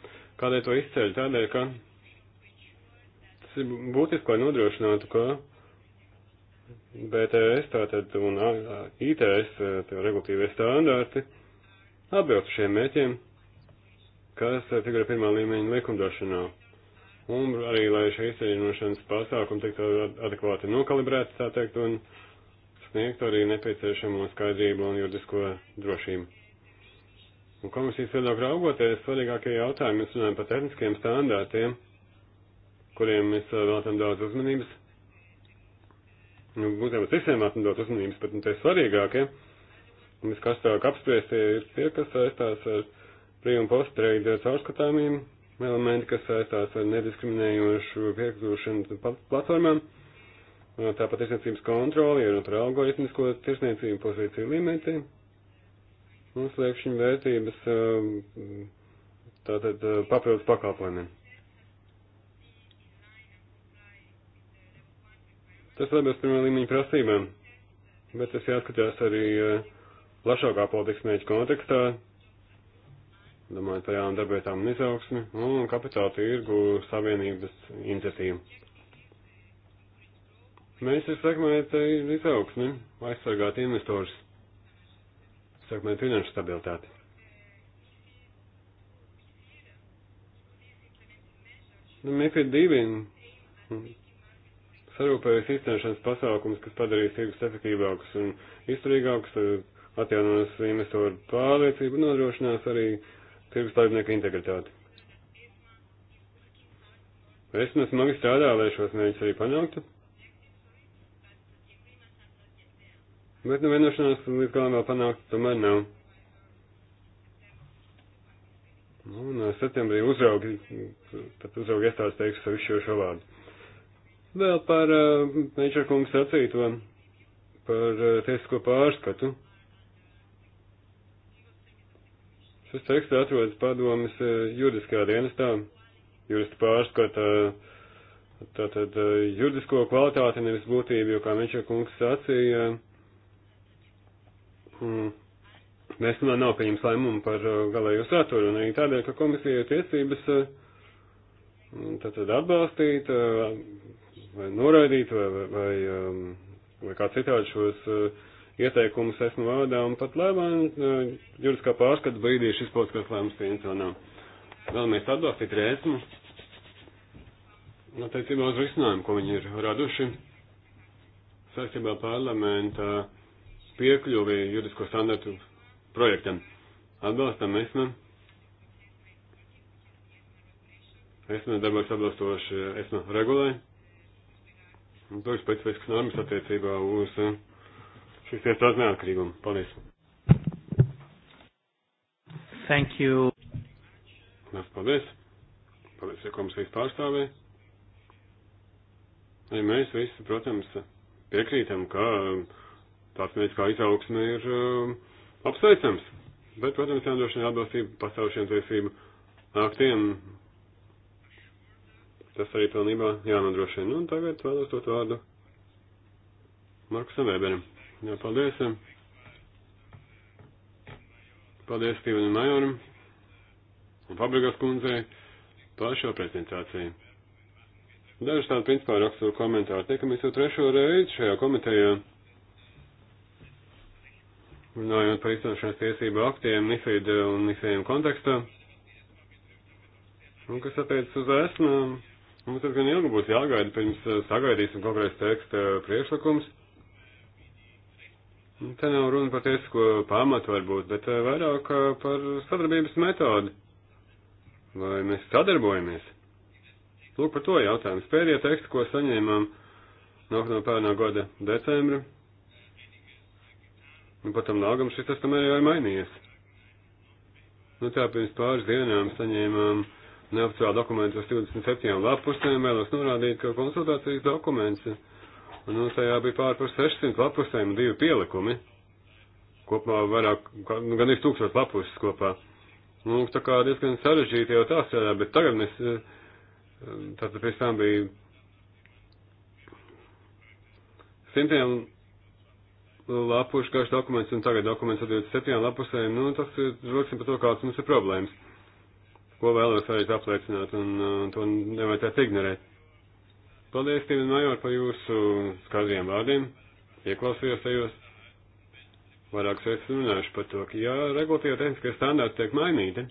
Speaker 5: Kādēļ to izceļ? Tādēļ, ka kas ir būtiski, lai nodrošinātu, ka BTS tātad un ITS, e, tie regulatīvie standarti, atbilst šiem mēķiem, kas e, figurē pirmā līmeņa likumdošanā. Un arī, lai šie izceļinošanas pasākumi tiktu adekvāti nokalibrēti, tā teikt, un sniegtu arī nepieciešamo skaidrību un juridisko drošību. Un komisijas viedokļa augoties, svarīgākie jautājumi, mēs runājam par tehniskiem standārtiem. Ja? kuriem mēs eh, veltam daudz uzmanības. Nu, uzdevums visiem veltam daudz uzmanības, bet nu, tie svarīgākie, ja? mēs kastāk apspriestie, ir tie, kas saistās ar pre un postreidu caurskatāmību, elementi, kas saistās ar nediskriminējošu piekļūšanu platformām. Tāpat tirsniecības kontroli ir par algoritmisko tirsniecību pozīciju līmenī. Mums liekšņu vērtības
Speaker 1: eh,
Speaker 5: tātad eh, papildus pakalpojumiem. Tas atbilst pirmā līmeņa prasībām, bet tas jāskatās arī eh, plašākā politikas mēģi kontekstā, domājot par jaunām darbietām un izaugsmi, nu, un kapitāla tirgu savienības iniciatīvu. Mēs ir segmēt izaugsmi, aizsargāt investorus, segmēt finanšu stabilitāti. Nu, MIFID 2 sarūpējas izcenšanas pasākums, kas padarīs tirgus efektīvākus un izturīgākus, atjaunos investoru pārliecību un nodrošinās arī tirgus dalībnieku integritāti. Es mēs smagi strādāju, lai šos mērķus arī panāktu. Bet nu vienošanās līdz galam vēl panākt tomēr nav. Nu, un septembrī uzraugi, tad uzraugi iestādes teiks savu šo, šo vārdu. Vēl par uh, eh, Nečakungs sacīto, par uh, tiesisko pārskatu. Šis teksts atrodas padomas uh, eh, juridiskajā dienestā, jurista pārskata tātad uh, juridisko kvalitāti, nevis būtību, jo, kā Nečakungs sacīja, mm, mēs nu, nav pieņems lēmumu par uh, galējo saturu, un arī tādēļ, ka komisija tiesības. Uh, tātad atbalstīt, eh, vai noraidīt, vai, vai, vai, um, vai kā citādi šos eh, ieteikumus esmu vārdā, un pat lēmēm eh, juridiskā pārskata brīdī šis politiskās lēmums pieņemts vēl nav. Vēlamies atbalstīt rēsmu, attiecībā uz risinājumu, ko viņi ir raduši, saistībā parlamenta piekļuvi juridisko standartu projektam. Atbalstam esmu. esmu darbojos atbilstoši eh, esmu regulai. Un to ir specifisks normas attiecībā uz eh, šīs tiesas neatkarīgumu. Paldies.
Speaker 3: Thank you.
Speaker 5: Mēs paldies. Paldies, ja komisijas pārstāvē. Ja mēs visi, protams, piekrītam, ka eh, tāds mērķis kā izaugsme ir uh, apsveicams. Bet, protams, jānodrošina atbilstība pasaušiem tiesību aktiem Tas arī pilnībā jānodrošina. Nu, un tagad vēlos dot vārdu Markusam Weberim. Jā, paldies. Paldies Stīvenam Majoram un Fabrikas kundzei par šo prezentāciju. Dažas tādu principā raksturu komentāru. Tiekamies jau trešo reizi šajā komitejā. Runājot par izcelšanas tiesību aktiem, MIFID un MIFIM kontekstā. Un kas attiecas uz esmu, Mums nu, tas gan ilgi būs jāgaida, pirms eh, sagaidīsim konkrēts teksta eh, priekšlikums. Nu, te nav runa par tiesisko pamatu varbūt, bet eh, vairāk par sadarbības metodi. Vai mēs sadarbojamies? Lūk, par to jautājums. Pēdējā teksta, ko saņēmām nāk no pērnā gada decembra, un pat tam nākam šis tas tomēr jau ir mainījies. Nu tā pirms pāris dienām saņēmām. Um, neoficiāli dokumentu uz 27 lapusēm, vēlos norādīt, ka konsultācijas dokuments, nu, tajā bija pār par 600 lapusēm un divi pielikumi. Kopumā vairāk, nu, gan ir tūkstots lapuses kopā. Nu, tā kā diezgan sarežģīti jau tā strādā, bet tagad mēs, eh, tātad pēc tam bija simtiem lapušu garš dokuments un tagad dokuments ar 27 lapusēm, nu, tas ir, roksim par to, kāds mums ir problēmas ko vēlos arī apliecināt, un, un uh, to nevajadzētu ignorēt. Paldies, Steven Major, par jūsu skaidriem vārdiem. Ieklausījos tajos. Vairākas reizes runāšu par to, ka, ja regulatīva tehniskie standārti tiek mainīti,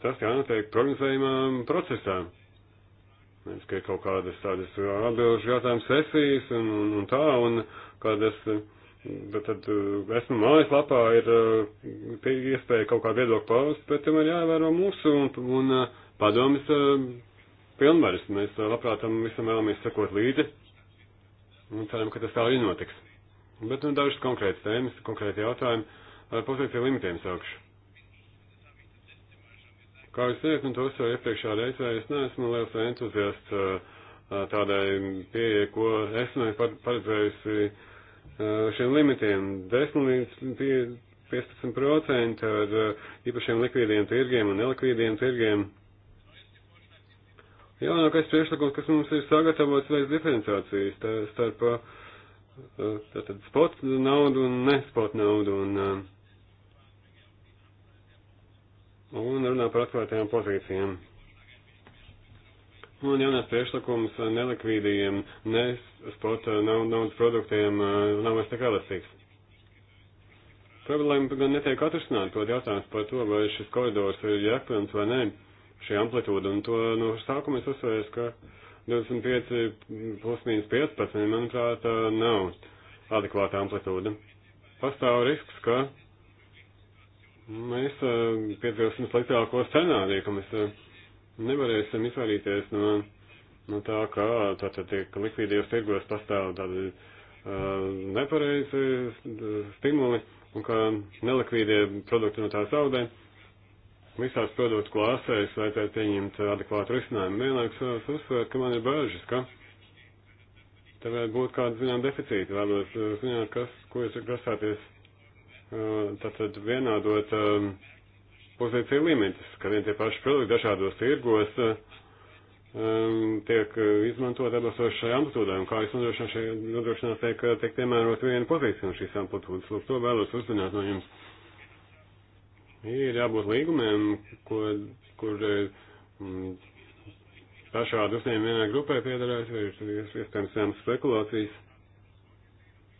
Speaker 5: tas jānotiek prognozējumam procesā. Nevis, ka ir kaut kādas tādas atbilžu jautājumu sesijas un, un, un tā, un kādas. Uh, Bet tad eh, esmu mājaslapā, ir eh, iespēja kaut kā viedokļu paust, bet tam ir jāievēro mūsu un, un eh, padomis pilnvaras. Mēs labprāt tam visam vēlamies sekot līdzi un ceram, ka tas tā arī notiks. Bet nu dažas konkrētas tēmas, konkrēti jautājumi ar pozīciju limitiem saukšu. Kā jūs teicat, un to es jau iepriekšā reizē, es neesmu liels entuziasts tādai pieeja, ko esmu paredzējusi. Par Eh, šiem limitiem 10 līdz 15% ar eh, īpašiem likvīdiem tirgiem un nelikvīdiem tirgiem. Jaunākais priekšlikums, kas mums ir sagatavots, veids diferenciācijas tā, starp eh, tātad spot naudu un nespot naudu un, un runā par atklātajām pozīcijām. Un jaunais priekšlikums nelikvīdiem, ne sporta eh, naudas produktiem eh, nav vairs tik elastīgs. Problēma gan netiek atrisināta, to jautājums par to, vai šis koridors ir jēgpilns vai nē, šī amplitūda, un to no sākuma es uzsvēru, ka 25 plus mīnus 15, manuprāt, eh, nav adekvāta amplitūda. Pastāv risks, ka mēs piedzīvosim sliktāko scenāriju, ka mēs nevarēsim izvairīties no, no tā, ka tātad tiek likvīdījos tirgos pastāv tādi uh, nepareizi stimuli un ka nelikvīdie produkti no tā zaudē. Visās produktu klāsēs vajadzētu pieņemt adekvātu risinājumu. Vienlaikus es uzsveru, ka man ir bāžas, ka te varētu būt kāda ziņām deficīta. Vēlos zināt, kas, ko jūs grasāties tātad vienādot. Um, pozīciju limitus, ka vien tie paši produkti dažādos tirgos um, tiek eh, izmantot atbilstošai amplitūdai, un kā es nodrošinās, tiek, eh, tiek piemērot viena pozīcija no šīs amplitūdas. Lūk, to vēlos uzzināt no jums. Ir jābūt līgumiem, ko, kur mm, dažādi uzņēmumi vienā grupē piedarās, vai ir iespējams zināmas spekulācijas.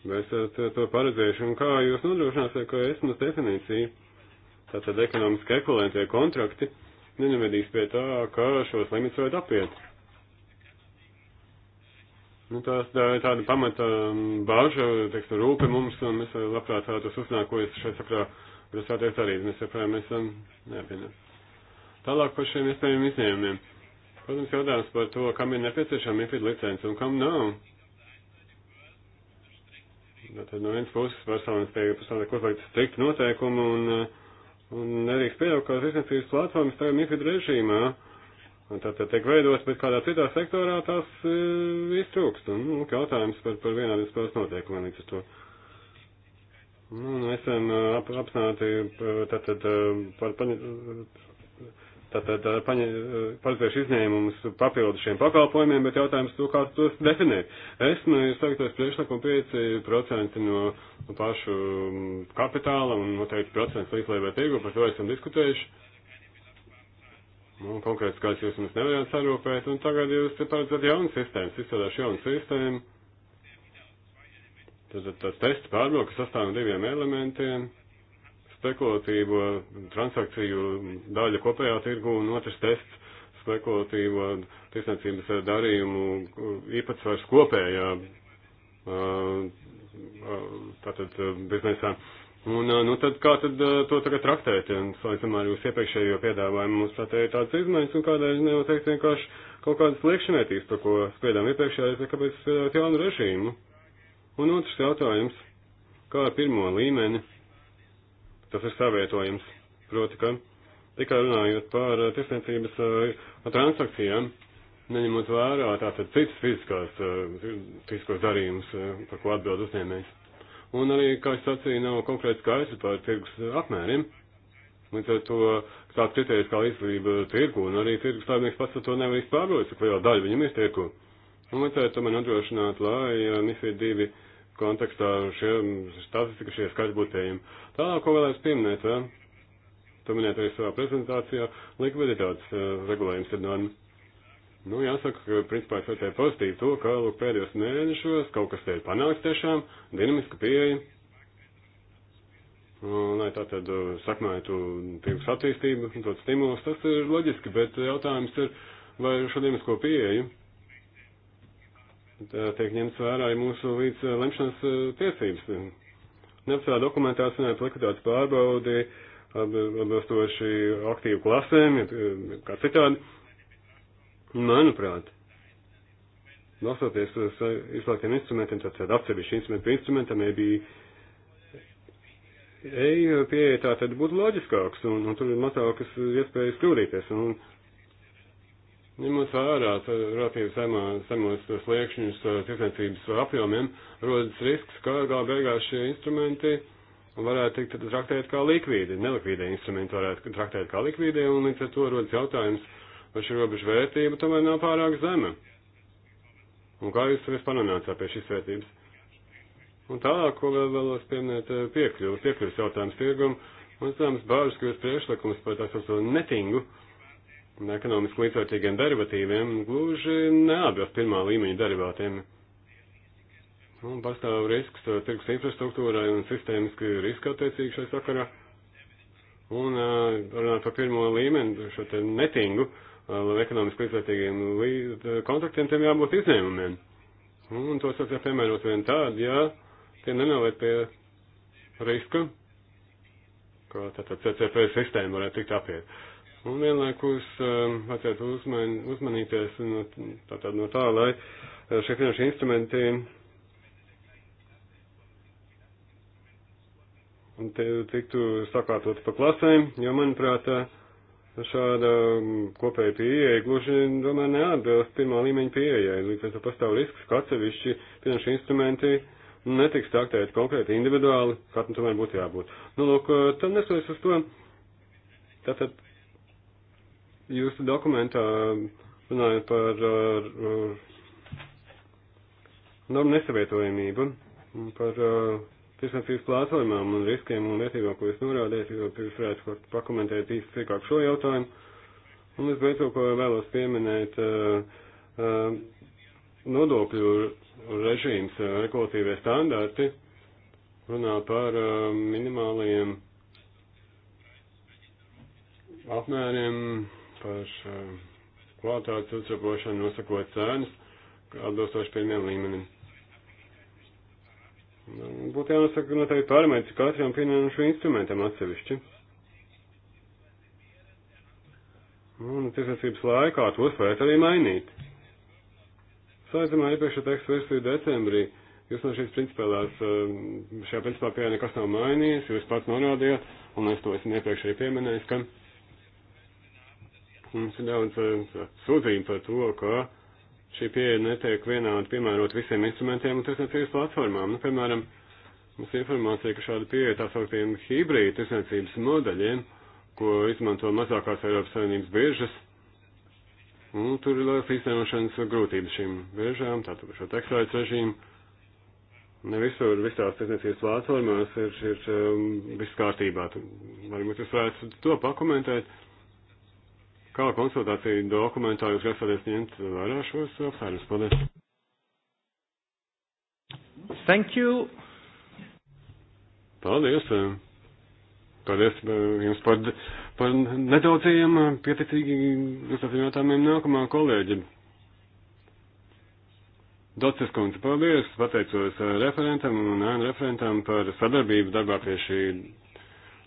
Speaker 5: Vai esat to paredzējuši, un kā jūs nodrošināsiet, ka esmas definīcija tātad ekonomiski ekvivalentie kontrakti nenovedīs pie tā, ka šos limits vajag apiet. Nu, tā, tā ir tāda pamata um, bāža, teiksim, rūpe mums, un mēs labprāt vēlētos uzzināt, ko es šeit sakrā grasāties arī. Mēs saprām, mēs esam um, neapvienot. Tālāk par šiem iespējamiem izņēmumiem. Protams, jautājums par to, kam ir nepieciešama MIFID licence un kam nav. Tad no vienas puses personas tiek uzlikt strikti noteikumi un uh, Un nedrīkst pieļaut, ka tirsniecības platformas tagad MIFID režīmā, tātad tiek veidots, bet kādā citā sektorā tās e, iztrūkst. Un, nu, jautājums par, par vienādiem spēles noteikumiem līdz ar to. Nu, nu esam e, ap, apsnāti, tātad, e, e, par, par, tātad paredzējuši izņēmumus papildu šiem pakalpojumiem, bet jautājums to, kāds tos definē. Es, nu, jūs sakat, es priekšlikumu 5% no pašu kapitāla un noteikti procents līdzlēvē tirgu, par to esam diskutējuši. Nu, konkrēts kāds jūs mums nevarējāt sarūpēt, un tagad jūs paredzat jaunu sistēmu, izstrādāšu jaunu sistēmu. Tad tas tests pārbauda, kas sastāv no diviem elementiem spekulatīvo transakciju daļa kopējā tirgu un otrs tests spekulatīvo tiesniecības darījumu īpatsvars kopējā tātad biznesā. Un, nu, tad kā tad to tagad traktēt, ja, salīdzinām ar jūsu iepriekšējo piedāvājumu, mums tā te ir tāds izmaiņas, un kādēļ neuzteikt vienkārši kaut kādas liekšanētīs, par ko spriedām iepriekšējais, kāpēc piedāvāt jaunu režīmu. Un otrs jautājums, kā ar pirmo līmeni? tas ir savietojams. Proti, ka tikai runājot par eh, tirsniecības eh, transakcijām, neņemot vērā tātad citas fiziskās, eh, fiziskos darījumus, par ko atbild uzņēmējs. Un arī, kā es sacīju, nav konkrēti skaidrs par tirgus apmēriem. Līdz ar to tāds kriterijs kā līdzsvarība tirgu, un arī tirgus saimnieks pats to nevar izpārot, cik liela daļa viņam ir tirgu. Un līdz ar to man nodrošināt, lai MIFID 2 kontekstā šie statistika, šie skaļi būtu pieejami. Tālāk, ko vēlēs pieminēt, eh? to minēt arī savā prezentācijā, likviditātes eh, regulējums ir norma. Nu, jāsaka, ka principā es vērtēju pozitīvi to, ka lūk, pēdējos mēnešos kaut kas te ir panāks tiešām, dinamiska pieeja, lai tā tad eh, sakmētu tirgus attīstību, un tāds stimulus, tas ir loģiski, bet jautājums ir, vai šo dinamisko pieeju tiek ņemts vērā arī mūsu līdz eh, lemšanas eh, tiesības. Neapstrādā dokumentā sanāca likvidāts pārbaudi atbilstoši aktīvu klasēm, eh, kā citādi. Manuprāt, nosoties uz izslēgtiem instrumentiem, tātad atsevišķi instrumenti pie instrumentam, ja bija eja pieeja, tā tad būtu loģiskāks un, un tur ir mazākas iespējas kļūdīties. Un, Ņemot vērā relatīvi semos sliekšņus eh, tirdzniecības apjomiem, rodas risks, ka gala beigās šie instrumenti varētu tikt traktēt kā likvīdi. Nelikvīdie instrumenti varētu traktēt kā likvīdie, un līdz ar to rodas jautājums, vai šī robeža vērtība tomēr nav pārāk zema. Un kā jūs vispār nonācāt pie šīs vērtības? Un tālāk, ko vēl vēlos pieminēt, eh, piekļuvis, piekļuvis jautājums tirgumu, un, zināms, bāžas, ka jūs priekšlikums par tā saucamo netingu, uh, un ekonomiski līdzvērtīgiem derivatīviem gluži neatbilst pirmā līmeņa derivātiem. Un nu, pastāv risks uh, tirgus infrastruktūrai un sistēmiski riski attiecīgi šai sakarā. Un uh, runāt par pirmo līmeni, šo te netingu, uh, ekonomiski līdzvērtīgiem līdz, kontraktiem, tiem jābūt izņēmumiem. Un tos var piemērot vien tādi, ja tie nenovērt pie riska, ka tātad CCP sistēma varētu tikt apiet. Uh, Un vienlaikus ehm, vajadzētu uzman, uzmanīties no, tātad no tā, lai eh, šie finanšu instrumenti tiktu sakārtot pa klasēm, jo, manuprāt, eh, šāda mm, kopēja pieeja gluži, domāju, neatbilst pirmā līmeņa pieejai. Līdz ar to pastāv risks, ka atsevišķi finanšu instrumenti netiks traktēti konkrēti individuāli, katram tomēr būtu jābūt. Nu, lūk, eh, tad nesoties uz to, tātad Jūsu dokumentā runājot par uh, uh, normu nesavietojamību, par uh, tirsniecības plāsojumām un riskiem un lietībām, ko jūs norādījat, jūs varētu pakomentēt īsti cikāk šo jautājumu. Un es beidzot, ko vēlos pieminēt, nodokļu režīms, regulatīvie standarti runā par minimālajiem apmēriem par um, kvalitātes uzlabošanu, nosakot cenas atbilstoši pirmiem līmenim. Būtu jānosaka noteikti parametri katram finanšu instrumentam atsevišķi. Un tiesasības laikā tos varētu arī mainīt. Saistībā iepriekšējā teksta versiju decembrī jūs no šīs principālās, um, šajā principā pieeja nekas nav mainījies, jūs pats norādījāt, un es to esmu iepriekš arī pieminējis, ka Mums ir daudz eh, sūdzību par to, ka šī pieeja netiek vienādi piemērot visiem instrumentiem un tirsniecības platformām. Nu, piemēram, mums ir informācija, ka šāda pieeja tā sauktiem hibrīda tirsniecības modeļiem, ko izmanto mazākās Eiropas Savienības biežas, un tur ir liels īstenošanas grūtības šīm biežām, tātad šo tekstājas režīmu. Ne visur, visās tirsniecības platformās ir, ir um, viss kārtībā. Varbūt jūs varētu to pakomentēt kā konsultāciju dokumentā jūs grasāties ņemt vērā šos apsvērums. Paldies. Thank you. Paldies. Paldies eh, jums par, par nedaudzajiem eh, pieticīgi uzstāstījumiem jautājumiem nākamā kolēģi. Docis kundze, paldies, pateicos eh, referentam un referentam par sadarbību darbā pie šī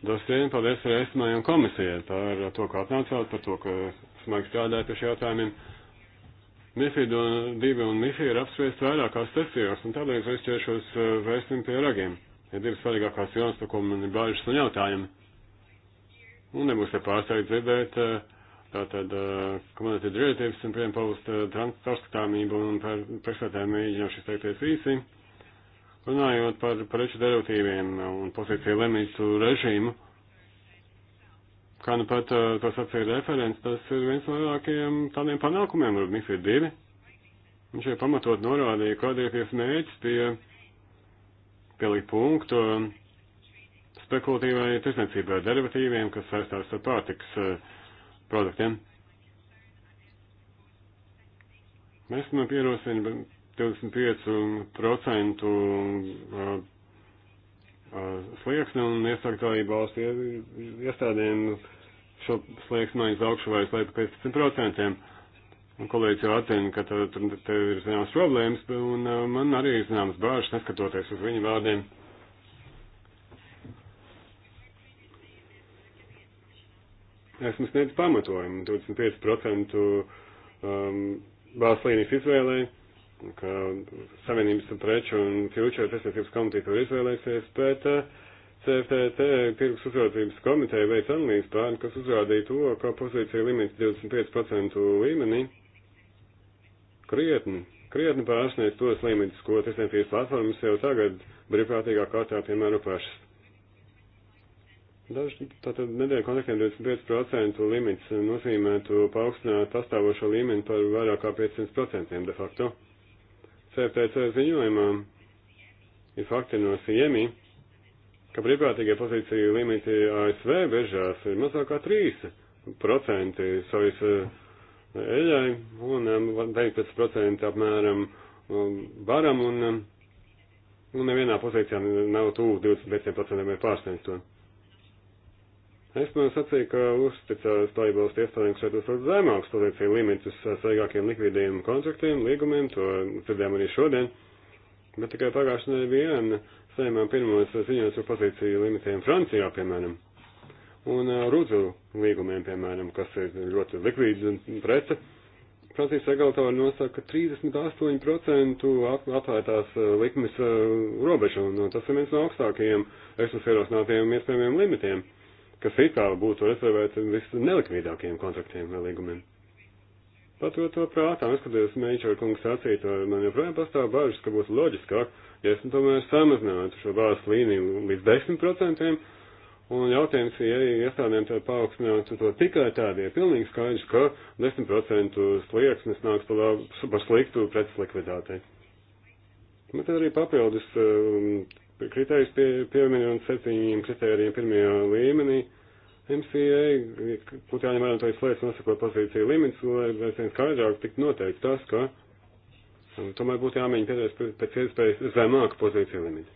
Speaker 5: dosiem. Paldies Reismai un komisijai par to, ka atnācāt, par to, ka smagi strādājat pie šiem jautājumiem. Mifid un divi un Mifi ir apspriest vairākās sesijās, un tādēļ es ķeršos eh, vēstim pie ragiem. Ir divas svarīgākās jomas, par ko man ir bāžas un jautājumi. Un nebūs te pārsteigts dzirdēt, eh, tātad, ka man ir direktīvas un, piemēram, paust eh, transportskatāmību un par priekšsētājiem mēģināšu izteikties īsi. Runājot par preču derivatīviem un pozīciju lemīšu režīmu, kā nu pat uh, to sacīja referents, tas ir viens no lielākajiem tādiem panākumiem, varbūt MIF ir divi. Viņš jau pamatot norādīja, kāda ir ties mērķis pie pielikt punktu spekulatīvai tirsniecībai derivatīviem, kas saistās ar pārtiks uh, produktiem. Mēs man nu pierosinām 25% slieksni un iesaktājība valsts iestādēm šo slieksni aiz augšu vai slēp 15%. Un kolēģis jau atzina, ka tur te ir zināmas problēmas, un uh, man arī ir zināmas bāžas, neskatoties uz viņu vārdiem. Esmu sniedz pamatojumu 25% um, bāzlīnijas izvēlēju ka Savienības preču un ķilčēju tiesniecības komiteja tur izvēlēsies, bet eh, CFTT tirgus uzraudzības komiteja veic analīzes plānu, kas uzrādīja to, ka pozīcija limits 25% līmenī krietni, krietni pārsniedz tos limitus, ko tiesniecības platformas jau tagad brīvprātīgā kārtā piemēro pašas. Daži tātad nedēļu kontaktiem 25% limits nozīmētu paaugstināt pastāvošo līmeni par vairāk kā 500% de facto. CFTC ziņojumā ir fakti no Siemi, ka brīvprātīgie pozīciju limiti ASV bežās ir mazāk kā 3% savas eh, eļai un 19% eh, apmēram um, varam un, eh, un nevienā pozīcijā nav tūl 25% pārsniegts to. Es sacīju, ka uzticās Taibals tiesājiem šeit uzsot zemāks pozīcija līmenis uz uh, svaigākiem likvidiem kontraktiem, līgumiem, to dzirdējām arī šodien. Bet tikai pagājušajā nedēļā bija viena saimā pirmos ziņojums par pozīciju limitiem Francijā, piemēram, un uh, rūdzu līgumiem, piemēram, kas ir ļoti likvīda prece. Francijas regulātori nosaka 38% atvērtās uh, likmes robežu, un tas ir viens no augstākajiem es uzsierosinātajiem iespējamiem limitiem kas it kā būtu rezervēts visnelikvidākajiem kontraktiem vai līgumiem. Paturot to prātā, neskatoties Meņķa kungs sacīt, man joprojām pastāv bažas, ka būtu loģiskāk, ja es tomēr samazinātu šo bāzes līniju līdz 10%, un jautājums, ja iestādēm tad paaugstinātu to tikai tādie, pilnīgi skaidrs, ka 10% slieksnes nāks par, labu, par sliktu preces likvidātei. Bet arī papildus um, kriterijus pie, pieminu un septiņiem kriterijiem pirmajā līmenī. MCA, būtu jāņem vērā to izslēgts, nosakot pozīciju limits, lai aizvien skaidrāk tiktu noteikti tas, ka tomēr būtu jāmēģina pieturēties pēc iespējas zemāku pozīciju limitu.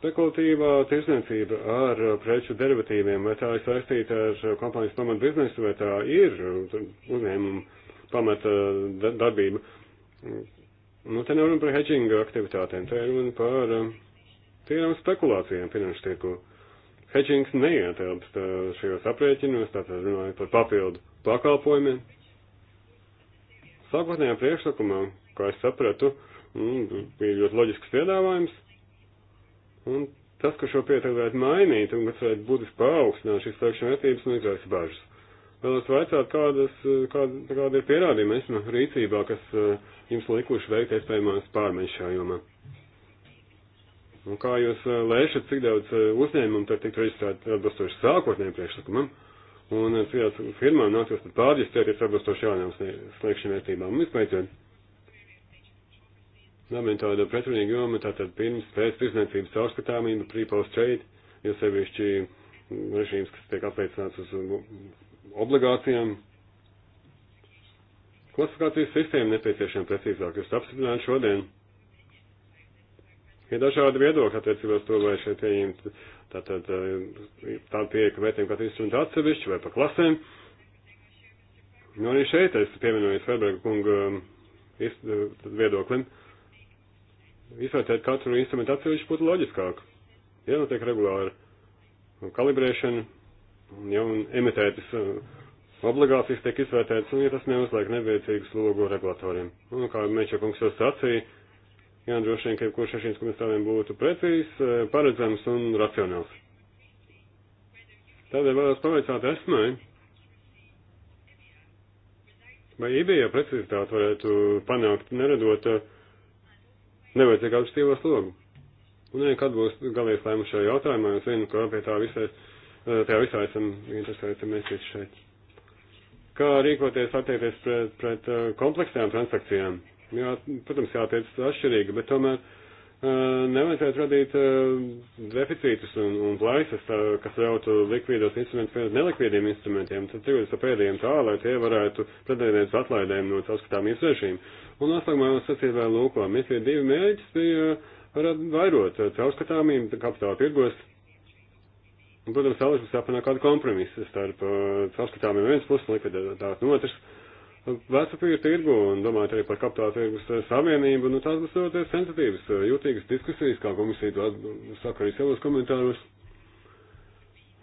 Speaker 5: Spekulatīvā tirsniecība ar preču derivatīviem, vai tā ir saistīta ar kompānijas pamatu biznesu, vai tā ir uzņēmuma pamata darbība, Nu, te nav runa par hedžinga aktivitātēm, te ir runa par um, tīrām spekulācijām finanšu tirku. Hedžings neietilpst uh, šajos aprēķinos, tātad runājot par papildu pakalpojumiem. Sākotnējā priekšlikumā, kā es sapratu, nu, bija ļoti loģisks piedāvājums, un tas, ka šo pieteikumu varētu mainīt un kas varētu būtiski paaugstināt šīs pēkšņu vērtības, nu, izraisa bažas. Vēlos vaicāt, kādas, kāda, kāda ir pierādījuma esmu rīcībā, kas eh, jums likuši veikt iespējamās pārmaiņas šajā jomā. Un kā jūs eh, lēšat, cik daudz eh, uzņēmumu tad tiktu reģistrēt atbilstoši sākotnējiem priekšlikumam, un cik daudz firmām nāksies tad pārģistrēties atbilstoši jaunajām slēgšanas vērtībām. Un vispēcot, Labi, tāda pretrunīga joma, tātad pirms, pēc tirsniecības caurskatāmība, pre-post trade, jo sevišķi režīms, kas tiek apliecināts uz obligācijām. Klasifikācijas sistēma nepieciešama precīzāk. Jūs apstiprināt šodien. Ir dažādi viedokļi attiecībā uz to, vai šeit ieņemt tātad eh, tādu pieeja, ka vērtējam katru instrumentu atsevišķi vai pa klasēm. Nu, arī šeit es pieminojos Ferberga kunga eh, eh, viedoklim. Izvērtēt katru instrumentu atsevišķi būtu loģiskāk. Ja notiek regulāri kalibrēšana, ja, un emitētas eh, obligācijas tiek izvērtētas, un ja tas neuzliek nevienīgu slogu regulatoriem. Un kā Mečakungs jau sacīja, jā, droši vien, ka jebkurš no šiem komisāriem būtu precīzs, eh, paredzams un racionāls. Tādēļ vēlos pavaicāt esmai, vai ideja precizitāte varētu panākt, neredot eh, nevajadzīgu atšķirīgo slogu. Un, ja kad būs galīgs lēmums šajā jautājumā, es zinu, ka pie tā visai tajā visā esam interesēti mēs visi šeit. Kā rīkoties attiekties pret, pret uh, kompleksajām transakcijām? Jā, protams, jātiec atšķirīgi, bet tomēr uh, nevajadzētu radīt uh, deficītus un, un plaisas, kas ļautu likvīdos instrumentus pēc nelikvīdiem instrumentiem, tad tirgus ar pēdējiem tā, lai tie varētu pretendēt uz atlaidēm no caurskatāmības režīm. Un noslēgumā es sacīju vēl lūko, mēs tie divi mērķis bija vairot caurskatāmību kapitāla tirgos Un, protams, vēlēs mums jāpanāk kādu kompromisu starp uh, caurskatāmiem viens puses un likvidētāt no otrs. Vecapīra tirgu un domājot arī par kapitāla tirgus uh, savienību, nu tās būs ļoti sensitīvas, uh, jūtīgas diskusijas, kā komisija to saka arī savos komentāros.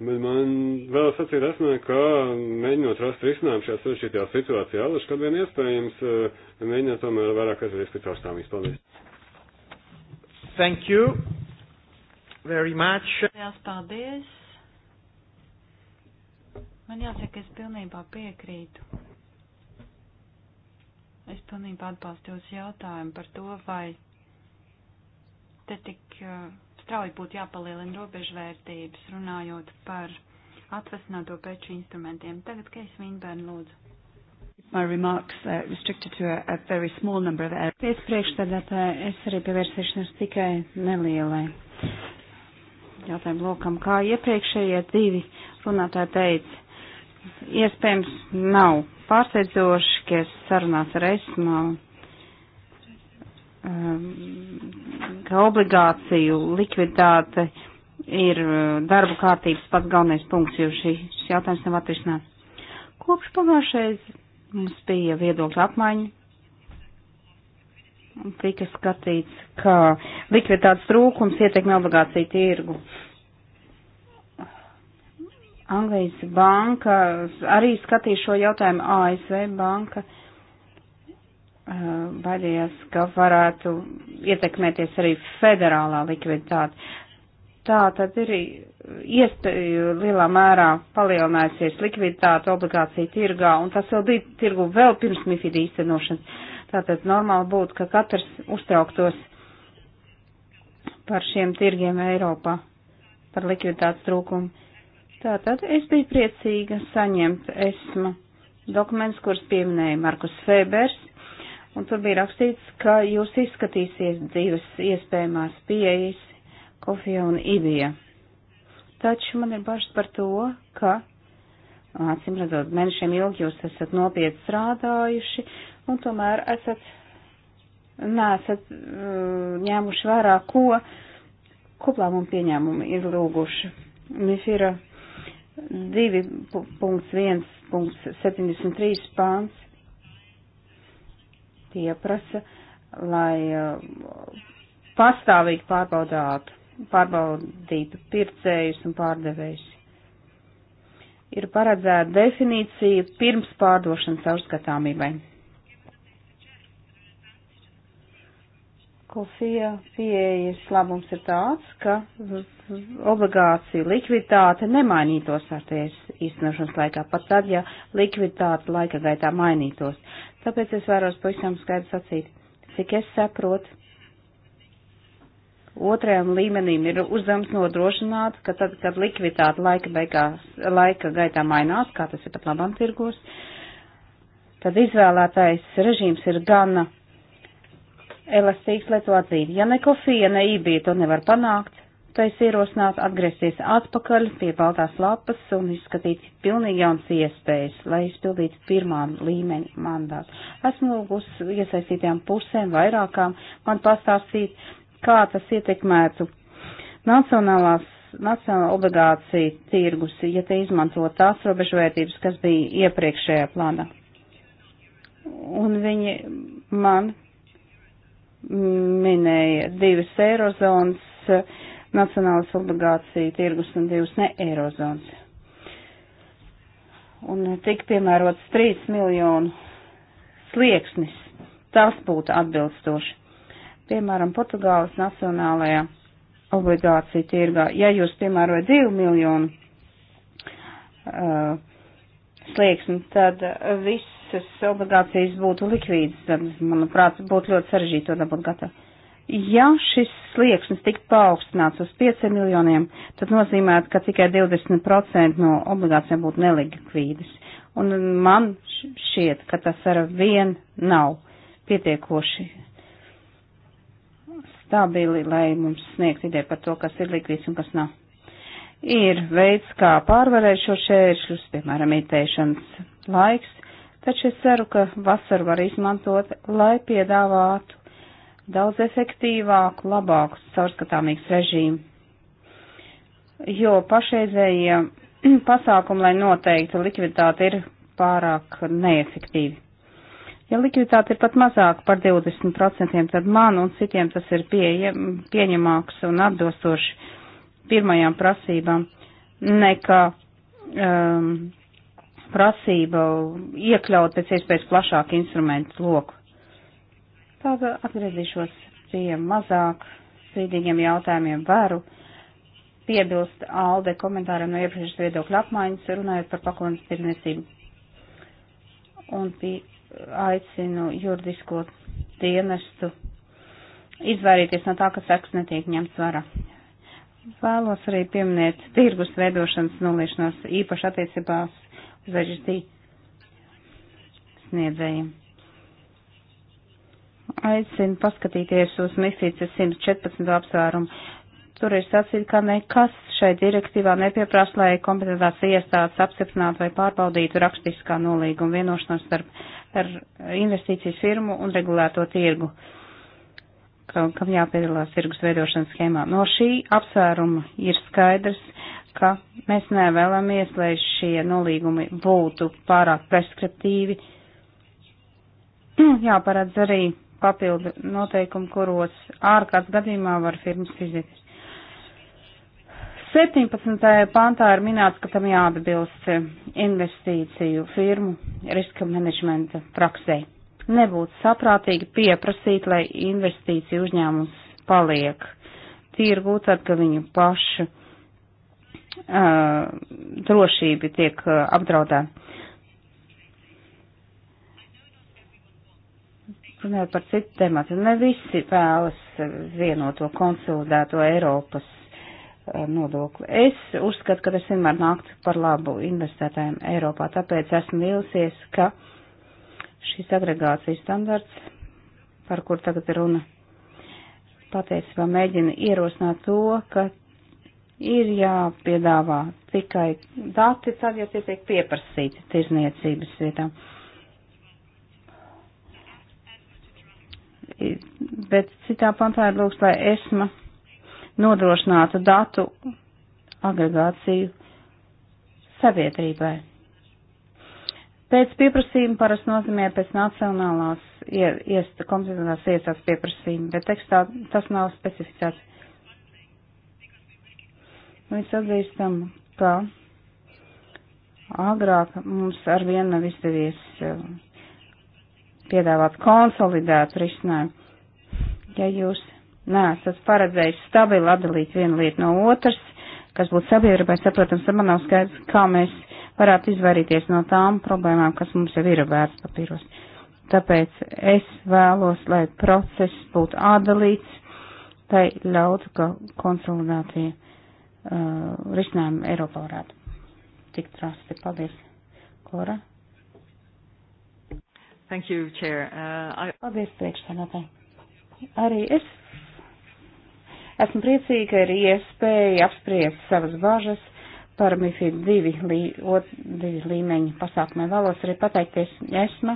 Speaker 5: Bet man vēl sacīt esmē, ka mēģinot rast risinājumu šajā sarežģītajā situācijā, alaši, kad vien iespējams, uh, mēģināt tomēr vairāk aizvērst pie caurstāvības. Paldies!
Speaker 4: Thank you very much. Paldies! Man jāsaka, es pilnībā piekrītu. Es pilnībā atbalstu jūsu jautājumu par to, vai te tik eh, strauji būtu jāpalielina robežvērtības, runājot par atvesināto preču instrumentiem. Tagad, ka es viņu bērnu lūdzu. My
Speaker 2: remarks uh, restricted to a, a very small number of areas. Pēc priekšstādātāja es arī pievērsīšanos tikai nelielai jautājumu lokam, kā iepriekšējie divi runātāji teica iespējams nav pārsteidzoši, ka es sarunās ar esmu, um, ka obligāciju likviditāte ir uh, darba kārtības pats galvenais punkts, jo šis jautājums nav atrisināts. Kopš pagājušais mums bija viedokļa apmaiņa. Tika skatīts, ka likviditātes trūkums ietekmē obligāciju tirgu. Uh, Anglijas banka arī skatīja šo jautājumu ASV banka. Baidījās, ka varētu ietekmēties arī federālā likviditāte. Tā tad ir iespēja lielā mērā palielinājusies likviditāte obligācija tirgā, un tas vēl bija tirgu vēl pirms MIFID īstenošanas. Tātad normāli būtu, ka katrs uztrauktos par šiem tirgiem Eiropā, par likviditātes trūkumu. Tātad es biju priecīga saņemt esmu dokumentus, kurus pieminēja Markus Febers, un tur bija rakstīts, ka jūs izskatīsiet divas iespējamās pieejas Kofija un Ibija. Taču man ir bažas par to, ka, acīm redzot, mēnešiem ilgi jūs esat nopietni strādājuši, un tomēr esat, nesat uh, ņēmuši vērā, ko koplāmumu pieņēmumi ir lūguši. Mifira 2.1.73 pāns pieprasa, lai uh, pastāvīgi pārbaudātu, pārbaudītu pircējus un pārdevējus. Ir paredzēta definīcija pirms pārdošanas caurskatāmībai. Kofija pieejas labums ir tāds, ka obligācija likviditāte nemainītos ar ties īstenošanas laikā, pat tad, ja likviditāte laika gaitā mainītos. Tāpēc es vēros pavisam skaidri sacīt, cik es saprotu, otrajam līmenim ir uzdevums nodrošināt, ka tad, kad likviditāte laika, beigās, laika gaitā mainās, kā tas ir pat labam tirgos, tad izvēlētais režīms ir gana elastīgs, lai to atzītu. Ja nekofija, ne ībī to nevar panākt, tad es ierosinātu atgriezties atpakaļ pie baltās lapas un izskatīt pilnīgi jauns iespējas, lai izpildītu pirmā līmeņa mandātu. Esmu lūgus iesaistītajām pusēm, vairākām, man pastāstīt, kā tas ietekmētu nacionālās nacionāla obligācija tirgus, ja te izmanto tās robežvērtības, kas bija iepriekšējā plānā. Un viņi man minēja divas eirozonas nacionālas obligācija tirgus un divas ne eirozonas. Un tik piemērots 3 miljonu slieksnis. Tas būtu atbilstoši. Piemēram, Portugāles nacionālajā obligācija tirgā. Ja jūs piemērojat 2 miljonu uh, slieksni, tad viss visas obligācijas būtu likvīdas, tad, manuprāt, būtu ļoti sarežģīti to dabūt gatavu. Ja šis slieksnis tiktu paaugstināts uz 5 miljoniem, tad nozīmētu, ka tikai 20% no obligācijām būtu nelikvīdas. Un man šķiet, ka tas ar vien nav pietiekoši stabili, lai mums sniegt ideju par to, kas ir likvīds un kas nav. Ir veids, kā pārvarēt šo šēršļus, piemēram, ieteišanas laiks, taču es ceru, ka vasaru var izmantot, lai piedāvātu daudz efektīvāku, labāku caurskatāmīgs režīmu. Jo pašreizējie pasākumi, lai noteiktu likviditāti, ir pārāk neefektīvi. Ja likviditāte ir pat mazāka par 20%, tad man un citiem tas ir pie, pieņemāks un atdostoši pirmajām prasībām nekā um, prasība iekļaut pēc iespējas plašāku instrumentu loku. Tad atgriezīšos pie mazāk strīdīgiem jautājumiem varu piebilst Alde komentāram no iepriekšējās viedokļa apmaiņas, runājot par paklonas tirniecību. Un pie, aicinu juridisko dienestu izvairīties no tā, ka seks netiek ņemts vara. Vēlos arī pieminēt tirgus veidošanas noliešanos īpaši attiecībās zvežģītī sniedzējiem. Aicinu paskatīties uz misīcas 114. apsvērumu. Tur ir sacīt, ka nekas šai direktīvā nepieprasa, lai kompetentās iestādes apstiprinātu vai pārbaudītu rakstiskā nolīguma vienošanos starp ar investīciju firmu un regulēto tirgu, kam jāpiedalās tirgus veidošanas schēmā. No šī apsvēruma ir skaidrs, ka mēs nevēlamies, lai šie nolīgumi būtu pārāk preskriptīvi. Jāparedz arī papildu noteikumu, kuros ārkārtas gadījumā var firmas iziet. 17. pantā ir minēts, ka tam jāatbilst investīciju firmu riska menedžmenta praksē. Nebūtu saprātīgi pieprasīt, lai investīciju uzņēmums paliek tirgū, tad, kad viņu pašu uh, drošība tiek uh, apdraudēta. Runājot par citu tematu, ne visi vēlas vienoto konsolidēto Eiropas uh, nodokli. Es uzskatu, ka tas vienmēr nākt par labu investētājiem Eiropā, tāpēc esmu vīlusies, ka šis agregācijas standarts, par kur tagad runa, patiesībā mēģina ierosināt to, ka ir jāpiedāvā tikai dati, tad, ja tie tiek pieprasīti tirzniecības vietā. Bet citā pantā ir lūgts, lai esma nodrošinātu datu agregāciju sabiedrībai. Pēc pieprasījuma parasti nozīmē pēc nacionālās iest, kompetentās iestādes pieprasījuma, bet tekstā tas nav specificēts. Mēs atzīstam, ka agrāk mums ar vienu nav izdevies eh, piedāvāt konsolidētu risinājumu. Ja jūs neesat paredzējuši stabili atdalīt vienu lietu no otras, kas būtu sabiedrībai saprotams, tad man nav skaidrs, kā mēs varētu izvairīties no tām problēmām, kas mums jau ir vērts papīros. Tāpēc es vēlos, lai process būtu atdalīts, tai ļautu, ka konsolidācija uh, risinājumi Eiropā varētu tikt rasti. Paldies, Kora. Thank you, Chair. Uh, I... Paldies, priekšsēdētāji. Arī es esmu priecīga, ka ir iespēja apspriest savas bažas par MIFID divi, lī, ot, divi līmeņu pasākumiem. Vēlos arī pateikties ESMA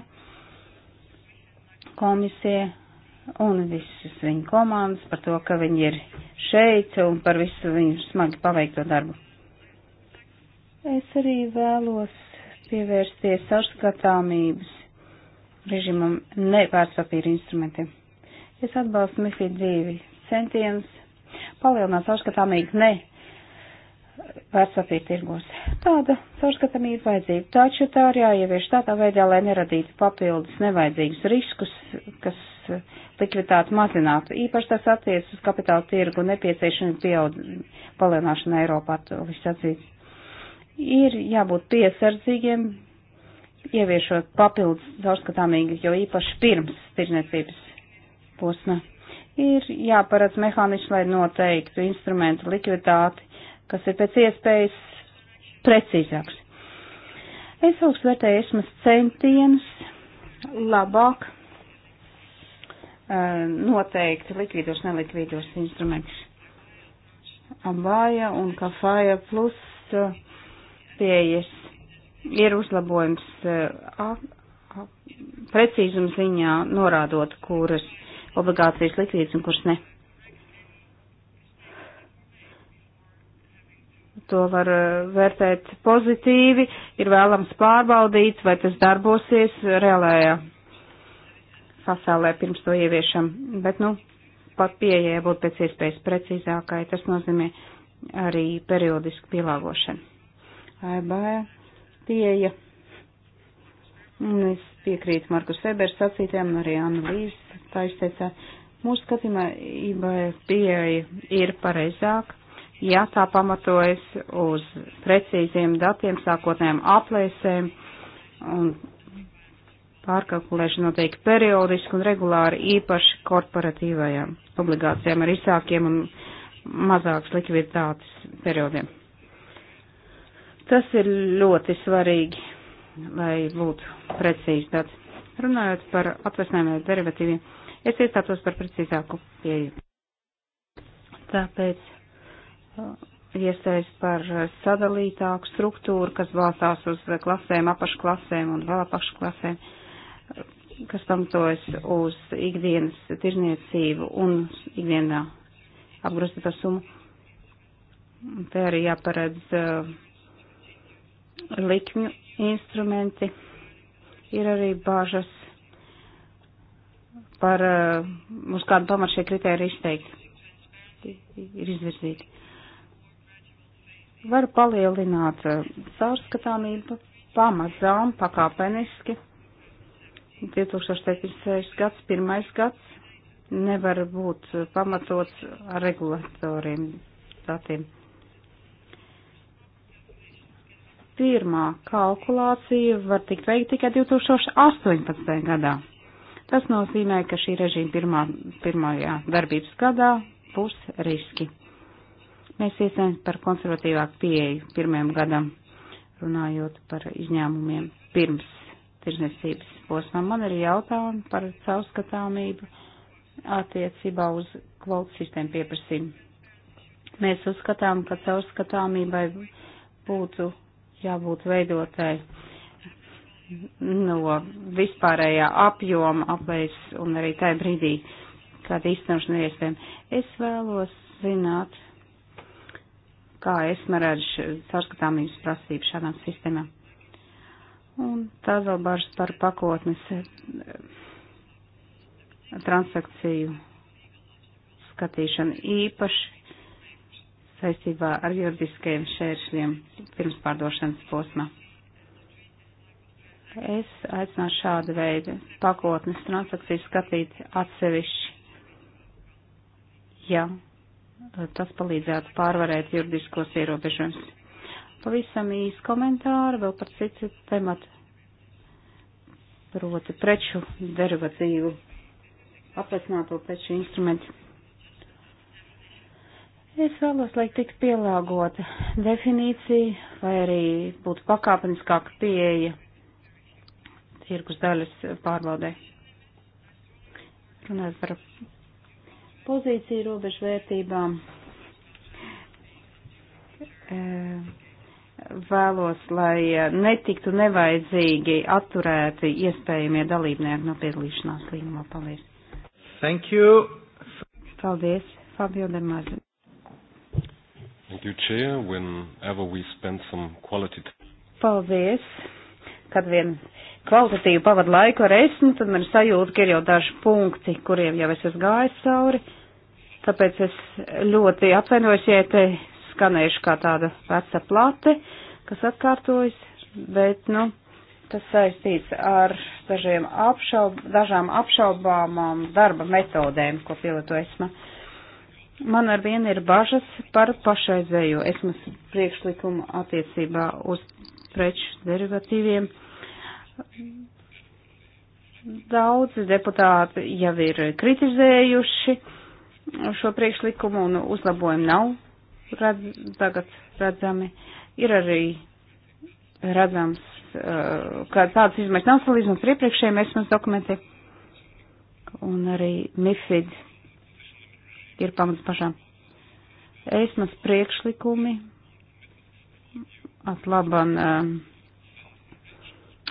Speaker 2: komisija un visas viņa komandas par to, ka viņi ir šeit un par visu viņu smagi paveikto darbu. Es arī vēlos pievērsties sarskatāmības režimam nepērspapīra instrumentiem. Es atbalstu MIFID dzīvi centienus palielināt sarskatāmību ne vērtspapīra tirgos. Tāda caurskatāmība vajadzīga, taču tā ir jāievieš tādā veidā, lai neradītu papildus nevajadzīgus riskus, kas likviditāti mazinātu. Īpaši tas attiec uz kapitāla tirgu nepieciešamību pieaud palielināšanu Eiropā, to viss atzīst. Ir jābūt piesardzīgiem, ieviešot papildus caurskatāmīgi, jo īpaši pirms tirniecības posma. Ir jāparedz mehānismi, lai noteiktu instrumentu likviditāti, kas ir pēc iespējas precīzāks. Es augstu vērtēju esmas centienus labāk noteikti likvidos, nelikvidos instrumentus. Abāja un kafāja plus uh, pieejas ir uzlabojums uh, precīzuma ziņā norādot, kuras obligācijas likvīdas un kuras ne. To var uh, vērtēt pozitīvi, ir vēlams pārbaudīt, vai tas darbosies reālajā pasaulē pirms to ieviešam, bet, nu, pat pieejai būtu pēc iespējas precīzākai, tas nozīmē arī periodisku pielāgošanu. Aibāja pieeja. Un es piekrītu Marku Seberu sacītēm, arī Anna Līs tā izteicā. Mūsu skatījumā Ibaja pieeja ir pareizāk, ja tā pamatojas uz precīziem datiem, sākotnējām aplēsēm un Pārkalkulēšana notiek periodiski un regulāri īpaši korporatīvajām obligācijām ar izsākiem un mazākas likviditātes periodiem. Tas ir ļoti svarīgi, lai būtu precīzi tāds. Runājot par atvesinājumiem derivatīviem, es iestātos par precīzāku pieeju. Tāpēc uh, iestājas par sadalītāku struktūru, kas balstās uz klasēm, apakšklasēm un vēl apakšklasēm. Uh, kas pamatojas uz ikdienas tirzniecību un ikdienā apgrozīto summu. Te arī jāparedz uh, likmju instrumenti. Ir arī bāžas par uh, uz kādu pamatu šie kritēri izteikti, ir izvirzīti. Var palielināt uh, caurskatāmību pamazām, pakāpeniski 2017. gads, pirmais gads, nevar būt pamatots ar regulatoriem datiem. Pirmā kalkulācija var tikt veikta tikai 2018. gadā. Tas nozīmē, ka šī režīma pirmā, pirmajā darbības gadā būs riski. Mēs iesaistamies par konservatīvāku pieeju pirmajam gadam, runājot par izņēmumiem pirms tirzniecības posmam. Man ir jautājumi par caurskatāmību attiecībā uz kvotu sistēmu pieprasījumu. Mēs uzskatām, ka caurskatāmībai būtu jābūt veidotai no vispārējā apjoma aplēs un arī tajā brīdī, kad īstenošana ir iespējama. Es vēlos zināt, kā es marāžu caurskatāmības prasību šādām sistēmām. Un tās vēl bažas par pakotnes eh, transakciju skatīšanu īpaši saistībā ar juridiskajiem šēršļiem pirms pārdošanas posmā. Es aicinātu šādu veidu pakotnes transakciju skatīt atsevišķi, ja tas palīdzētu pārvarēt juridiskos ierobežojumus. Pavisam īsi komentāri vēl par citu tematu, proti preču derivatīvu, apliecināto preču instrumentu. Es vēlos, lai tiktu pielāgota definīcija vai arī būtu pakāpeniskāka pieeja tirgus daļas pārbaudē. Runājot par pozīciju robežvērtībām, eh, vēlos, lai e, netiktu nevajadzīgi atturēti iespējamie dalībnieki no piedalīšanās līgumā. Paldies. Thank you. Paldies, Fabio de Mazi.
Speaker 5: Thank you, Chair, whenever we spend some quality time.
Speaker 2: Paldies, kad vien kvalitatīvi pavadu laiku ar esmu, nu, tad man ir sajūta, ka ir jau daži punkti, kuriem jau es esmu gājis cauri. Tāpēc es ļoti atvainojos, ja te skanējuši kā tāda veca plate, kas atkārtojas, bet, nu, tas saistīts ar dažiem apšaub, dažām apšaubāmām darba metodēm, ko piloto esmu. Man ar vienu ir bažas par pašreizējo esmas priekšlikumu attiecībā uz preču derivatīviem. Daudzi deputāti jau ir kritizējuši šo priekšlikumu un uzlabojumu nav redz, tagad redzami. Ir arī redzams, eh, ka tādas izmaiņas nav salīdzināmas ar iepriekšējiem esmas dokumentiem. Un arī MIFID ir pamats pašām. Esmas priekšlikumi atlaban eh,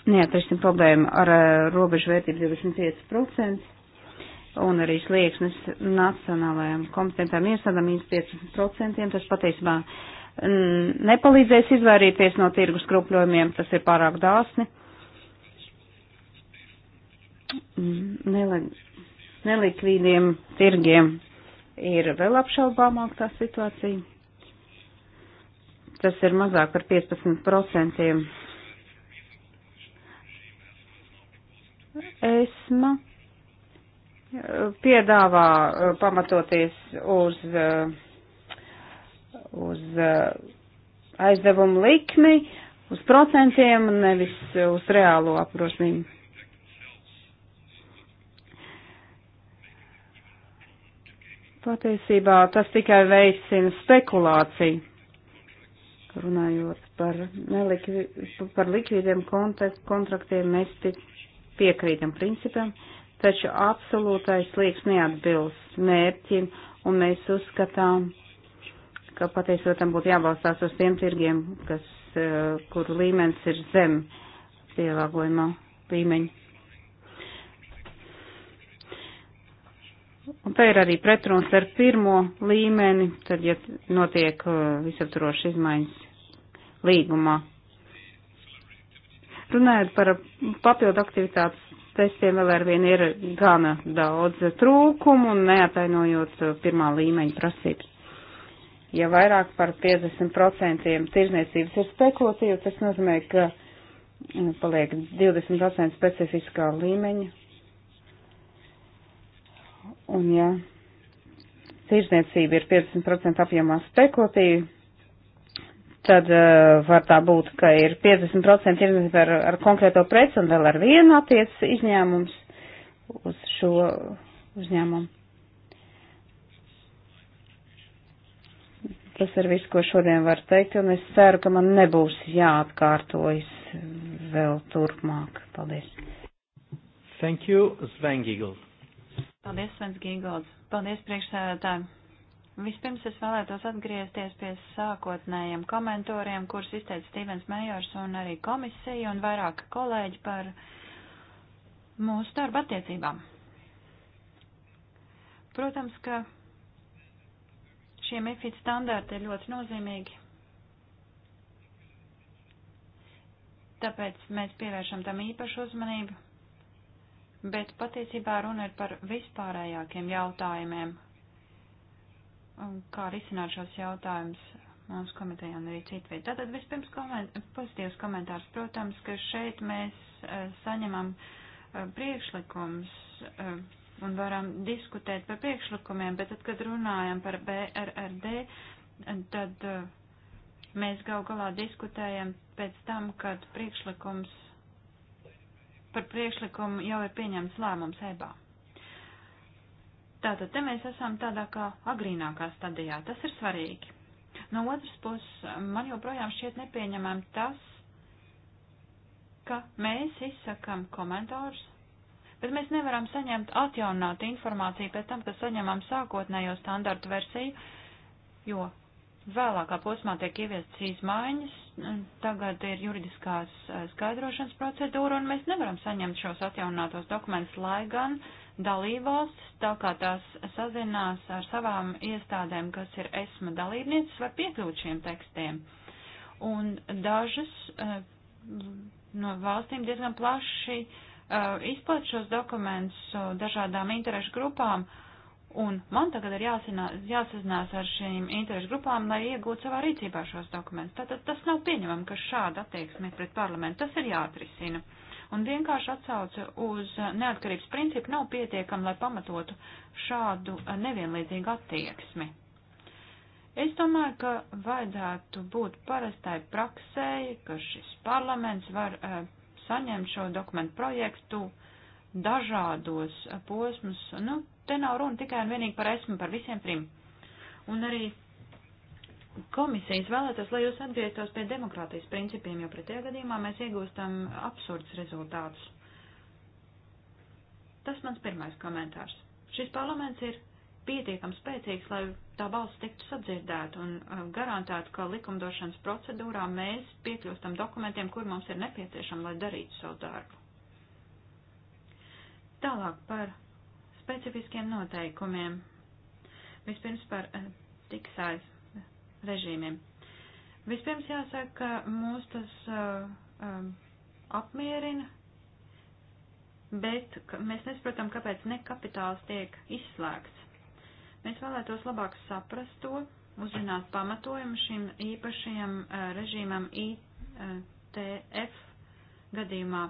Speaker 2: neatrisin problēmu ar robežu vērtību 25% un arī slieksnis nacionālajām kompetentām iestādām 15%. Tas patiesībā mm, nepalīdzēs izvairīties no tirgus skrupļojumiem, tas ir pārāk dāsni. Mm, nelikvīdiem tirgiem ir vēl apšaubāmāk tā situācija. Tas ir mazāk par 15%. Esma piedāvā uh, pamatoties uz, uh, uz uh, aizdevumu likmi, uz procentiem, nevis uz reālo apgrozījumu. Patiesībā tas tikai veicina spekulāciju, runājot par, nelikvi, par likvidiem kontraktiem, mēs piekrītam principam. Uh, taču absolūtais liekas neatbilst mērķim, un mēs uzskatām, ka patiesībā tam būtu jābalstās uz tiem tirgiem, kas, eh, kuru līmenis ir zem pielāgojumā līmeņa. Un te ir arī pretruns ar pirmo līmeni, tad, ja notiek eh, visapturoši izmaiņas līgumā. Runājot par papildu aktivitātes testiem vēl ar vienu ir gana daudz trūkumu un neatainojot pirmā līmeņa prasības. Ja vairāk par 50% tirzniecības ir spekulatīva, tas nozīmē, ka nu, paliek 20% specifiskā līmeņa. Un ja tirzniecība ir 50% apjomā spekulatīva, tad uh, var tā būt, ka ir 50% tirdzniecība ar, ar konkrēto preci un vēl ar vienu attiec izņēmums uz šo uzņēmumu. Tas ir viss, ko šodien var teikt, un es ceru, ka man nebūs jāatkārtojas vēl turpmāk. Paldies. Thank you,
Speaker 3: Sven Giggle.
Speaker 4: Paldies, Sven Giggle. Paldies, priekšsēdētāji. Vispirms es vēlētos atgriezties pie sākotnējiem komentāriem, kurus izteica Stīvens Mejors un arī komisija un vairāki kolēģi par mūsu darba attiecībām. Protams, ka šie MIFID standarti ir ļoti nozīmīgi. Tāpēc mēs pievēršam tam īpašu uzmanību, bet patiesībā runa ir par vispārējākiem jautājumiem, kā risināt šos jautājumus mums komitejā un arī citviet. Tātad vispirms koment, pozitīvs komentārs, protams, ka šeit mēs eh, saņemam eh, priekšlikums eh, un varam diskutēt par priekšlikumiem, bet tad, kad runājam par BRRD, tad mēs gal galā diskutējam pēc tam, kad priekšlikums, par priekšlikumu jau ir pieņemts lēmums EBA. Tātad te mēs esam tādā kā agrīnākā stadijā. Tas ir svarīgi. No otras puses, man joprojām šķiet nepieņemam tas, ka mēs izsakam komentārus, bet mēs nevaram saņemt atjaunātu informāciju pēc tam, kad saņemam sākotnējo standartu versiju, jo vēlākā posmā tiek ieviestas izmaiņas, tagad ir juridiskās eh, skaidrošanas procedūra, un mēs nevaram saņemt šos atjaunātos dokumentus, lai gan uh, dalībvalstis, tā kā tās sazinās ar savām iestādēm, kas ir esma dalībnieces, var piekļūt šiem tekstiem. Un dažas uh, no valstīm diezgan plaši uh, izplat šos dokumentus uh, dažādām interešu grupām, un man tagad ir jāsinā, jāsazinās ar šīm interešu grupām, lai iegūtu savā rīcībā šos dokumentus. Tātad tas nav pieņemam, ka šāda attieksme pret parlamentu tas ir jāatrisina. Un vienkārši atsauce uz neatkarības principu nav pietiekama, lai pamatotu šādu eh, nevienlīdzīgu attieksmi. Es domāju, ka vajadzētu būt parastai praksēji, ka šis parlaments var uh, saņemt šo dokumentu projektu dažādos eh, posmus. Nu, te nav runa tikai un vienīgi par esmu, par visiem trim. Un arī komisijas vēlētos, lai jūs atgrieztos pie demokrātijas principiem, jo pretējā gadījumā mēs iegūstam absurds rezultātus. Tas mans pirmais komentārs. Šis parlaments ir pietiekami spēcīgs, lai tā balss tiktu sadzirdēta un uh, garantētu, ka likumdošanas procedūrā mēs piekļūstam dokumentiem, kur mums ir nepieciešama, lai darītu savu darbu. Tālāk par specifiskiem noteikumiem. Vispirms par uh, tiksais režīmiem. Vispirms jāsaka, ka mūs tas uh, um, apmierina, bet mēs nesaprotam, kāpēc nekapitāls tiek izslēgts. Mēs vēlētos labāk saprast to, uzzināt pamatojumu šim īpašajam uh, režīmam ITF gadījumā.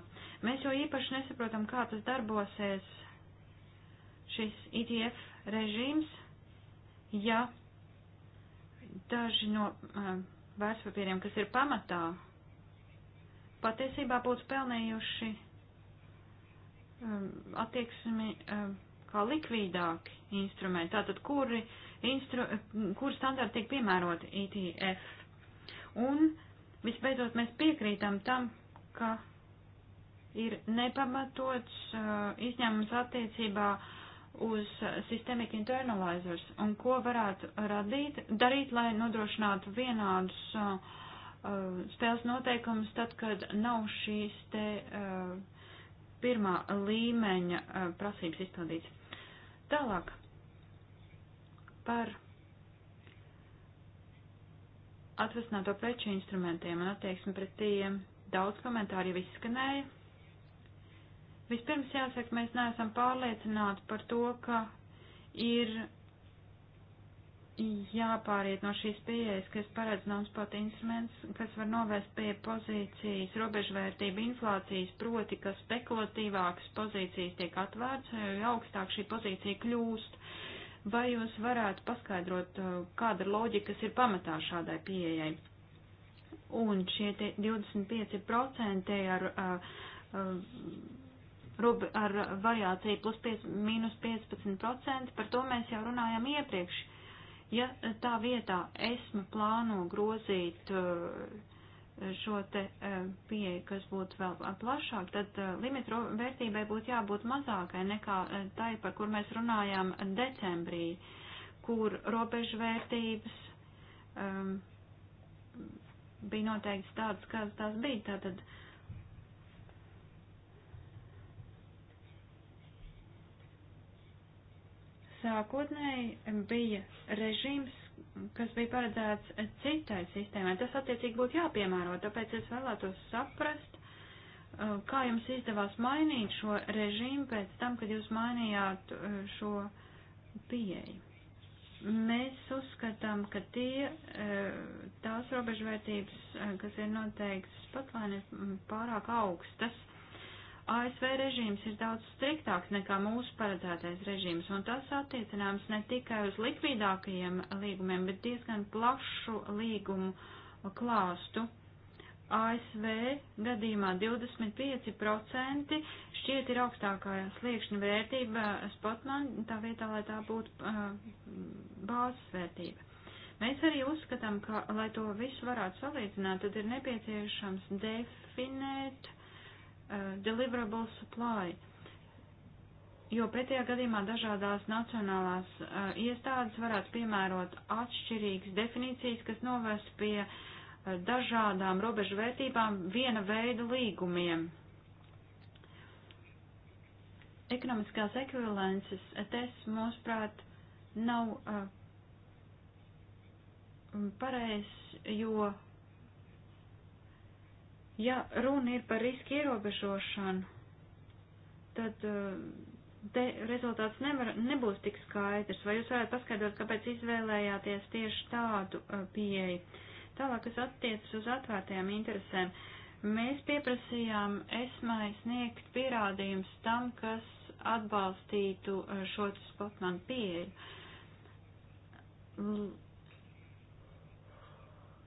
Speaker 4: Mēs jau īpaši nesaprotam, kā tas darbosies šis ITF režīms, ja daži no vērtspapīriem, kas ir pamatā, patiesībā būtu pelnējuši attieksmi kā likvīdāki instrumenti. Tātad, kuri, instru, kuri standarti tiek piemēroti ETF? Un visbeidzot, mēs piekrītam tam, ka ir nepamatots izņēmums attiecībā uh, uz systemic internalizers un ko varētu radīt, darīt, lai nodrošinātu vienādus uh, uh, spēles noteikumus tad, kad nav šīs te uh, pirmā līmeņa uh, prasības izpildīts. Tālāk par atvesināto preču instrumentiem un attieksmi pret tiem daudz komentāru jau izskanēja. Vispirms jāsaka, mēs neesam pārliecināti par to, ka ir jāpāriet no šīs pieejas, kas paredz non-spot instruments, kas var novest pie pozīcijas robežvērtība inflācijas, proti, ka spekulatīvākas pozīcijas tiek atvērts, jo augstāk šī pozīcija kļūst. Vai jūs varētu paskaidrot, uh, kāda loģika, kas ir pamatā šādai pieejai? Un šie 25% ar uh, uh, rubi, ar variāciju plus 5, mīnus 15%, par to mēs jau runājam iepriekš. Ja tā vietā esmu plāno grozīt eh, šo te eh, pieeju, kas būtu vēl plašāk, tad eh, limitu vērtībai būtu jābūt mazākai nekā tai, par kur mēs runājām decembrī, kur robežu vērtības um, bija noteikts tādas, kādas tās bija. Tātad, uh, sākotnēji bija režīms, kas bija paredzēts citai sistēmai. Tas attiecīgi būtu jāpiemēro, tāpēc es vēlētos saprast, uh, kā jums izdevās mainīt šo režīmu pēc tam, kad jūs mainījāt uh, šo pieeju. Mēs uzskatām, ka tie, uh, tās robežvērtības, kas ir noteikts, pat lai ne mm, pārāk augstas, ASV režīms ir daudz striktāks nekā mūsu paredzētais režīms, un tas attiecināms ne tikai uz likvīdākajiem līgumiem, bet diezgan plašu līgumu klāstu. ASV gadījumā 25% šķiet ir augstākā sliekšņa vērtība spotman, tā vietā, lai tā būtu uh, bāzes vērtība. Mēs arī uzskatām, ka, lai to visu varētu salīdzināt, tad ir nepieciešams definēt Uh, deliverable supply, jo pretējā gadījumā dažādās nacionālās uh, iestādes varētu piemērot atšķirīgas definīcijas, kas novest pie uh, dažādām robežu vērtībām viena veida līgumiem. Ekonomiskās ekvivalences uh, ETS, mūsuprāt, nav uh, pareizs, jo Ja runa ir par riski ierobežošanu, tad eh, te rezultāts nevar, nebūs tik skaidrs. Vai jūs varētu paskaidrot, kāpēc izvēlējāties tieši tādu eh, pieeju? Tālāk, kas attiecas uz atvērtajām interesēm, mēs pieprasījām esmai sniegt pierādījums tam, kas atbalstītu eh, šo spotmanu pieeju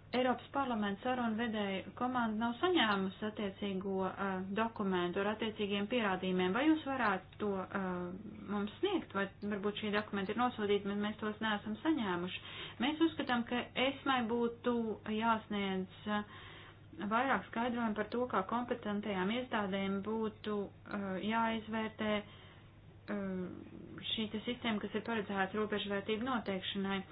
Speaker 4: Eiropas parlamenta sarunvedēju komanda nav saņēmusi attiecīgo uh, dokumentu ar attiecīgiem pierādījumiem. Vai jūs varētu to uh, mums sniegt, vai varbūt šie dokumenti ir nosūtīti, bet mēs tos neesam saņēmuši? Mēs uzskatām, ka esmai būtu jāsniedz uh, vairāk skaidrojumu par to, kā kompetentajām iestādēm būtu uh, jāizvērtē uh, šī sistēma, kas ir paredzēta robežvērtību noteikšanai.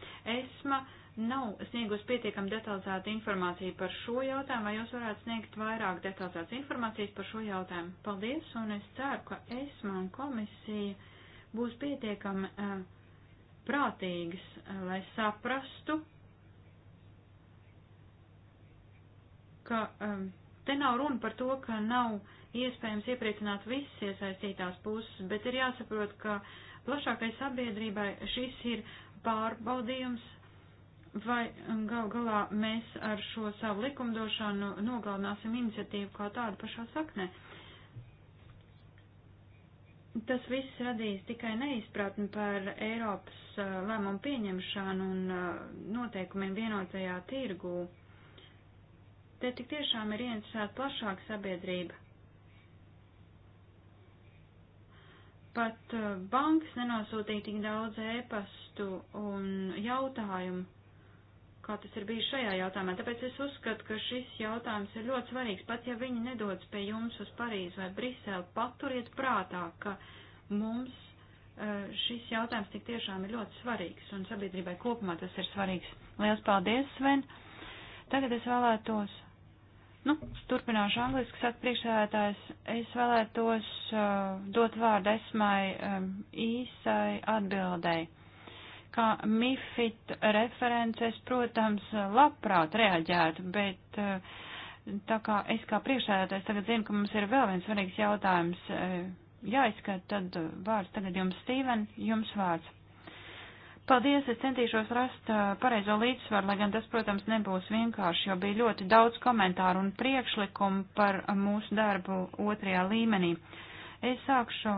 Speaker 4: ESMA uh, nav sniegus pietiekam detalizētu informāciju par šo jautājumu, vai jūs varētu sniegt vairāk detalizētas informācijas par šo jautājumu. Paldies, un es ceru, ka ESMA un komisija būs pietiekami uh, eh, prātīgas, uh, lai saprastu, ka um, te nav runa par to, ka nav iespējams iepriecināt visas iesaistītās puses, bet ir jāsaprot, ka plašākai sabiedrībai šis ir pārbaudījums vai um, gal galā mēs ar šo savu likumdošanu nogalināsim iniciatīvu kā tādu pašā saknē. Tas viss radīs tikai neizpratni par Eiropas uh, lēmumu pieņemšanu un uh, noteikumiem vienotajā tirgū. Te tik tiešām ir ieinteresēta plašāka sabiedrība. Pat uh, bankas nenosūtīja tik daudz ēpastu un jautājumu kā tas ir bijis šajā jautājumā. Tāpēc es uzskatu, ka šis jautājums ir ļoti svarīgs. Pat ja viņi nedodas pie jums uz Parīzi vai Briseli, paturiet prātā, ka mums eh, šis jautājums tik tiešām ir ļoti svarīgs un sabiedrībai kopumā tas ir svarīgs. Lielas paldies, Sven! Tagad es vēlētos, nu, turpināšu angliski, saka priekšsēdētājs, es vēlētos uh, dot vārdu esmai um, īsai atbildēji kā MIFID references, protams, labprāt reaģētu, bet eh, tā kā es kā priekšsēdētājs tagad zinu, ka mums ir vēl viens svarīgs jautājums eh, jāizskat, tad vārds tagad jums, Stīven, jums vārds. Paldies, es centīšos rast eh, pareizo līdzsvaru, lai gan tas, protams, nebūs vienkārši, jo bija ļoti daudz komentāru un priekšlikumu par mūsu darbu otrajā līmenī. Es sākšu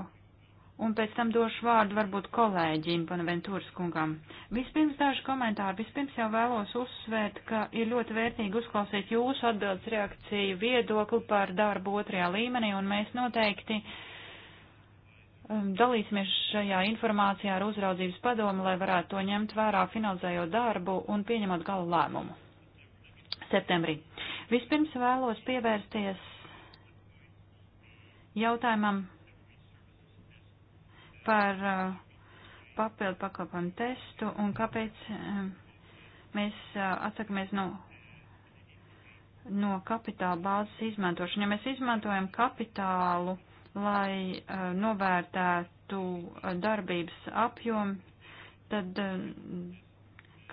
Speaker 4: un pēc tam došu vārdu varbūt kolēģim Panaventūras kungam. Vispirms daži komentāri. Vispirms jau vēlos uzsvērt, ka ir ļoti vērtīgi uzklausīt jūsu atbildes reakciju viedokli par darbu otrajā līmenī, un mēs noteikti um, dalīsimies šajā informācijā ar uzraudzības padomu, lai varētu to ņemt vērā finalizējot darbu un pieņemot galu lēmumu. Septembrī. Vispirms vēlos pievērsties jautājumam par uh, papildu pakalpojumu testu un kāpēc um, mēs uh, atsakamies no, no kapitāla bāzes izmantošana. Ja mēs izmantojam kapitālu, lai uh, novērtētu darbības apjomu, tad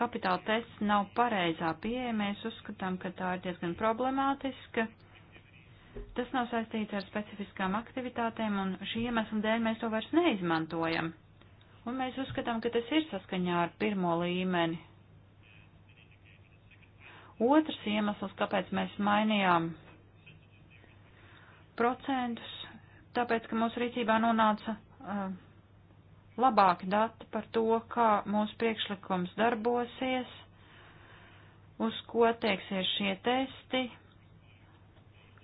Speaker 4: kapitāla tests nav pareizā pieeja. Mēs uzskatām, ka tā ir diezgan problemātiska. Tas nav saistīts ar specifiskām aktivitātēm, un šī iemesla dēļ mēs to vairs neizmantojam. Un mēs uzskatām, ka tas ir saskaņā ar pirmo līmeni. Otrs iemesls, kāpēc mēs mainījām procentus, tāpēc, ka mūsu rīcībā nonāca uh, labāki dati par to, kā mūsu priekšlikums darbosies, uz ko teiksies šie testi,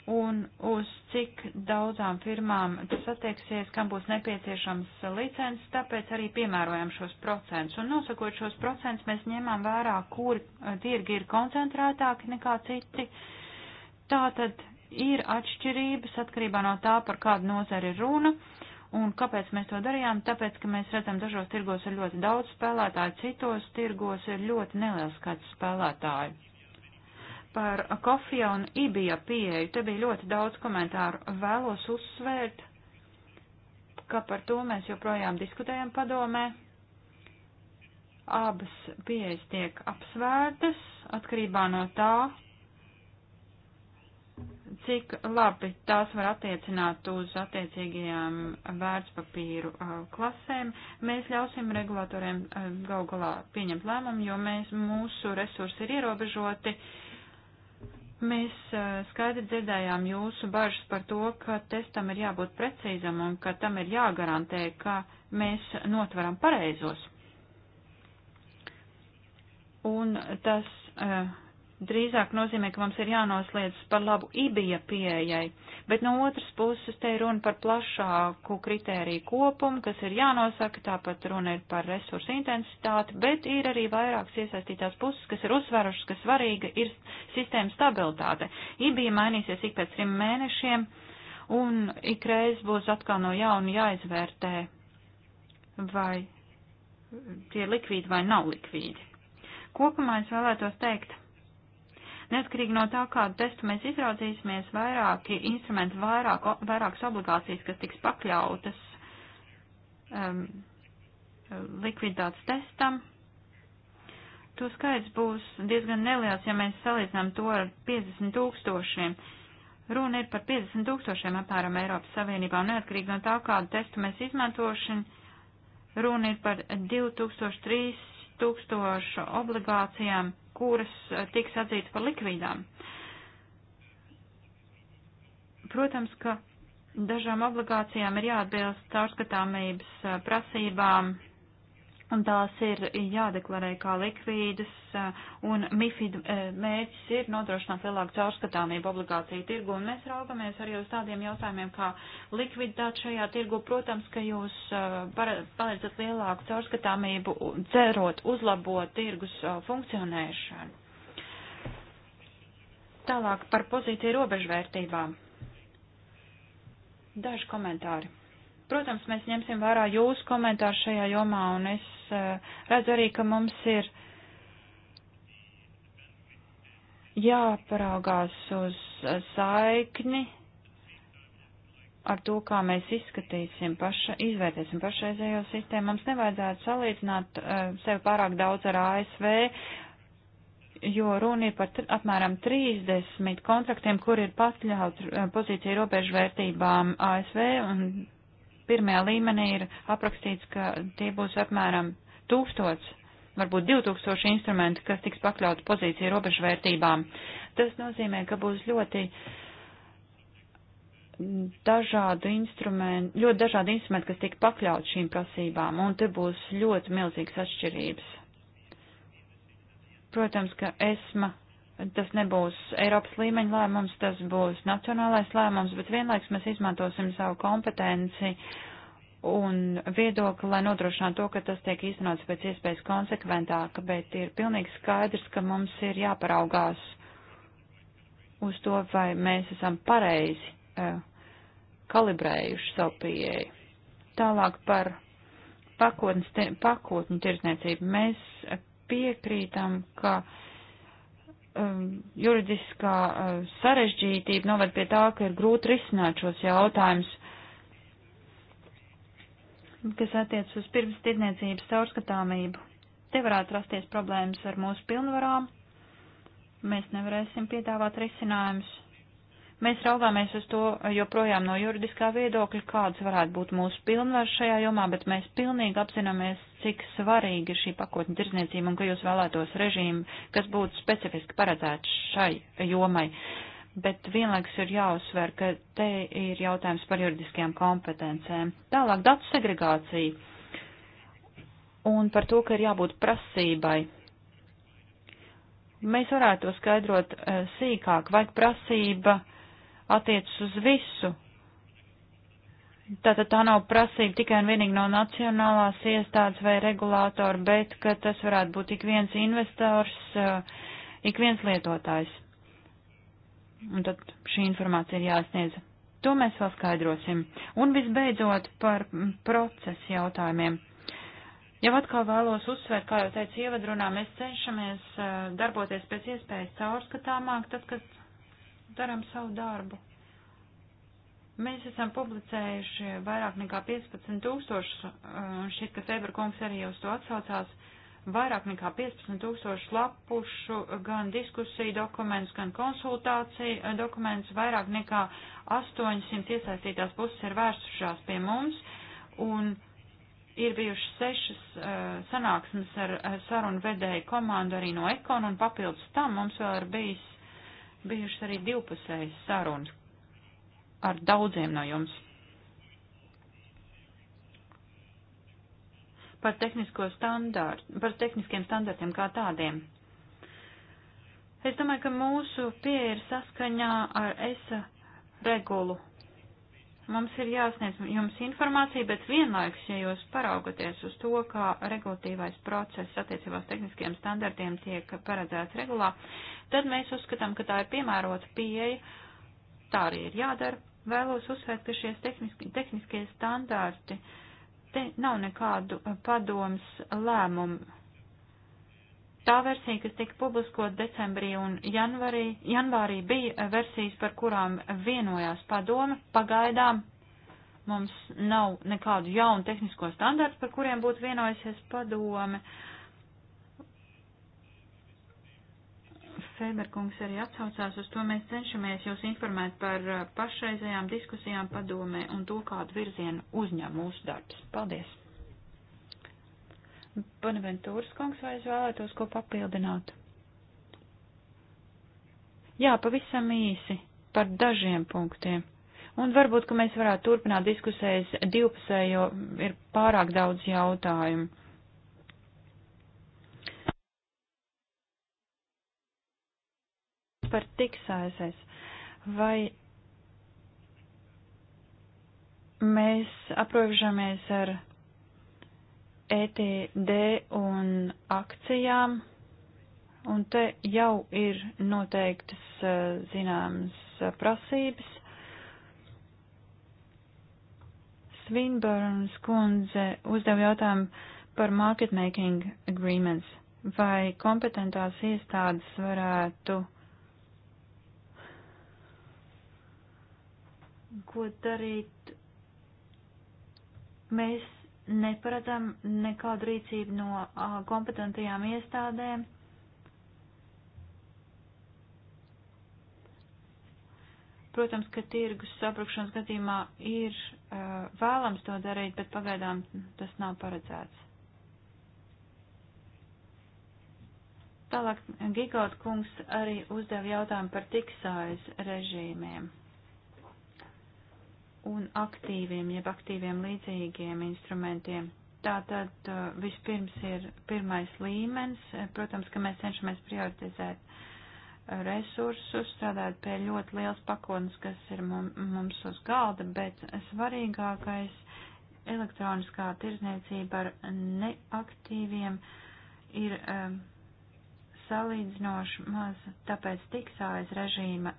Speaker 4: un uz cik daudzām firmām tas attieksies, kam būs nepieciešams licences, tāpēc arī piemērojam šos procentus. Un nosakot šos procentus, mēs ņemam vērā, kur eh, tirgi ir koncentrētāki nekā citi. Tātad ir atšķirības atkarībā no tā, par kādu nozari ir runa. Un kāpēc mēs to darījām? Tāpēc, ka mēs redzam, dažos tirgos ir ļoti daudz spēlētāju, citos tirgos ir ļoti neliels skaits spēlētāju par kofija un ibija pieeju. Te bija ļoti daudz komentāru. Vēlos uzsvērt, ka par to mēs joprojām diskutējam padomē. Abas pieejas tiek apsvērtas atkarībā no tā, cik labi tās var attiecināt uz attiecīgajām vērtspapīru klasēm, mēs ļausim regulatoriem gal galā pieņemt lēmumu, jo mēs, mūsu resursi ir ierobežoti, Mēs eh, skaidri dzirdējām jūsu bažas par to, ka testam ir jābūt precīzam un ka tam ir jāgarantē, ka mēs notveram pareizos. Un tas uh, drīzāk nozīmē, ka mums ir jānosliedz par labu IBIA pieejai, bet no otras puses te ir runa par plašāku kritēriju kopumu, kas ir jānosaka, tāpat runa ir par resursu intensitāti, bet ir arī vairākas iesaistītās puses, kas ir uzsverušas, ka svarīga ir sistēma stabilitāte. IBIA mainīsies ik pēc trim mēnešiem, un ikreiz būs atkal no jauna jāizvērtē, vai tie ir likvīdi vai nav likvīdi. Kopumā es vēlētos teikt, Neatkarīgi no tā, kādu testu mēs izraudzīsimies, vairāki instrumenti, vairāk, vairākas obligācijas, kas tiks pakļautas um, likviditātes testam, to skaits būs diezgan neliels, ja mēs salīdzinām to ar 50 tūkstošiem. Runa ir par 50 tūkstošiem apmēram Eiropas Savienībā, un neatkarīgi no tā, kādu testu mēs izmantošam, runa ir par 2300 tūkstošu obligācijām, kuras eh, tiks atzītas par likvīdām. Protams, ka dažām obligācijām ir jāatbilst caurskatāmības eh, prasībām un tās ir jādeklarē kā likvīdas, eh, un MIFID eh, mērķis ir nodrošināt lielāku caurskatāmību obligāciju tirgu, un mēs raugamies arī uz tādiem jautājumiem kā likviditāte šajā tirgu. Protams, ka jūs eh, palīdzat lielāku caurskatāmību, cerot uzlabot tirgus funkcionēšanu. Tālāk par pozīciju robežvērtībām. Daži komentāri. Protams, mēs ņemsim vērā jūsu komentāru šajā jomā, un es Eh, redzu arī, ka mums ir jāparaugās uz saikni ar to, kā mēs izskatīsim, paša, izvērtēsim pašreizējo sistēmu. Mums nevajadzētu salīdzināt uh, sevi pārāk daudz ar ASV, jo runa ir par apmēram 30 kontraktiem, kur ir pakļaut eh, pozīcija robežvērtībām ASV un pirmajā līmenī ir aprakstīts, ka tie būs apmēram tūkstots, varbūt 2000 instrumenti, kas tiks pakļauti pozīciju robežvērtībām. Tas nozīmē, ka būs ļoti dažādu instrumentu, ļoti dažādi instrumenti, kas tiek pakļaut šīm prasībām, un te būs ļoti milzīgas atšķirības. Protams, ka ESMA Tas nebūs Eiropas līmeņa lēmums, tas būs nacionālais lēmums, bet vienlaiks mēs izmantosim savu kompetenci un viedokli, lai nodrošinātu to, ka tas tiek īstenots pēc iespējas konsekventāk, bet ir pilnīgi skaidrs, ka mums ir jāparaugās uz to, vai mēs esam pareizi eh, kalibrējuši savu pieeju. Tālāk par pakotnes, pakotņu tirdzniecību. Mēs piekrītam, ka um, juridiskā uh, sarežģītība noved pie tā, ka ir grūti risināt šos jautājumus, kas attiec uz pirms tirniecības caurskatāmību. Te varētu rasties problēmas ar mūsu pilnvarām. Mēs nevarēsim piedāvāt risinājumus. Mēs raugāmies uz to joprojām no juridiskā viedokļa, kādas varētu būt mūsu pilnvaras šajā jomā, bet mēs pilnīgi apzināmies, cik svarīga ir šī pakotņa tirzniecība un ka jūs vēlētos režīmu, kas būtu specifiski paredzēts šai jomai. Bet vienlaiks ir jāuzsver, ka te ir jautājums par juridiskajām kompetencēm. Tālāk datu segregācija un par to, ka ir jābūt prasībai. Mēs varētu to skaidrot uh, sīkāk, vai prasība attiecas uz visu. Tātad tā nav prasība tikai un vienīgi no nacionālās iestādes vai regulātora, bet ka tas varētu būt ik viens investors, eh, ik viens lietotājs. Un tad šī informācija ir jāsniedz. To mēs vēl skaidrosim. Un visbeidzot par mm, procesu jautājumiem. Jau atkal vēlos uzsvērt, kā jau teicu ievadrunā, mēs cenšamies eh, darboties pēc iespējas caurskatāmāk, tad, kad darām savu darbu. Mēs esam publicējuši vairāk nekā 15 tūkstošus, šķiet, ka Febra kungs arī uz to atsaucās, vairāk nekā 15 tūkstošu lapušu, gan diskusiju dokumentus, gan konsultāciju dokumentus, vairāk nekā 800 iesaistītās puses ir vērstušās pie mums, un ir bijušas sešas uh, sanāksmes ar eh, sarunu vedēju komandu arī no Ekon, un papildus tam mums vēl ir bijis bijušas arī divpusējas sarunas ar daudziem no jums. Par, standārt, par tehniskiem standartiem kā tādiem. Es domāju, ka mūsu pieeja ir saskaņā ar ESA regulu Mums ir jāsniedz jums informācija, bet vienlaikus, ja jūs paraugaties uz to, kā regulatīvais process attiecībās tehniskiem standartiem tiek paredzēts regulā, tad mēs uzskatām, ka tā ir piemērota pieeja, tā arī ir jādara. Vēlos uzsvērt, ka šie tehniski, tehniskie standarti te nav nekādu padoms lēmumu Tā versija, kas tika publiskot decembrī un janvarī, janvārī, bija versijas, par kurām vienojās padome. Pagaidām mums nav nekādu jaunu tehnisko standārtu, par kuriem būtu vienojusies padome. Fēberkungs arī atsaucās uz to, mēs cenšamies jūs informēt par pašreizējām diskusijām padomē un to, kādu virzienu uzņem mūsu darbs. Paldies! Bonaventūras kungs, vai es vēlētos ko papildināt? Jā, pavisam īsi par dažiem punktiem. Un varbūt, ka mēs varētu turpināt diskusējas divpusē, jo ir pārāk daudz jautājumu. Par tiksāsēs. Vai mēs aprobežamies ar ETD un akcijām, un te jau ir noteiktas eh, zināmas eh, prasības. Svinburns kundze uzdev jautājumu par market making agreements. Vai kompetentās iestādes varētu ko darīt? Mēs neparedzam nekādu rīcību no kompetentajām iestādēm. Protams, ka tirgus sabrukšanas gadījumā ir uh, vēlams to darīt, bet pagaidām tas nav paredzēts. Tālāk Gigaut kungs arī uzdeva jautājumu par tiksājas režīmiem un aktīviem, jeb aktīviem līdzīgiem instrumentiem. Tātad uh, vispirms ir pirmais līmenis, eh, protams, ka mēs cenšamies prioritizēt eh, resursus, strādāt pie ļoti liels pakotnes, kas ir mums uz galda, bet svarīgākais elektroniskā tirzniecība ar neaktīviem ir eh, salīdzinoši maz, tāpēc tiksājas režīma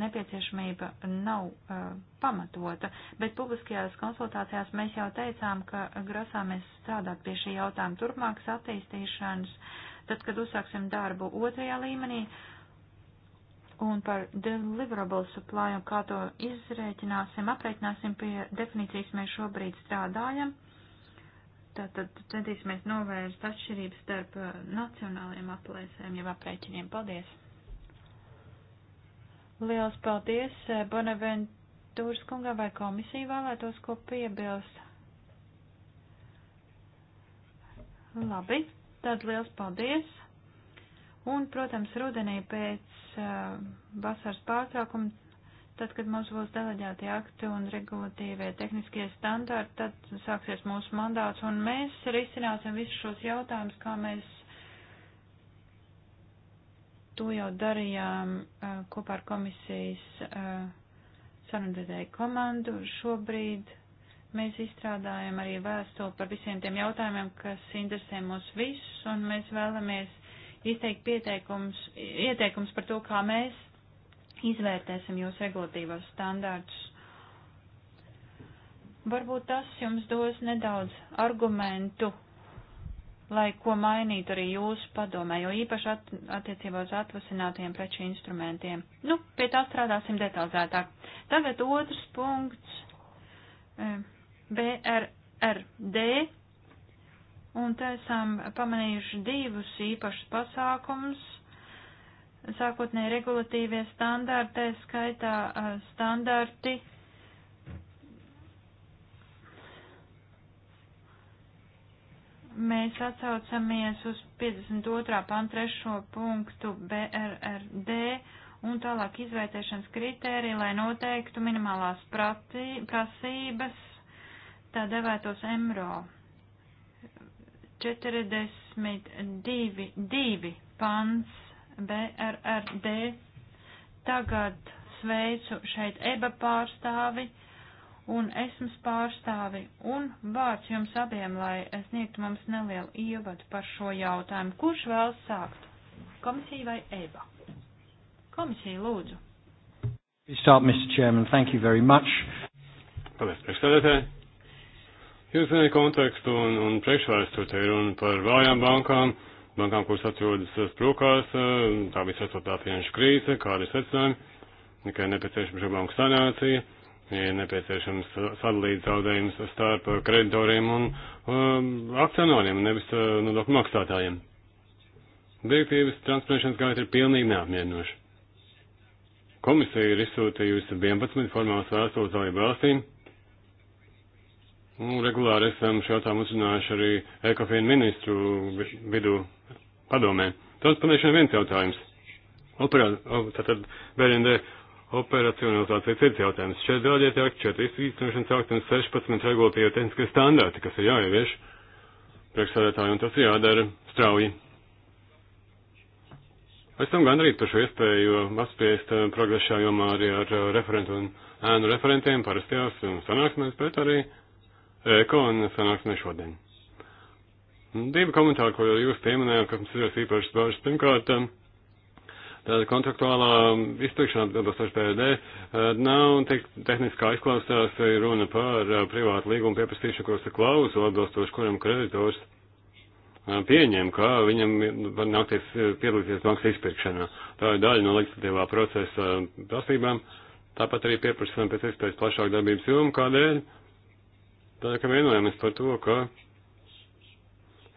Speaker 4: nepieciešamība nav uh, pamatota, bet publiskajās konsultācijās mēs jau teicām, ka grasāmies strādāt pie šī jautājuma turpmākas attīstīšanas, tad, kad uzsāksim darbu otrajā līmenī, un par deliverable supply un kā to izrēķināsim, aprēķināsim pie definīcijas mēs šobrīd strādājam. Uh, Tātad centīsimies novērst atšķirības starp uh, nacionāliem aplēsēm jau aprēķiniem. Paldies! Liels paldies! Uh, Bonaventūras kungā vai komisija vēlētos ko piebilst? Labi, tad liels paldies! Un, protams, rudenī pēc uh, vasaras pārtraukuma Tad, kad mums būs deleģēti akti un regulatīvie tehniskie standarti, tad sāksies mūsu mandāts un mēs risināsim visus šos jautājumus, kā mēs to jau darījām uh, kopā ar komisijas uh, sarunvedēju komandu. Šobrīd mēs izstrādājam arī vēstuli par visiem tiem jautājumiem, kas interesē mūs visus, un mēs vēlamies izteikt pieteikums, ieteikums par to, kā mēs izvērtēsim jūsu regulatīvos standārtus. Varbūt tas jums dos nedaudz argumentu, lai ko mainītu arī jūsu padomē, jo īpaši at, attiecībā uz atvasinātiem preču instrumentiem. Nu, pie tā strādāsim detalizētāk. Tagad otrs punkts e, - BRRD. Un te esam pamanījuši divus īpašus pasākumus sākotnēji regulatīvie standārti, skaitā standārti, mēs atsaucamies uz 52. pantu trešo punktu BRRD un tālāk izvērtēšanas kritēriju, lai noteiktu minimālās prati, prasības tā devētos emro. 42. 2. pants BRRD. Tagad sveicu šeit EBA pārstāvi un esmas pārstāvi un vārds jums abiem, lai sniegtu mums nelielu ievadu par šo jautājumu. Kurš vēl sākt? Komisija vai EBA? Komisija lūdzu.
Speaker 3: We start, Mr. Chairman. Thank you very much.
Speaker 5: Paldies, priekšstādātāji. Jūs zināt kontekstu un, un priekšvēsturi, te ir runa par vājām bankām bankām, kuras atrodas eh, sprūkās, eh, tā bija sastotā finanšu krīze, kāda ir secinājuma, ka ir nepieciešama šo banku sanācija, ir nepieciešams sadalīt zaudējumus starp kreditoriem un um, akcionāriem, nevis uh, nodokļu maksātājiem. Direktīvas transponēšanas gaita ir pilnīgi neapmierinoša. Komisija ir izsūtījusi 11 formālas vēstules dalību valstīm Nu, regulāri esam šo jautājumu uzrunājuši arī ekofīnu ministru vidū padomē. Tas patiešām viens jautājums. Operā, tātad BND operacionalizācija cits jautājums. Šeit dēļiet akti, šeit īstenošanas akti un 16 regulatīvie tehniskie standarti, kas ir jāievieš priekšsēdētāji, un tas ir jādara strauji. Esam gandrīz par šo iespēju apspriest eh, progresā jomā arī ar eh, referentu un ēnu referentiem parastajās sanāksmēs, bet arī. Uh, ekona sanāksmē šodien. Divi komentāri, ko jūs pieminējāt, kas mums ir īpašas bažas. Pirmkārt, tāda kontraktuālā izpirkšana atbildos ar PVD nav tik tehniskā izklausās, ir runa par eh, privātu līgumu pieprasīšanu, kuros ir klauzu atbilstoši, kuram kreditors eh, pieņem, ka viņam var nākties eh, piedalīties bankas izpirkšanā. Tā ir daļa no legislatīvā procesa prasībām. Tāpat arī pieprasām pēc iespējas plašāk darbības jomu, kādēļ Tātad, ka vienojamies par to, ka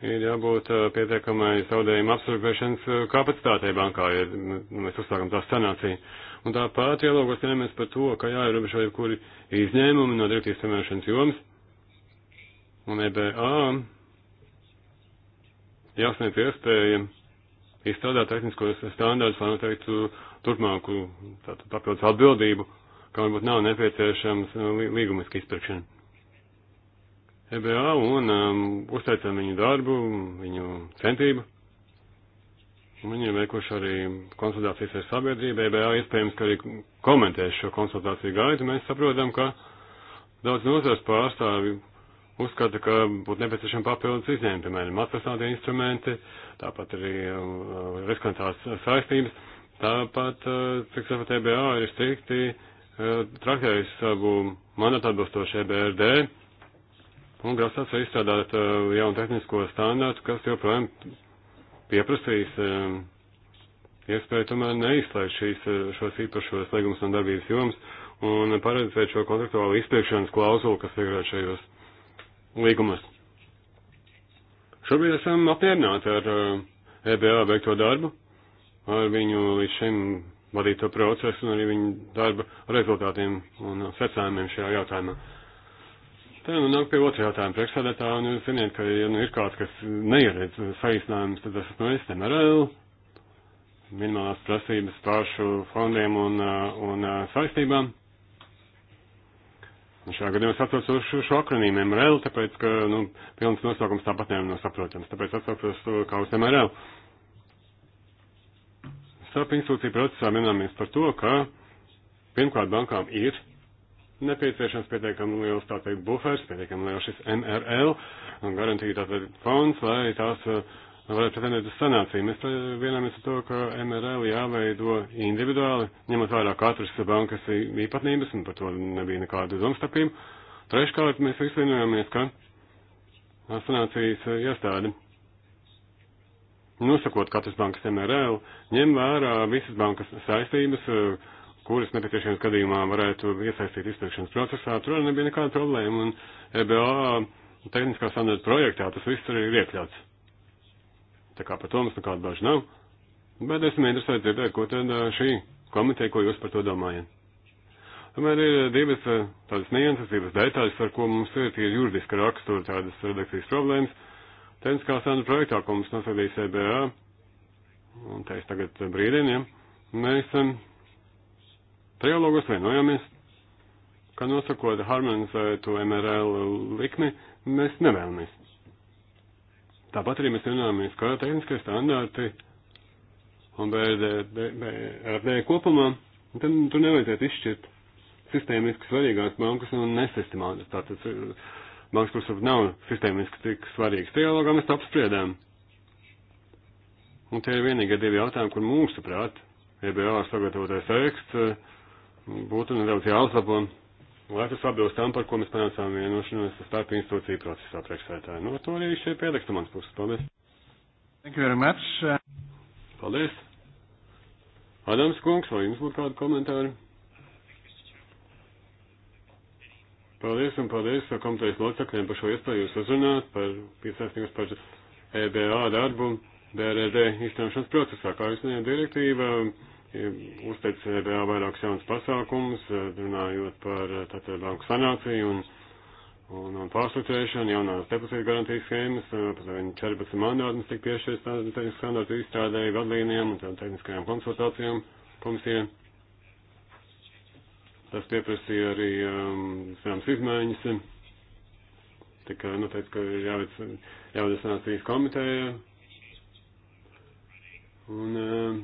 Speaker 5: ir jābūt pietiekamai zaudējuma apsargāšanas kapacitātei bankā, ja nu, nu, mēs uzsākam tā sanāciju. Un tāpat ielogos vienamies par to, ka jāierobežo jebkuri izņēmumi no direktīvas samēršanas jomas. Un EBA jāsniedz iespēja izstrādāt tehniskos standārdus, lai noteiktu turpmāku tātad, papildus atbildību, kam varbūt nav nepieciešams līgumiski izpirkšana. EBA un um, uzteicam viņu darbu, viņu centību. Viņi ir veikuši arī konsultācijas ar sabiedrību. EBA iespējams, ka arī komentēs šo konsultāciju gaitu. Mēs saprotam, ka daudz nozars pārstāvi uzskata, ka būtu nepieciešama papildus izņēmuma, piemēram, atvesinātie instrumenti, tāpat arī uh, riskantās saistības, tāpat, uh, cik sapratu, EBA ir strikti uh, traktējusi savu mandātu atbilstoši EBRD Un grasās arī izstrādāt uh, jaunu tehnisko standārtu, kas joprojām pieprasīs uh, iespēju tomēr neizslēgt šīs, eh, šos īpašos līgumus un darbības jomas un paredzēt šo kontraktuālu izpirkšanas klauzulu, kas figurē šajos līgumus. Šobrīd esam apmierināti ar uh, EBA veikto darbu, ar viņu līdz šim vadīto procesu un arī viņu darba rezultātiem un secinājumiem šajā jautājumā. Tad nu nāk pie otrā jautājuma priekšsādētā, un jūs ziniet, ka, ja nu ir kāds, kas neieredz saīsinājumus, tad tas esmu es, NRL, minimālās prasības pašu fondiem un, uh, un uh, saistībām. Un šajā gadījumā es atsaucos uz šo akronīmu MRL, tāpēc, ka, nu, pilns nosaukums tāpat nav saprotams, tāpēc atsaucos kā uz MRL. Sāp institūcija procesā minēmies par to, ka pirmkārt bankām ir nepieciešams pietiekami liels, tā teikt, bufers, pietiekami liels šis MRL, garantīgi tātad fonds, lai tās eh, varētu pretendēt uz sanāciju. Mēs vienāmies ar to, ka MRL jāveido individuāli, ņemot vērā katras bankas īpatnības, un par to nebija nekāda domstarpība. Treškārt, mēs visi vienojāmies, ka sanācijas eh, iestādi, nosakot katras bankas MRL, ņem vērā visas bankas saistības, eh, kuras nepieciešams gadījumā varētu iesaistīt izpirkšanas procesā, tur nebija nekāda problēma, un EBA tehniskā standarta projektā tas viss arī ir iekļauts. Tā kā par to mums nekāda bažu nav, bet esmu interesēts dzirdēt, ko tad šī komiteja, ko jūs par to domājat. Tomēr ir divas tādas nianses, divas detaļas, ar ko mums ir tie juridiska rakstura tādas redakcijas problēmas. Tehniskā standarta projektā, ko mums nosūtīs EBA, un tā es tagad brīdiniem, ja, mēs Trialogos vienojāmies, ka nosakot harmonizētu MRL likmi, mēs nevēlamies. Tāpat arī mēs vienojāmies, ka tehniskie standarti un BRD kopumā, tad tur nevajadzētu izšķirt sistēmiski svarīgās bankas un nesistemātas. Tātad bankas, kuras nav sistēmiski tik svarīgas, trialogā mēs to apspriedām. Un tie ir vienīgie divi jautājumi, kur mūsuprāt, EBA sagatavotais teksts būtu nedaudz jāuzlabo, lai tas atbilst tam, par ko mēs panācām vienošanos starp institūciju procesā priekšsētāju. Nu, ar to arī šie piedeks no manas puses. Paldies. Thank you very much. Paldies. Adams Kungs, vai jums būtu kādi komentāri? Paldies un paldies komitejas locekļiem par šo iespēju jūs uzrunāt, par piesaistījumus par EBA darbu, DRD izstrāšanas procesā. Kā jūs zināt, direktīva uzteic eh, vēl vairākus jaunus pasākumus, eh, runājot par eh, tātad banku sanāciju un, un, un pārstruktūrēšanu, jaunās depozīta garantijas schēmas, pēc tam 14 mandātums tika piešķirts tātad standartu izstrādēju vadlīnijām un tādām tehniskajām konsultācijām komisijai. Tas pieprasīja arī um, zināmas izmaiņas. Tika noteikts, ka ir jāveic, jāveic sanācijas komiteja. Un, um,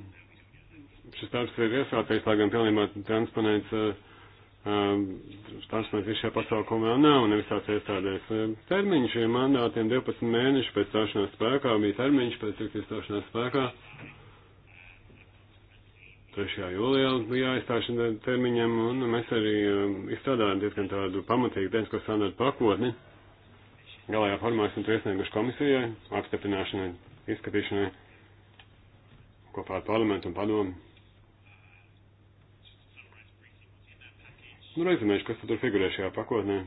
Speaker 5: šis darbs ir iesācies, lai gan pilnībā transponēts, transponēts viss šajā pasaukumā nav, un visās iestādēs. Termiņš šiem mandātiem 12 mēneši pēc stāšanās spēkā bija termiņš pēc stāšanās spēkā. 3. jūlijā bija aizstāšana termiņam, un mēs arī izstrādājām diezgan tādu pamatīgu tehnisko standartu pakotni. Galējā formā esam to iesnieguši komisijai, apstiprināšanai, izskatīšanai kopā ar parlamentu un padomu. Nu, rezumēšu, kas tad tur figurē šajā pakotnē.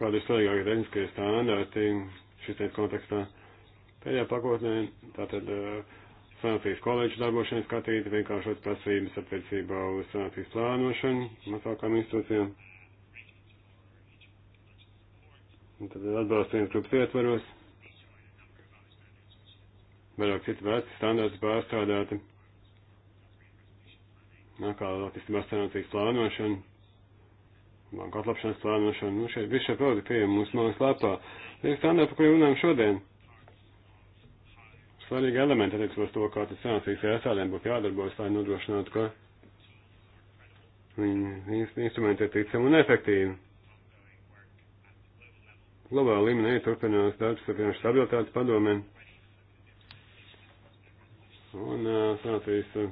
Speaker 5: Kādi ir svarīgākie tehniskie standarti šīs tēmas kontekstā. Pēdējā pakotnē tātad uh, eh, sanācijas koledžu darbošana skatīta, vienkāršot prasības attiecībā uz sanācijas plānošanu mazākām institūcijām. Un tad atbalsts viens grupas ietvaros. Vairāk citu veci standarts pārstrādāti. Nā, kā attīstībā sanācijas plānošana, banka atlapšanas plānošana, nu šeit visi šie produkti pieejami mūsu mājas lapā. Ir standarti, par kuriem runājam šodien. Svarīgi elementi attiecībā uz to, kā tas sanācijas iestādēm būtu jādarbojas, lai nodrošinātu, ka instrumenti ir ticami un efektīvi. Globāla līmenī turpinās darbs ar finanšu stabilitātes padomēm. Un uh, sanācijas. Uh,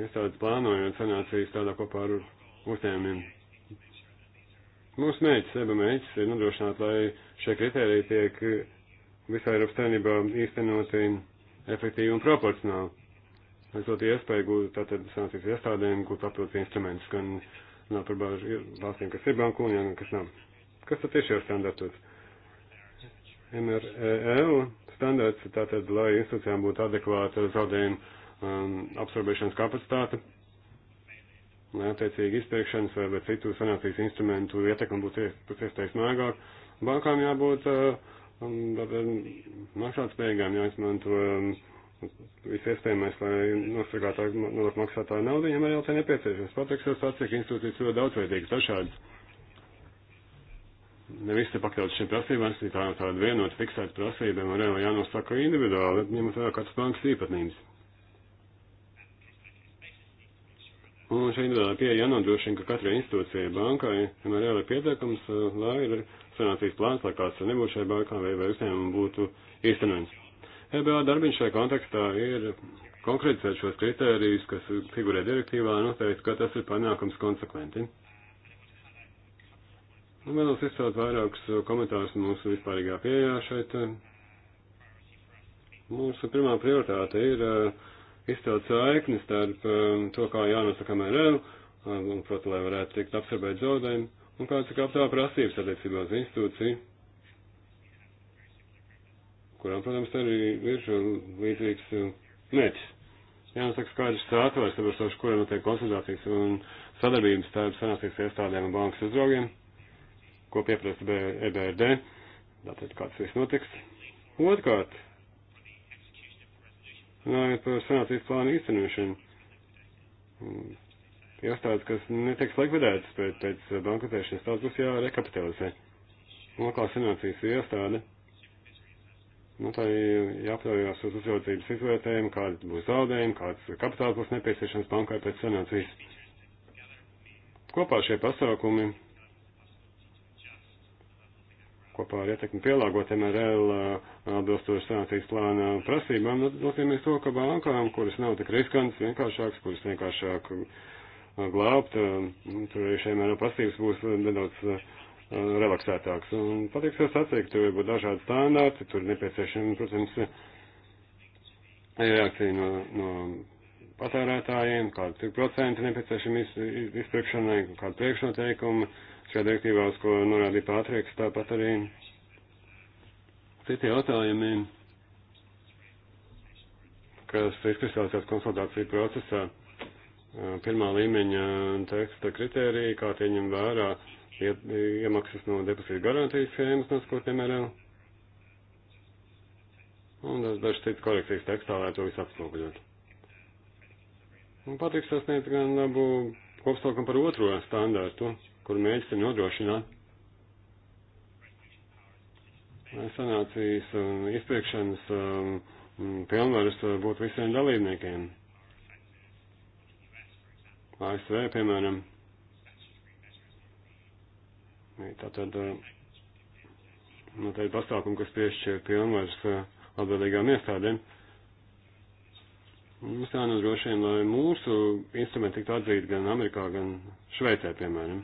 Speaker 5: iestādes plānojot sanācijas tādā kopā ar uzņēmumiem. Mūsu mērķis, seba mērķis ir nodrošināt, lai šie kriteriji tiek visā Eiropas savienībā īstenoti efektīvi un proporcionāli. Es dot iespēju gūt tātad sanācijas iestādēm, gūt papildus instrumentus, gan nav par bāžu valstīm, kas ir banku unijā, gan nu kas nav. Kas tad ir šajos standartos? MREL standarts, tātad, lai institūcijām būtu adekvāta zaudējuma um, absorbēšanas kapacitāte, lai attiecīgi izteikšanas vai, vai citu sanācijas instrumentu ietekmi būtu pēc iespējas mēgāk. Bankām jābūt uh, um, um, maksātspējīgām, jāizmanto um, viss iespējamais, lai nosargātāji, nodokļu maksātāji naudu, viņam arī ir nepieciešams. Patriks jau sacīja, ka institūcijas ļoti daudzveidīgas, dažādas. Ne visi pakļauts šiem prasībām, tā nav tāda vienota fiksēta prasība, man arī jānosaka individuāli, ņemot vērā katras bankas īpatnības. Un šī individuālā pieeja jānodrošina, ka katrai institūcijai, bankai, MRL ir pietiekams, eh, lai ir sanācijas plāns, lai kāds nebūtu šai bankā vai, vai uzņēmumam būtu īstenojums. EBA darbiņš šajā kontekstā ir konkrētizēt šos kritērijus, kas figurē direktīvā, noteikt, ka tas ir panākums konsekventi. Un vēlos izcelt vairākus komentārus mūsu vispārīgā pieejā šeit. Mūsu pirmā prioritāte ir uh, izcelt saikni starp um, to, kā jānosaka MRL, um, un, protams, lai varētu tikt apsarbēt zaudējumu, un kāds ir kapitāla prasības attiecībā uz institūciju, kurām, protams, arī ir līdzīgs um, mērķis. Jānosaka skaidrs sātvars, tāpēc, kuram notiek konsultācijas un sadarbības starp sanācijas iestādēm un bankas uzraugiem, ko pieprasa EBRD, tātad kāds viss notiks. Otkārt, runājot par sanācijas plānu īstenošanu. Jāstāds, mm, kas netiks likvidētas pēc, pēc bankrotēšanas, tās būs jārekapitalizē. Lokāla sanācijas iestāde. Nu, tā jāpaļaujas uz uzraudzības izvērtējumu, kāda būs zaudējuma, kāds kapitāls būs nepieciešams bankai pēc sanācijas. Kopā šie pasākumi kopā ar ietekmi pielāgot MRL uh, atbilstoši sanācijas plāna prasībām, nu, nozīmē to, ka bankām, kuras nav tik riskantas, vienkāršākas, kuras vienkāršāk uh, glābt, uh, tur arī šiem MRL prasības būs nedaudz relaksētāks. Un patiksies atsīk, tur būtu dažādi standarti, tur nepieciešami, protams, reakcija no, no patērētājiem, kādi ir procenti nepieciešami iz, iz, izpirkšanai, kādi priekšnoteikumi. Uh, šajā direktīvās, ko norādīja Pātrieks, tāpat arī citi jautājumi, kas izkristalizēs konsultāciju procesā. Pirmā līmeņa teksta kritērija, kā tie ņem vērā iemaksas no depozīta garantijas schēmas, no skurtiem ir. Un dažs cits korekcijas tekstā, lai to visu apspoguļot. Un Patriks sasniedz gan labu Kopsaukam par otro standārtu, kur mēģinam nodrošināt sanācijas un um, izpriekšanas um, mm, pilnvaras uh, būtu visiem dalībniekiem. ASV, piemēram, tātad uh, noteikti nu, pasākumi, kas piešķir pilnvaras uh, atbildīgām iestādēm. Mums jānodrošina, lai mūsu instrumenti tiktu atzīti gan Amerikā, gan Šveicē, piemēram.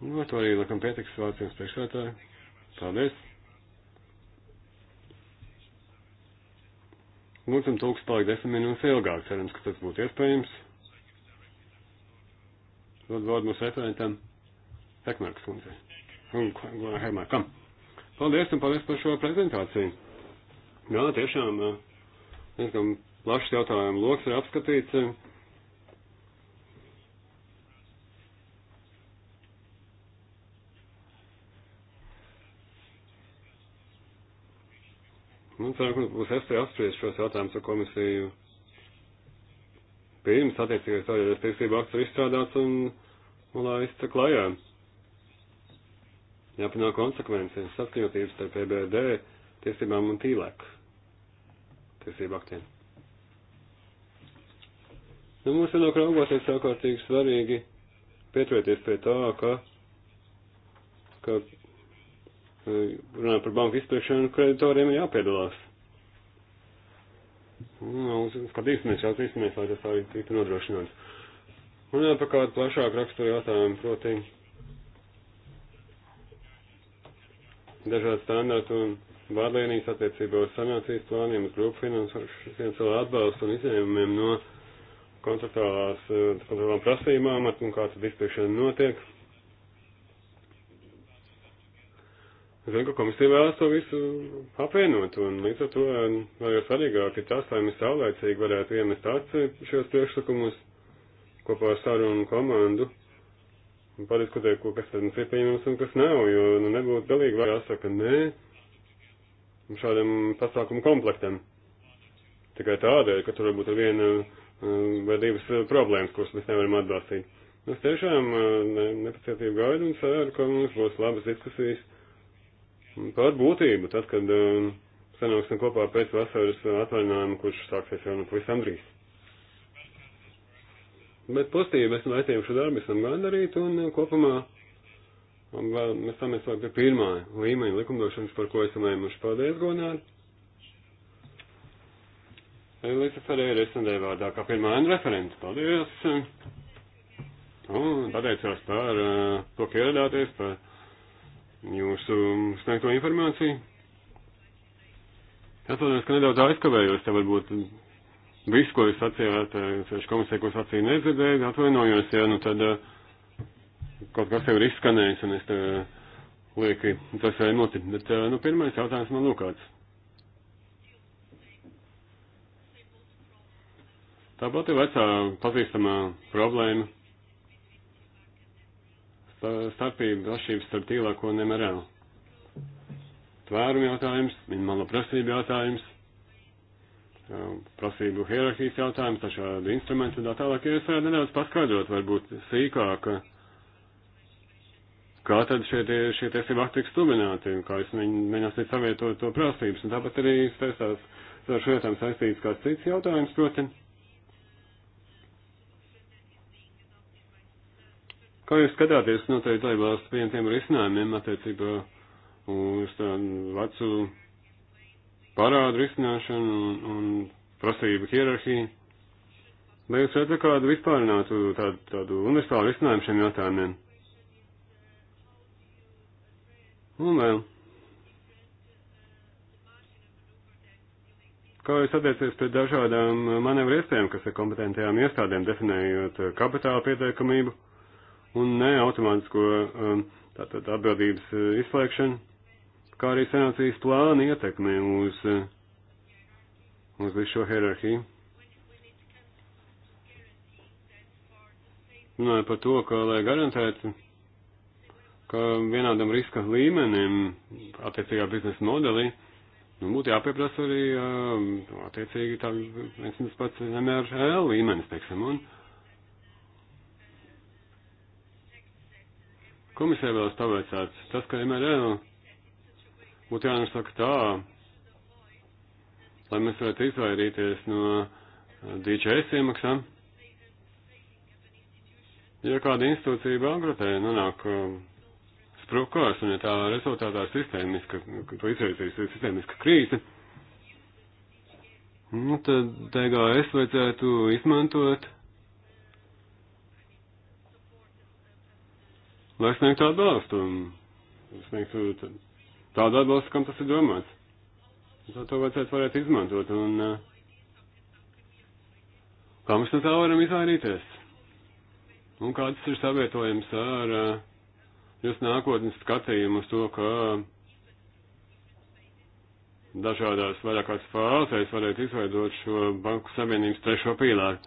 Speaker 5: Nu, ar to arī laikam pietiks Vācijas priekšsētāji. Paldies! Lūdzam, tūks paliek desmit minūtes ilgāk, cerams, ka tas būtu iespējams. Dod vārdu mūsu referentam. Tekmērks kundze. Un, Hermā, kam? Paldies un paldies par šo prezentāciju. Jā, tiešām, diezgan plašs jautājumu loks ir apskatīts. Nu, ceru, ka būs FC apspriest šos jautājumus ar komisiju pirms attiecīgais tālākais tiesību akts ir izstrādāts un, un laists klajā. Jāpanāk konsekvences, saskaņotības starp PBD e tiesībām un tīlēku. E tiesību aktiem. Nu, mums ir nāk raugoties ārkārtīgi svarīgi pieturēties pie tā, ka, ka e, runājot par banku izpirkšanu, kreditoriem ir jāpiedalās. Nu, skatīsimies, jāatīsimies, lai tas tā arī tiktu nodrošināts. Runājot par kādu plašāku raksturu jautājumu, proti, dažādi standarti un vārdlīnijas attiecībā uz sanācijas plāniem, uz grupu finansiālo atbalstu un izņēmumiem no kontraktuālās eh, kontraktuālām prasībām un kā tad izpirkšana notiek. Zinu, ka komisija vēlas to visu apvienot, un līdz ar to eh, vēl jau svarīgāk ir tas, lai mēs saulēcīgi varētu iemest aci šos priekšlikumus kopā ar sarunu komandu un padiskutēt, ko kas tad ir pieņemams un kas nav, jo nu, nebūtu galīgi vajag jāsaka, nē, šādam pasākumu komplektam. Tikai tādēļ, ka tur varbūt ir viena eh, vai divas eh, problēmas, kuras mēs nevaram atbalstīt. Es tiešām eh, ne, nepacietību gaidu un ceru, ka mums būs labas diskusijas par būtību, tad, kad sanāksim kopā pēc vasaras atvaļinājuma, kurš sāksies jau nu pavisam drīz. Bet pozitīvi esmu vērtējuši darbu, esam gandarīti un kopumā Un vēl mēs tam esam pie pirmā līmeņa likumdošanas, par ko esam lēmuši. Paldies, Gonāri! Līdz ar arī SND vārdā kā pirmā N referents. Paldies! Un pateicās par uh, to, ka ieradāties, par jūsu sniegto informāciju. Atvainojos, ka nedaudz aizkavējos, te varbūt visu, ko jūs sacījāt, eh, sešu komisiju, ko sacīju, nedzirdēju. Atvainojos, ja nu tad. Uh, kaut kas jau ir izskanējis, un es eh, lieku, tas jau eh, ir noticis. Bet, eh, nu, pirmais jautājums man lūkāts. Tāpat ir vecā pazīstamā problēma starpība atšķirības starp tīlāko un MRL. Tvērumu jautājums, minimālo prasību jautājums, prasību hierarhijas jautājums, dažādi instrumenti un tā tālāk. Ja jūs varat nedaudz paskaidrot, varbūt sīkāk, kā tad šie, tie, šie tiesību akti tiek stumināti un kā jūs mēģināsiet savietot to prasības. Un tāpat arī saistās ar šo jautājumu saistīts kāds cits jautājums, proti. Kā jūs skatāties noteikti laibās klientiem risinājumiem attiecībā uz tādu vecu parādu risināšanu un, un prasību hierarhiju? Vai jūs redzat kādu vispārinātu tādu, tādu universālu risinājumu šiem jautājumiem? Un nu, vēl. Kā jūs attiecies pret dažādām manevru iespējām, kas ir kompetentajām iestādēm, definējot kapitāla pieteikamību un ne automātisko um, tātad atbildības uh, izslēgšanu, kā arī sanācijas plāna ietekmi uz, uh, uz visu šo hierarhiju? Runāju par to, ka, lai garantētu ka vienādam riska līmenim attiecīgā biznesa modelī nu, būtu jāpieprasa arī uh, attiecīgi tā, nezinu, tas pats MRL līmenis, teiksim, un komisija vēl stāvēcāts tas, ka MRL būtu jānosaka tā, lai mēs varētu izvairīties no DJS iemaksām. Ja kāda institūcija bankrotē nonāk nu, sprukos, un ja tā rezultātā ir sistēmiska, ka to izraisīs sistēmiska krīze, nu, tad DGS vajadzētu izmantot, lai sniegtu atbalstu, un sniegtu tādu atbalstu, kam tas ir domāts. Tā to vajadzētu varētu izmantot, un kā mēs no tā varam izvairīties? Un kādas ir savietojums ar uh, jūs nākotnes skatījumu uz to, ka dažādās vairākās fāzēs varētu izveidot šo banku savienības trešo pīlāru.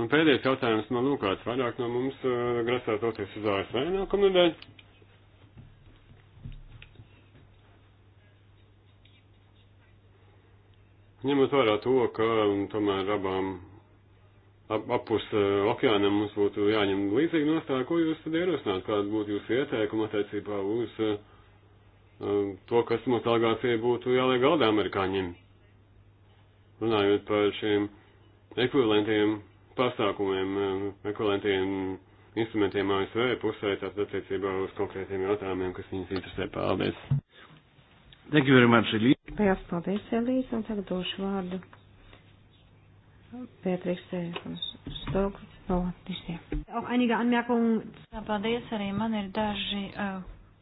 Speaker 5: Un pēdējais jautājums man lūkāts. Vairāk no mums uh, grasās doties uz ASV nākamnedēļ. Ņemot vērā to, ka tomēr abām ap, apus uh, okeānam mums būtu jāņem līdzīgi nostāja, ko jūs tad ierosināt, kāda būtu jūsu ieteikuma attiecībā uz uh, to, kas mums algācija būtu jāliek galdā amerikāņiem. Runājot par šiem ekvivalentiem pasākumiem, uh, ekvivalentiem instrumentiem ASV pusē, tātad attiecībā uz konkrētiem jautājumiem, kas viņus interesē.
Speaker 2: Paldies! Thank you very much, Elīze. Paldies, Elīze, un tagad došu vārdu Pietrīksē eh, Stog no visiem. Auch einige Anmerkungen. Paldies
Speaker 4: arī. Man ir daži uh,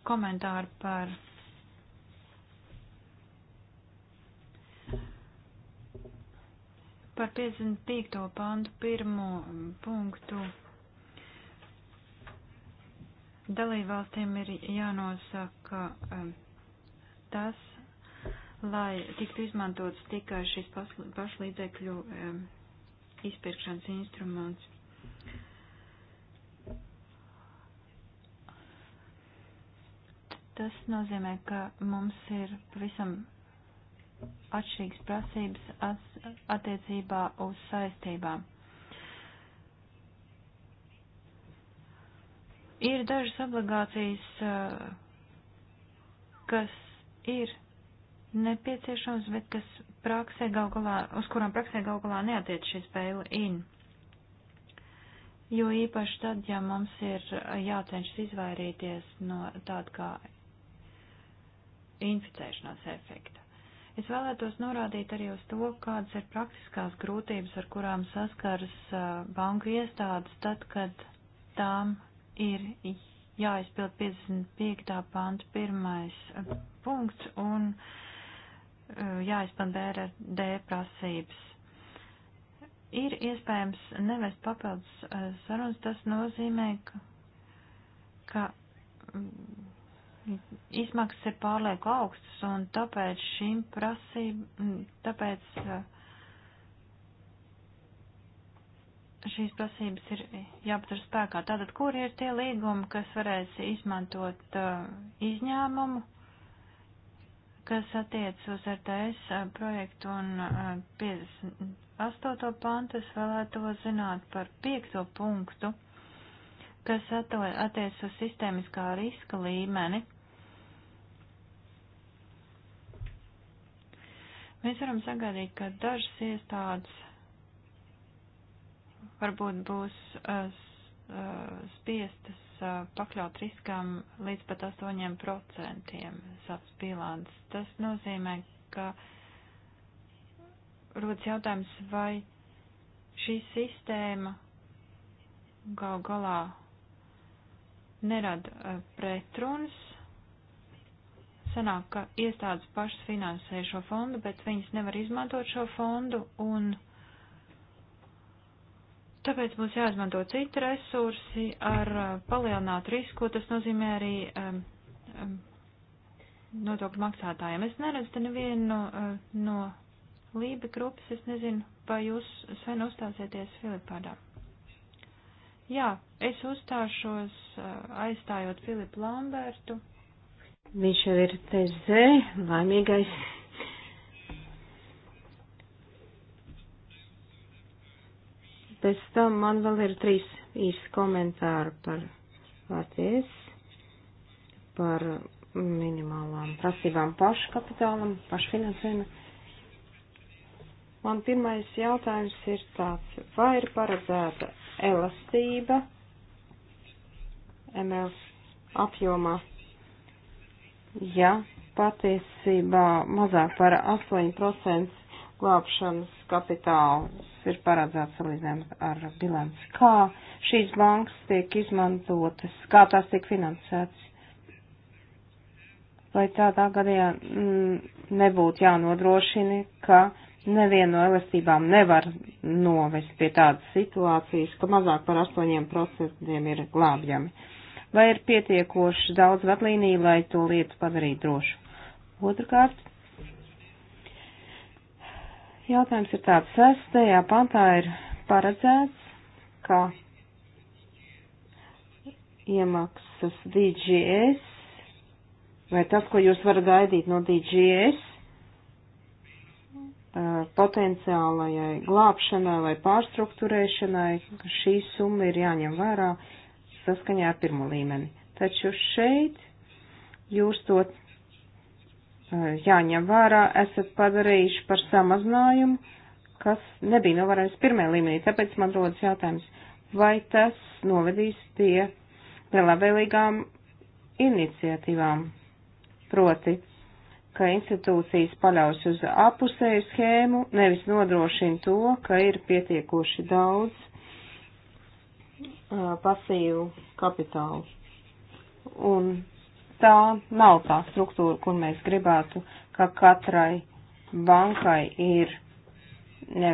Speaker 4: komentāri par. Par 55. pantu pirmo mm, punktu dalībvalstīm ir jānosaka um, tas, lai tiktu izmantots tikai šis pašlīdzekļu um, izpirkšanas instruments. Tas nozīmē, ka mums ir pavisam atšķirīgas prasības attiecībā uz saistībām. Ir dažas obligācijas, eh, kas ir nepieciešams, bet kas praksē gal galā, uz kurām praksē gal galā neatiec šis bail-in. Jo īpaši tad, ja mums ir jācenšas izvairīties no tāda kā inficēšanās efekta. Es vēlētos norādīt arī uz to, kādas ir praktiskās grūtības, ar kurām saskaras banku iestādes tad, kad tām ir jāizpild 55. pānta pirmais punkts un uh, Eh, jāizpilda BRD prasības. Ir iespējams nevest papildus eh, sarunas, tas nozīmē, ka, ka mm, izmaksas ir pārlieku augstas un tāpēc šīm prasībām, mm, tāpēc eh, šīs prasības ir jāpatur spēkā. Tātad, kur ir tie līgumi, kas varēs izmantot izņēmumu? kas attiec uz RTS projektu un 58. pantu, es vēlētos zināt par 5. punktu, kas attiec uz sistēmiskā riska līmeni. Mēs varam sagaidīt, ka dažas iestādes varbūt būs uh, spiestas pakļaut riskam līdz pat 8% savas bilants. Tas nozīmē, ka rodas jautājums, vai šī sistēma gal galā nerada pretruns. Sanāk, ka iestādes pašas finansē šo fondu, bet viņas nevar izmantot šo fondu un Tāpēc būs jāizmanto citi resursi ar eh, palielinātu risku, tas nozīmē arī um, um, nodokļu maksātājiem. Es neredzu te nevienu uh, no Lība grupas, es nezinu, vai jūs, Sven, uzstāsieties Filipādā. Jā, es uzstāšos uh, aizstājot Filipu Lambertu.
Speaker 2: Viņš jau ir TZ, laimīgais Pēc tam man vēl ir trīs īsi komentāri par Latvijas, par minimālām prasībām paškapitālam, pašfinansējumu. Man pirmais jautājums ir tāds, vai ir paredzēta elastība ML apjomā, ja patiesībā mazāk par 8% glābšanas kapitāls ir paredzēts salīdzinājums ar bilanci. Kā šīs bankas tiek izmantotas, kā tās tiek finansētas? Lai tādā gadījumā mm, nebūtu jānodrošina, ka neviena no elastībām nevar novest pie tādas situācijas, ka mazāk par 8% ir glābjami. Vai ir pietiekoši daudz vadlīniju, lai to lietu padarītu drošu? Otrkārt, Jautājums ir tāds, sestajā pantā ir paredzēts, ka iemaksas DGS vai tas, ko jūs varat gaidīt no DGS, potenciālajai glābšanai vai pārstruktūrēšanai, šī summa ir jāņem vērā saskaņā ar pirmo līmeni. Taču šeit jūs to Eh, jāņem vērā, esat padarījuši par samazinājumu, kas nebija novērojams pirmajā līmenī. Tāpēc man rodas jautājums, vai tas novedīs pie nelabvēlīgām iniciatīvām, proti, ka institūcijas paļaus uz apusēju schēmu, nevis nodrošina to, ka ir pietiekoši daudz uh, pasīvu kapitālu. Un tā nav tā struktūra, kur mēs gribētu, ka katrai bankai ir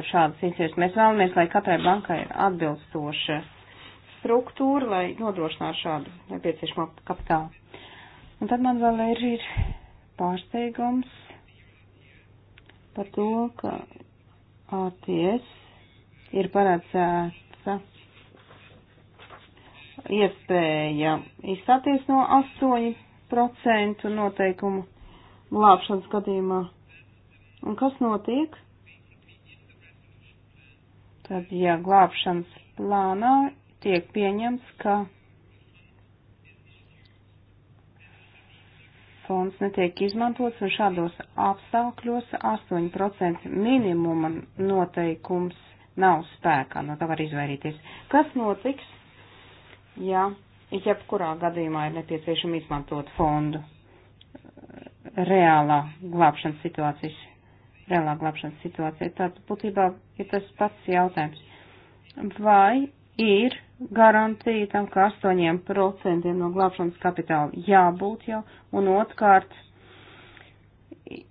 Speaker 2: šādas institūcijas. Mēs vēlamies, lai katrai bankai ir atbilstoša struktūra, lai nodrošinātu šādu nepieciešamo kapitālu. Un tad man vēl ir, ir pārsteigums par to, ka ATS ir paredzēta iespēja izstāties no astoņi procentu noteikumu glābšanas gadījumā. Un kas notiek? Tad, ja glābšanas plānā tiek pieņems, ka fonds netiek izmantots un šādos apstākļos 8% minimuma noteikums nav spēkā, no tā var izvairīties. Kas notiks, ja jebkurā gadījumā ir nepieciešama izmantot fondu reālā glābšanas situācijas, reālā glābšanas situācija. Tāds būtībā ir tas pats jautājums. Vai ir garantija tam, ka 8% no glābšanas kapitāla jābūt jau, un otrkārt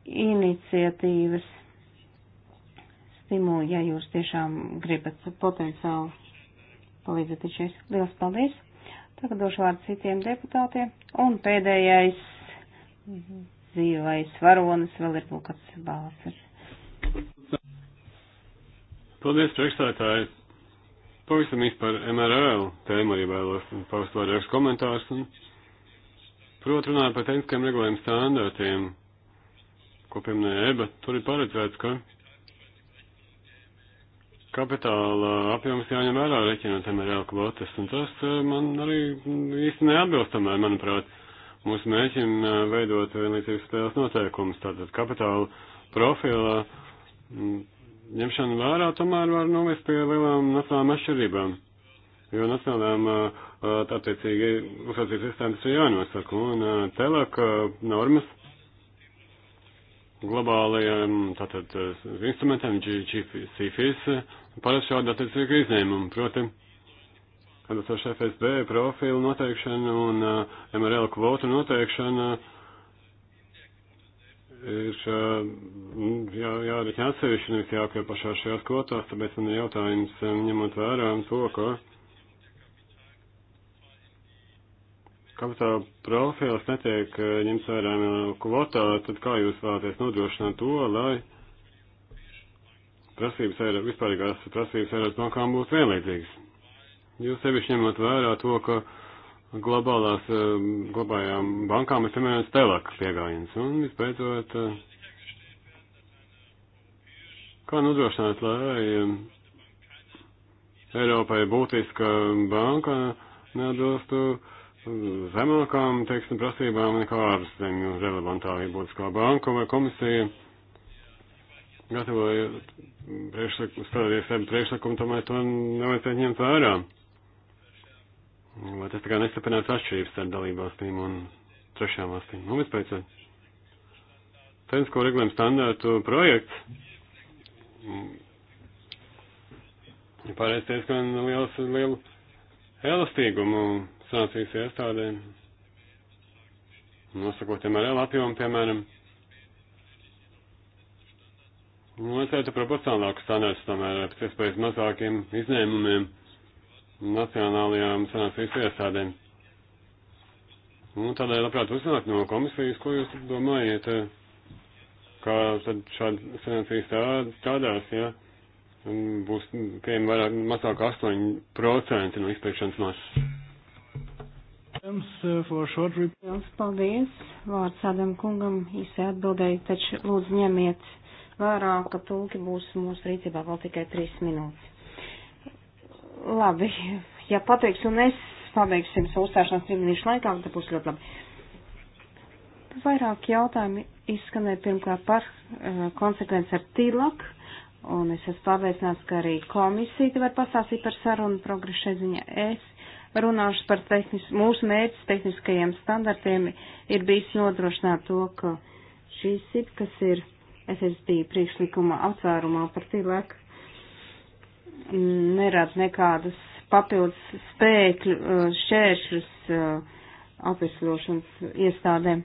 Speaker 2: iniciatīvas stimulu, ja jūs tiešām gribat potenciāli palīdzēt šeit. Liels paldies! Tagad došu vārdu citiem deputātiem. Un pēdējais dzīvais varonis vēl ir Lukas Bālsers.
Speaker 5: Paldies, priekšstādātāji. Pavisam īsti par MRL tēmu arī vēlos paust vairākus komentārus. Protams, runājot par tehniskajiem regulējuma standartiem, ko pieminēja Eba, tur ir paredzēts, ka kapitāla apjoms jāņem vērā reķinot MRL kvotas, un tas eh, man arī īsti neatbilst, tomēr, manuprāt, mūsu mēķim eh, veidot vienlīdzības spēles noteikumus, tātad kapitāla profila mm, ņemšana vērā tomēr var novest pie lielām nacionālām atšķirībām, jo nacionālām eh, attiecīgi uzsācīs sistēmas ir jānosaka, un telaka normas globālajiem tātad eh, instrumentiem, GCFIS, parasti šāda attiecīga izņēmuma, proti, atbilstoši FSB profilu noteikšana un uh, eh, MRL kvotu noteikšana ir uh, jā, jāreķina atsevišķi, nevis jākļauj pašā šajās kvotās, tāpēc man ir jautājums, ņemot vērā to, ko. Ka kapitāla profils netiek eh, ņemts vērā kvotā, tad kā jūs vēlaties nodrošināt to, lai prasības eiro, vispārīgās prasības eiro bankām būtu vienlīdzīgas? Jūs sevišķi ņemot vērā to, ka globālās, eh, globālajām bankām ir samērā stelāks pieejams. Un visbeidzot, eh, kā nodrošināt, lai Eiropai būtiska banka neatbilstu zemākām, teiksim, prasībām nekā ārzemju relevantā iebūtiskā banka vai komisija gatavoja priekšlikumu, stādīja sevi priekšlikumu, tomēr to nevajadzētu ņemt vērā. Lai tas tā kā nestapinātu atšķirības starp dalībvalstīm un trešajām valstīm. Nu, vispēc, Tensko regulējumu standārtu projekts mm, pārēsties gan liels, lielu elastīgumu sankcijas iestādēm, nosakot MRL apjomu, piemēram, Vajadzētu nu, proporcionālākus standartus tomēr pēc iespējas mazākiem izņēmumiem nacionālajām sanācijas iestādēm. Un nu, tādēļ labprāt uzzināt no komisijas, ko jūs domājat, kā tad šāda sanācijas tā, tādās, ja būs pieejami vairāk mazāk 8% no izpērkšanas masas.
Speaker 2: Jums uh, for short report. Paldies. Vārds Adam kungam īsai atbildēja, taču lūdzu ņemiet vērā, ka tulki būs mūsu rīcībā vēl tikai trīs minūtes. Labi, ja pateiks un es pabeigsim savu uzstāšanās trīs minūšu laikā, tad būs ļoti labi. Vairāk jautājumi izskanēja pirmkārt par uh, konsekvenci ar tīlak, un es esmu pārliecināts, ka arī komisija var pastāstīt par sarunu progresu šeit ziņā. Es runāšu par tehnis, mūsu mērķis tehniskajiem standartiem ir bijis nodrošināt to, ka šī SIP, kas ir SSD priekšlikuma atvērumā par tīlēk, nerada nekādas papildus spēkļu uh, šķēršļus uh, apvislošanas iestādēm.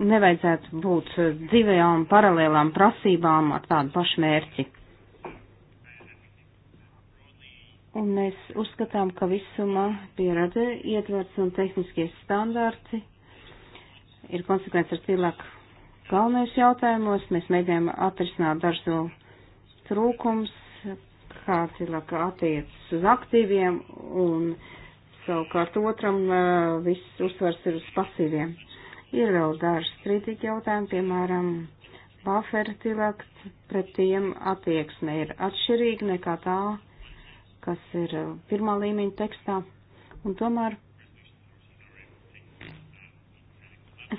Speaker 2: Nevajadzētu būt uh, divajām paralēlām prasībām ar tādu pašu mērķi. Un mēs uzskatām, ka visumā pieredze ietverts un tehniskie standarti ir konsekvence ar cilvēku galvenajos jautājumos. Mēs mēģinām atrisināt dažus vēl trūkums, kā cilvēka attiecas uz aktīviem un savukārt otram eh, viss uzsvars ir uz pasīviem. Ir vēl dažas kritiķi jautājumi, piemēram, buferi cilvēks, pret tiem attieksme ir atšķirīga nekā tā kas ir uh, pirmā līmeņa tekstā, un tomēr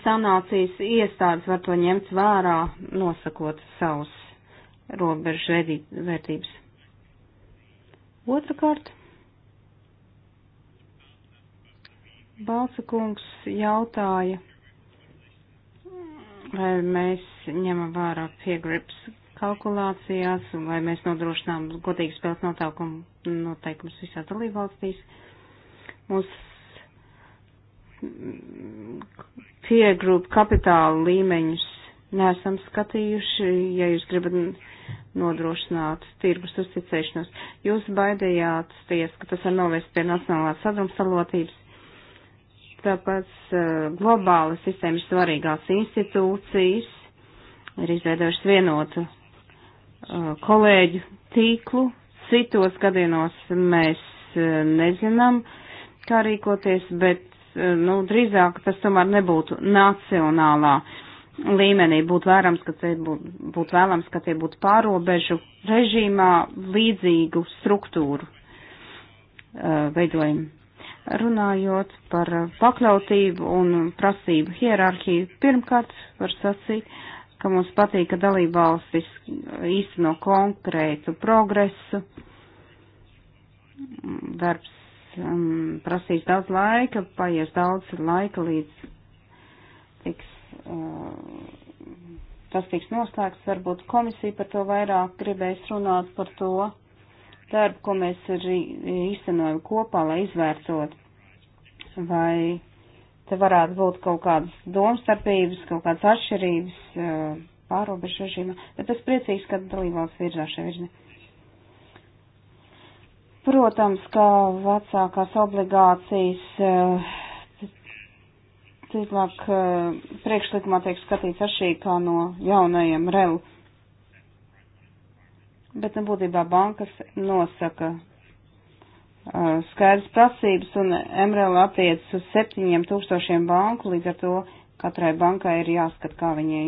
Speaker 2: sanācijas iestādes var to ņemt vērā, nosakot savus robežu vērtības. Otrakārt, Balsa kungs jautāja, vai mēs ņemam vērā piegrips kalkulācijās, lai mēs nodrošinām godīgas spēles noteikumu, noteikumus visās dalībvalstīs. Mūsu peer group kapitāla līmeņus neesam skatījuši, ja jūs gribat nodrošināt tirgus uzticēšanos. Jūs baidījāties, ka tas var novest pie nacionālās sadrumstalotības, tāpēc uh, eh, globāli sistēmas svarīgās institūcijas ir izveidojušas vienotu kolēģu tīklu. Citos gadienos mēs nezinām, kā rīkoties, bet nu, drīzāk tas tomēr nebūtu nacionālā līmenī. Būtu vērams, ka te būtu, būtu vēlams, ka te būtu pārobežu režīmā līdzīgu struktūru veidojumu. Runājot par pakļautību un prasību hierarhiju, pirmkārt var sacīt, uh, ka mums patīk, ka dalībvalstis īsteno konkrētu progresu. Darbs um, prasīs daudz laika, paies daudz laika līdz tiks, uh, tas tiks noslēgts. Varbūt komisija par to vairāk gribēs runāt par to darbu, ko mēs arī īstenojam kopā, lai izvērtot, vai te varētu būt kaut kādas domstarpības, kaut kādas atšķirības eh, pārobežu režīmā, bet es priecīgs, ka dalībvalsts virzās šajā virzienā. Protams, ka vecākās obligācijas eh, cilvēk eh, priekšlikumā tiek skatīts atšķirīgā no jaunajiem relu. Bet, nu, būtībā bankas nosaka Eh, skaidrs prasības un MRL attiecas uz septiņiem tūkstošiem banku, līdz ar to katrai bankai ir jāskat, kā viņai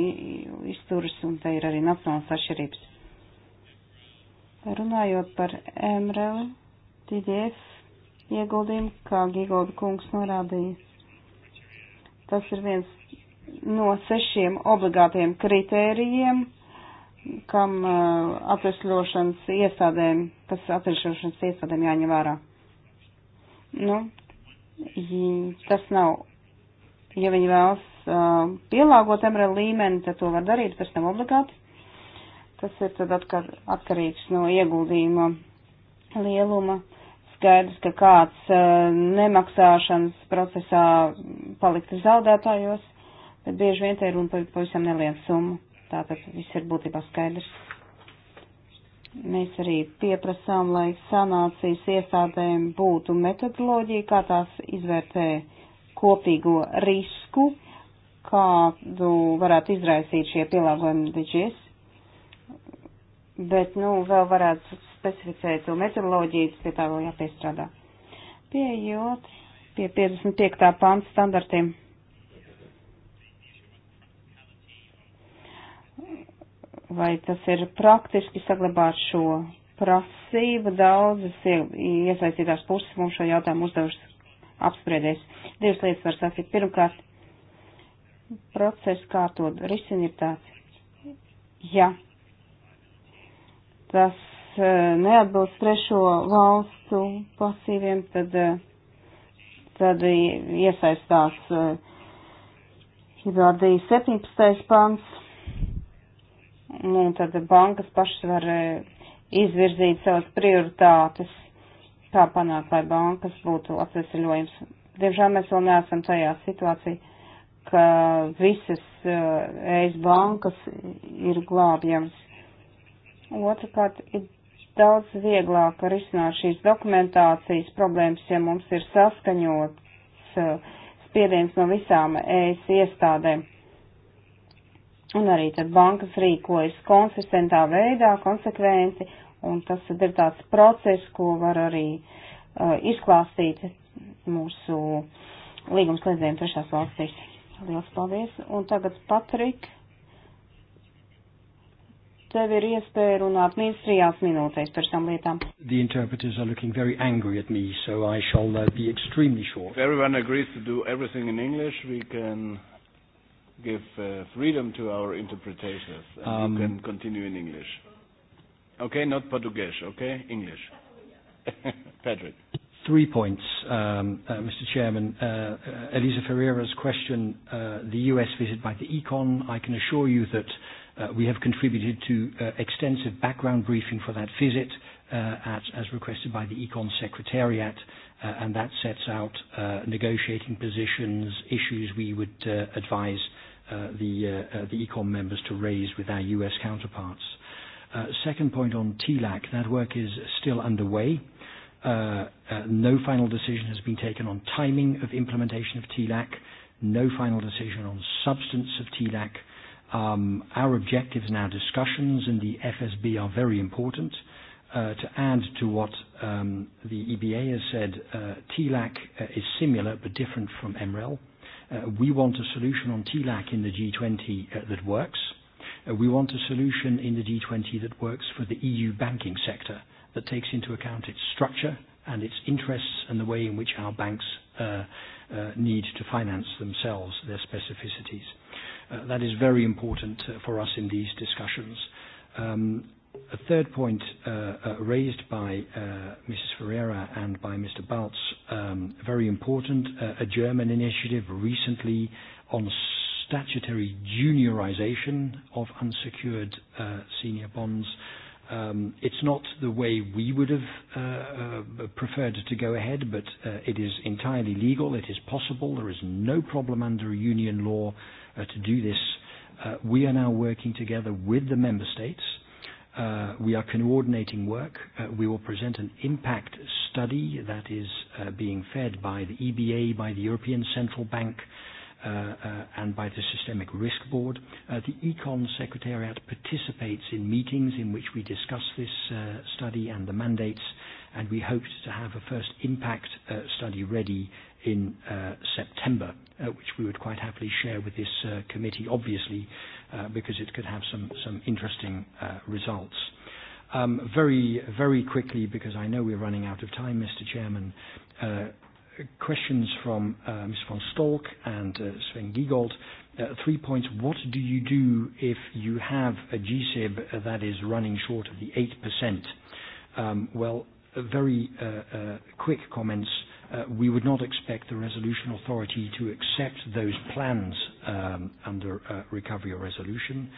Speaker 2: izturas, un te ir arī nacionāls atšķirības. Runājot par MRL, TDF ieguldījumu, kā Gigolda kungs norādīja, tas ir viens no sešiem obligātiem kritērijiem, kam uh, atvesļošanas iestādēm, kas atvesļošanas iestādēm jāņem vērā. Nu, tas nav, ja viņi vēlas uh, pielāgot MRL līmeni, tad to var darīt, tas nav obligāti. Tas ir tad atkar, atkarīgs no ieguldījuma lieluma. Skaidrs, ka kāds uh, nemaksāšanas procesā palikt zaudētājos, bet bieži vien te ir runa par pavisam nelielu summu. Tātad viss ir būtībā skaidrs. Mēs arī pieprasām, lai sanācijas iestādēm būtu metodoloģija, kā tās izvērtē kopīgo risku, kādu varētu izraisīt šie pielāgojumi DGS. Bet, nu, vēl varētu specificēt to metodoloģiju, pie tā vēl jāpiestrādā. Pieejot pie 55. pānta standartiem vai tas ir praktiski saglabāt šo prasību. Daudzas iesaistītās puses mums šo jautājumu uzdevušas apspriedēs. Divas lietas var sacīt. Pirmkārt, process kārtot risini ir tāds. Ja tas e, neatbilst trešo valstu pasīviem, tad, e, tad iesaistās Hibādija e, 17. pants nu, tad bankas pašas var e, izvirzīt savas prioritātes, kā panākt, lai bankas būtu atvesļojums. Diemžēl mēs vēl neesam tajā situācijā, ka visas EIS bankas ir glābjams. Otrakārt, ir daudz vieglāk risināt šīs dokumentācijas problēmas, ja mums ir saskaņots e, spiediens no visām ES iestādēm. Un arī tad bankas rīkojas konsistentā veidā, konsekventi, un tas ir tāds process, ko var arī uh, izklāstīt mūsu līgumslēdzējiem trešās valstīs. Liels paldies! Un tagad Patrik, tev ir iespēja runāt līdz trijās minūtēs par šām lietām.
Speaker 3: The interpreters are looking very angry at me, so I shall uh, be extremely short.
Speaker 5: If everyone agrees to do everything in English, we can give uh, freedom to our interpreters. And um, you can continue in English. Okay, not Portuguese, okay? English.
Speaker 1: Patrick.
Speaker 3: Three points, um, uh, Mr. Chairman. Uh, uh, Elisa Ferreira's question, uh, the US visit by the Econ, I can assure you that uh, we have contributed to uh, extensive background briefing for that visit uh, at, as requested by the Econ Secretariat, uh, and that sets out uh, negotiating positions, issues we would uh, advise uh, uh, the, uh, uh, the ECOM members to raise with our US counterparts. Uh, second point on TLAC, that work is still underway. Uh, uh, no final decision has been taken on timing of implementation of TLAC, no final decision on substance of TLAC. Um, our objectives and our discussions in the FSB are very important. Uh, to add to what um, the EBA has said, uh, TLAC uh, is similar but different from MREL. Uh, Uh, we want a solution on TLAC in the G20 uh, that works. Uh, we want a solution in the G20 that works for the EU banking sector, that takes into account its structure and its interests and the way in which our banks uh, uh, need to finance themselves, their specificities. Uh, that is very important uh, for us in these discussions. Um, A third point uh, uh, raised by uh, Mrs. Ferreira and by Mr. Baltz, um, very important, uh, a German initiative recently on statutory juniorization of unsecured uh, senior bonds. Um, it's not the way we would have uh, uh, preferred to go ahead, but uh, it is entirely legal. It is possible. There is no problem under union law uh, to do this. Uh, we are now working together with the member states uh, Uh, we are coordinating work. Uh, we will present an impact study that is uh, being fed by the EBA, by the European Central Bank, uh, uh, and by the Systemic Risk Board. Uh, the Econ Secretariat participates in meetings in which we discuss this study and the mandates, and we hope to have a first impact study ready in September, which we would quite happily share with this committee, obviously, uh, because it could have some, some interesting uh, results. Um, very, very quickly, because I know we're running out of time, Mr. Chairman, uh, questions from uh, Ms. von Stolk and uh, Sven Giegold. Uh, three points. What do you do if you have a GSIB e uh, that is running short of the 8%? Um, well, very uh, uh, quick comments. Uh, we would not expect the resolution authority to accept those plans um, under uh, recovery or resolution.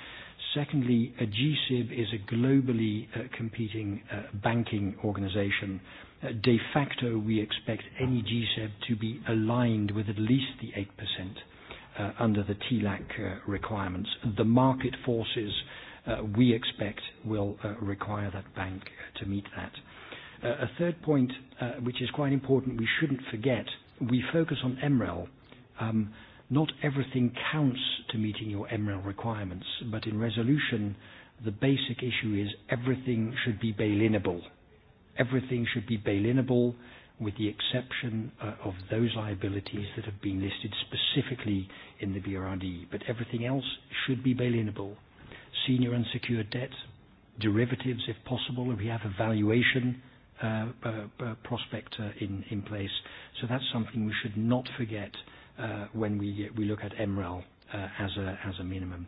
Speaker 3: Secondly, a GSIB is a globally uh, competing uh, banking organization. Uh, de facto, we expect any GSIB to be aligned with at least the 8% uh, under the TLAC requirements. The market forces we expect will require that bank to meet that. Uh, a third point, uh, which is quite important, we shouldn't forget, we focus on MREL. Um, not everything counts to meeting your MREL requirements, but in resolution, the basic issue is everything should be bail-inable. Everything should be bail-inable with the exception uh, of those liabilities that have been listed specifically in the BRRD, but everything else should be bail-inable. Senior unsecured debt, derivatives if possible, if we have a valuation uh, prospect uh, uh in, in place. So that's something we should not forget uh, when we, we look at MREL uh, as, a, as a minimum.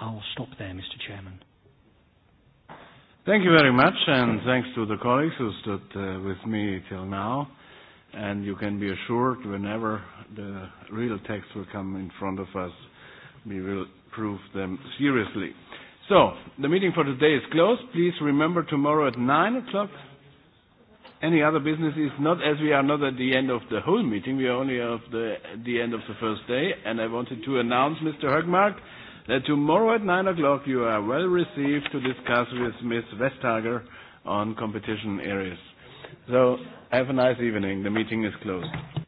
Speaker 3: I'll stop there, Mr. Chairman.
Speaker 5: Thank you very much, and thanks to the colleagues who stood uh, with me till now. And you can be assured whenever the real text will come in front of us, we will prove them seriously. So, the meeting for today is closed. Please remember tomorrow at 9 o'clock any other business is not as we are not at the end of the whole meeting. We are only at the, the end of the first day. And I wanted to announce, Mr. Högmark, that tomorrow at 9 o'clock you are well received to discuss with Ms. Vestager on competition areas. So have a nice evening. The meeting is closed.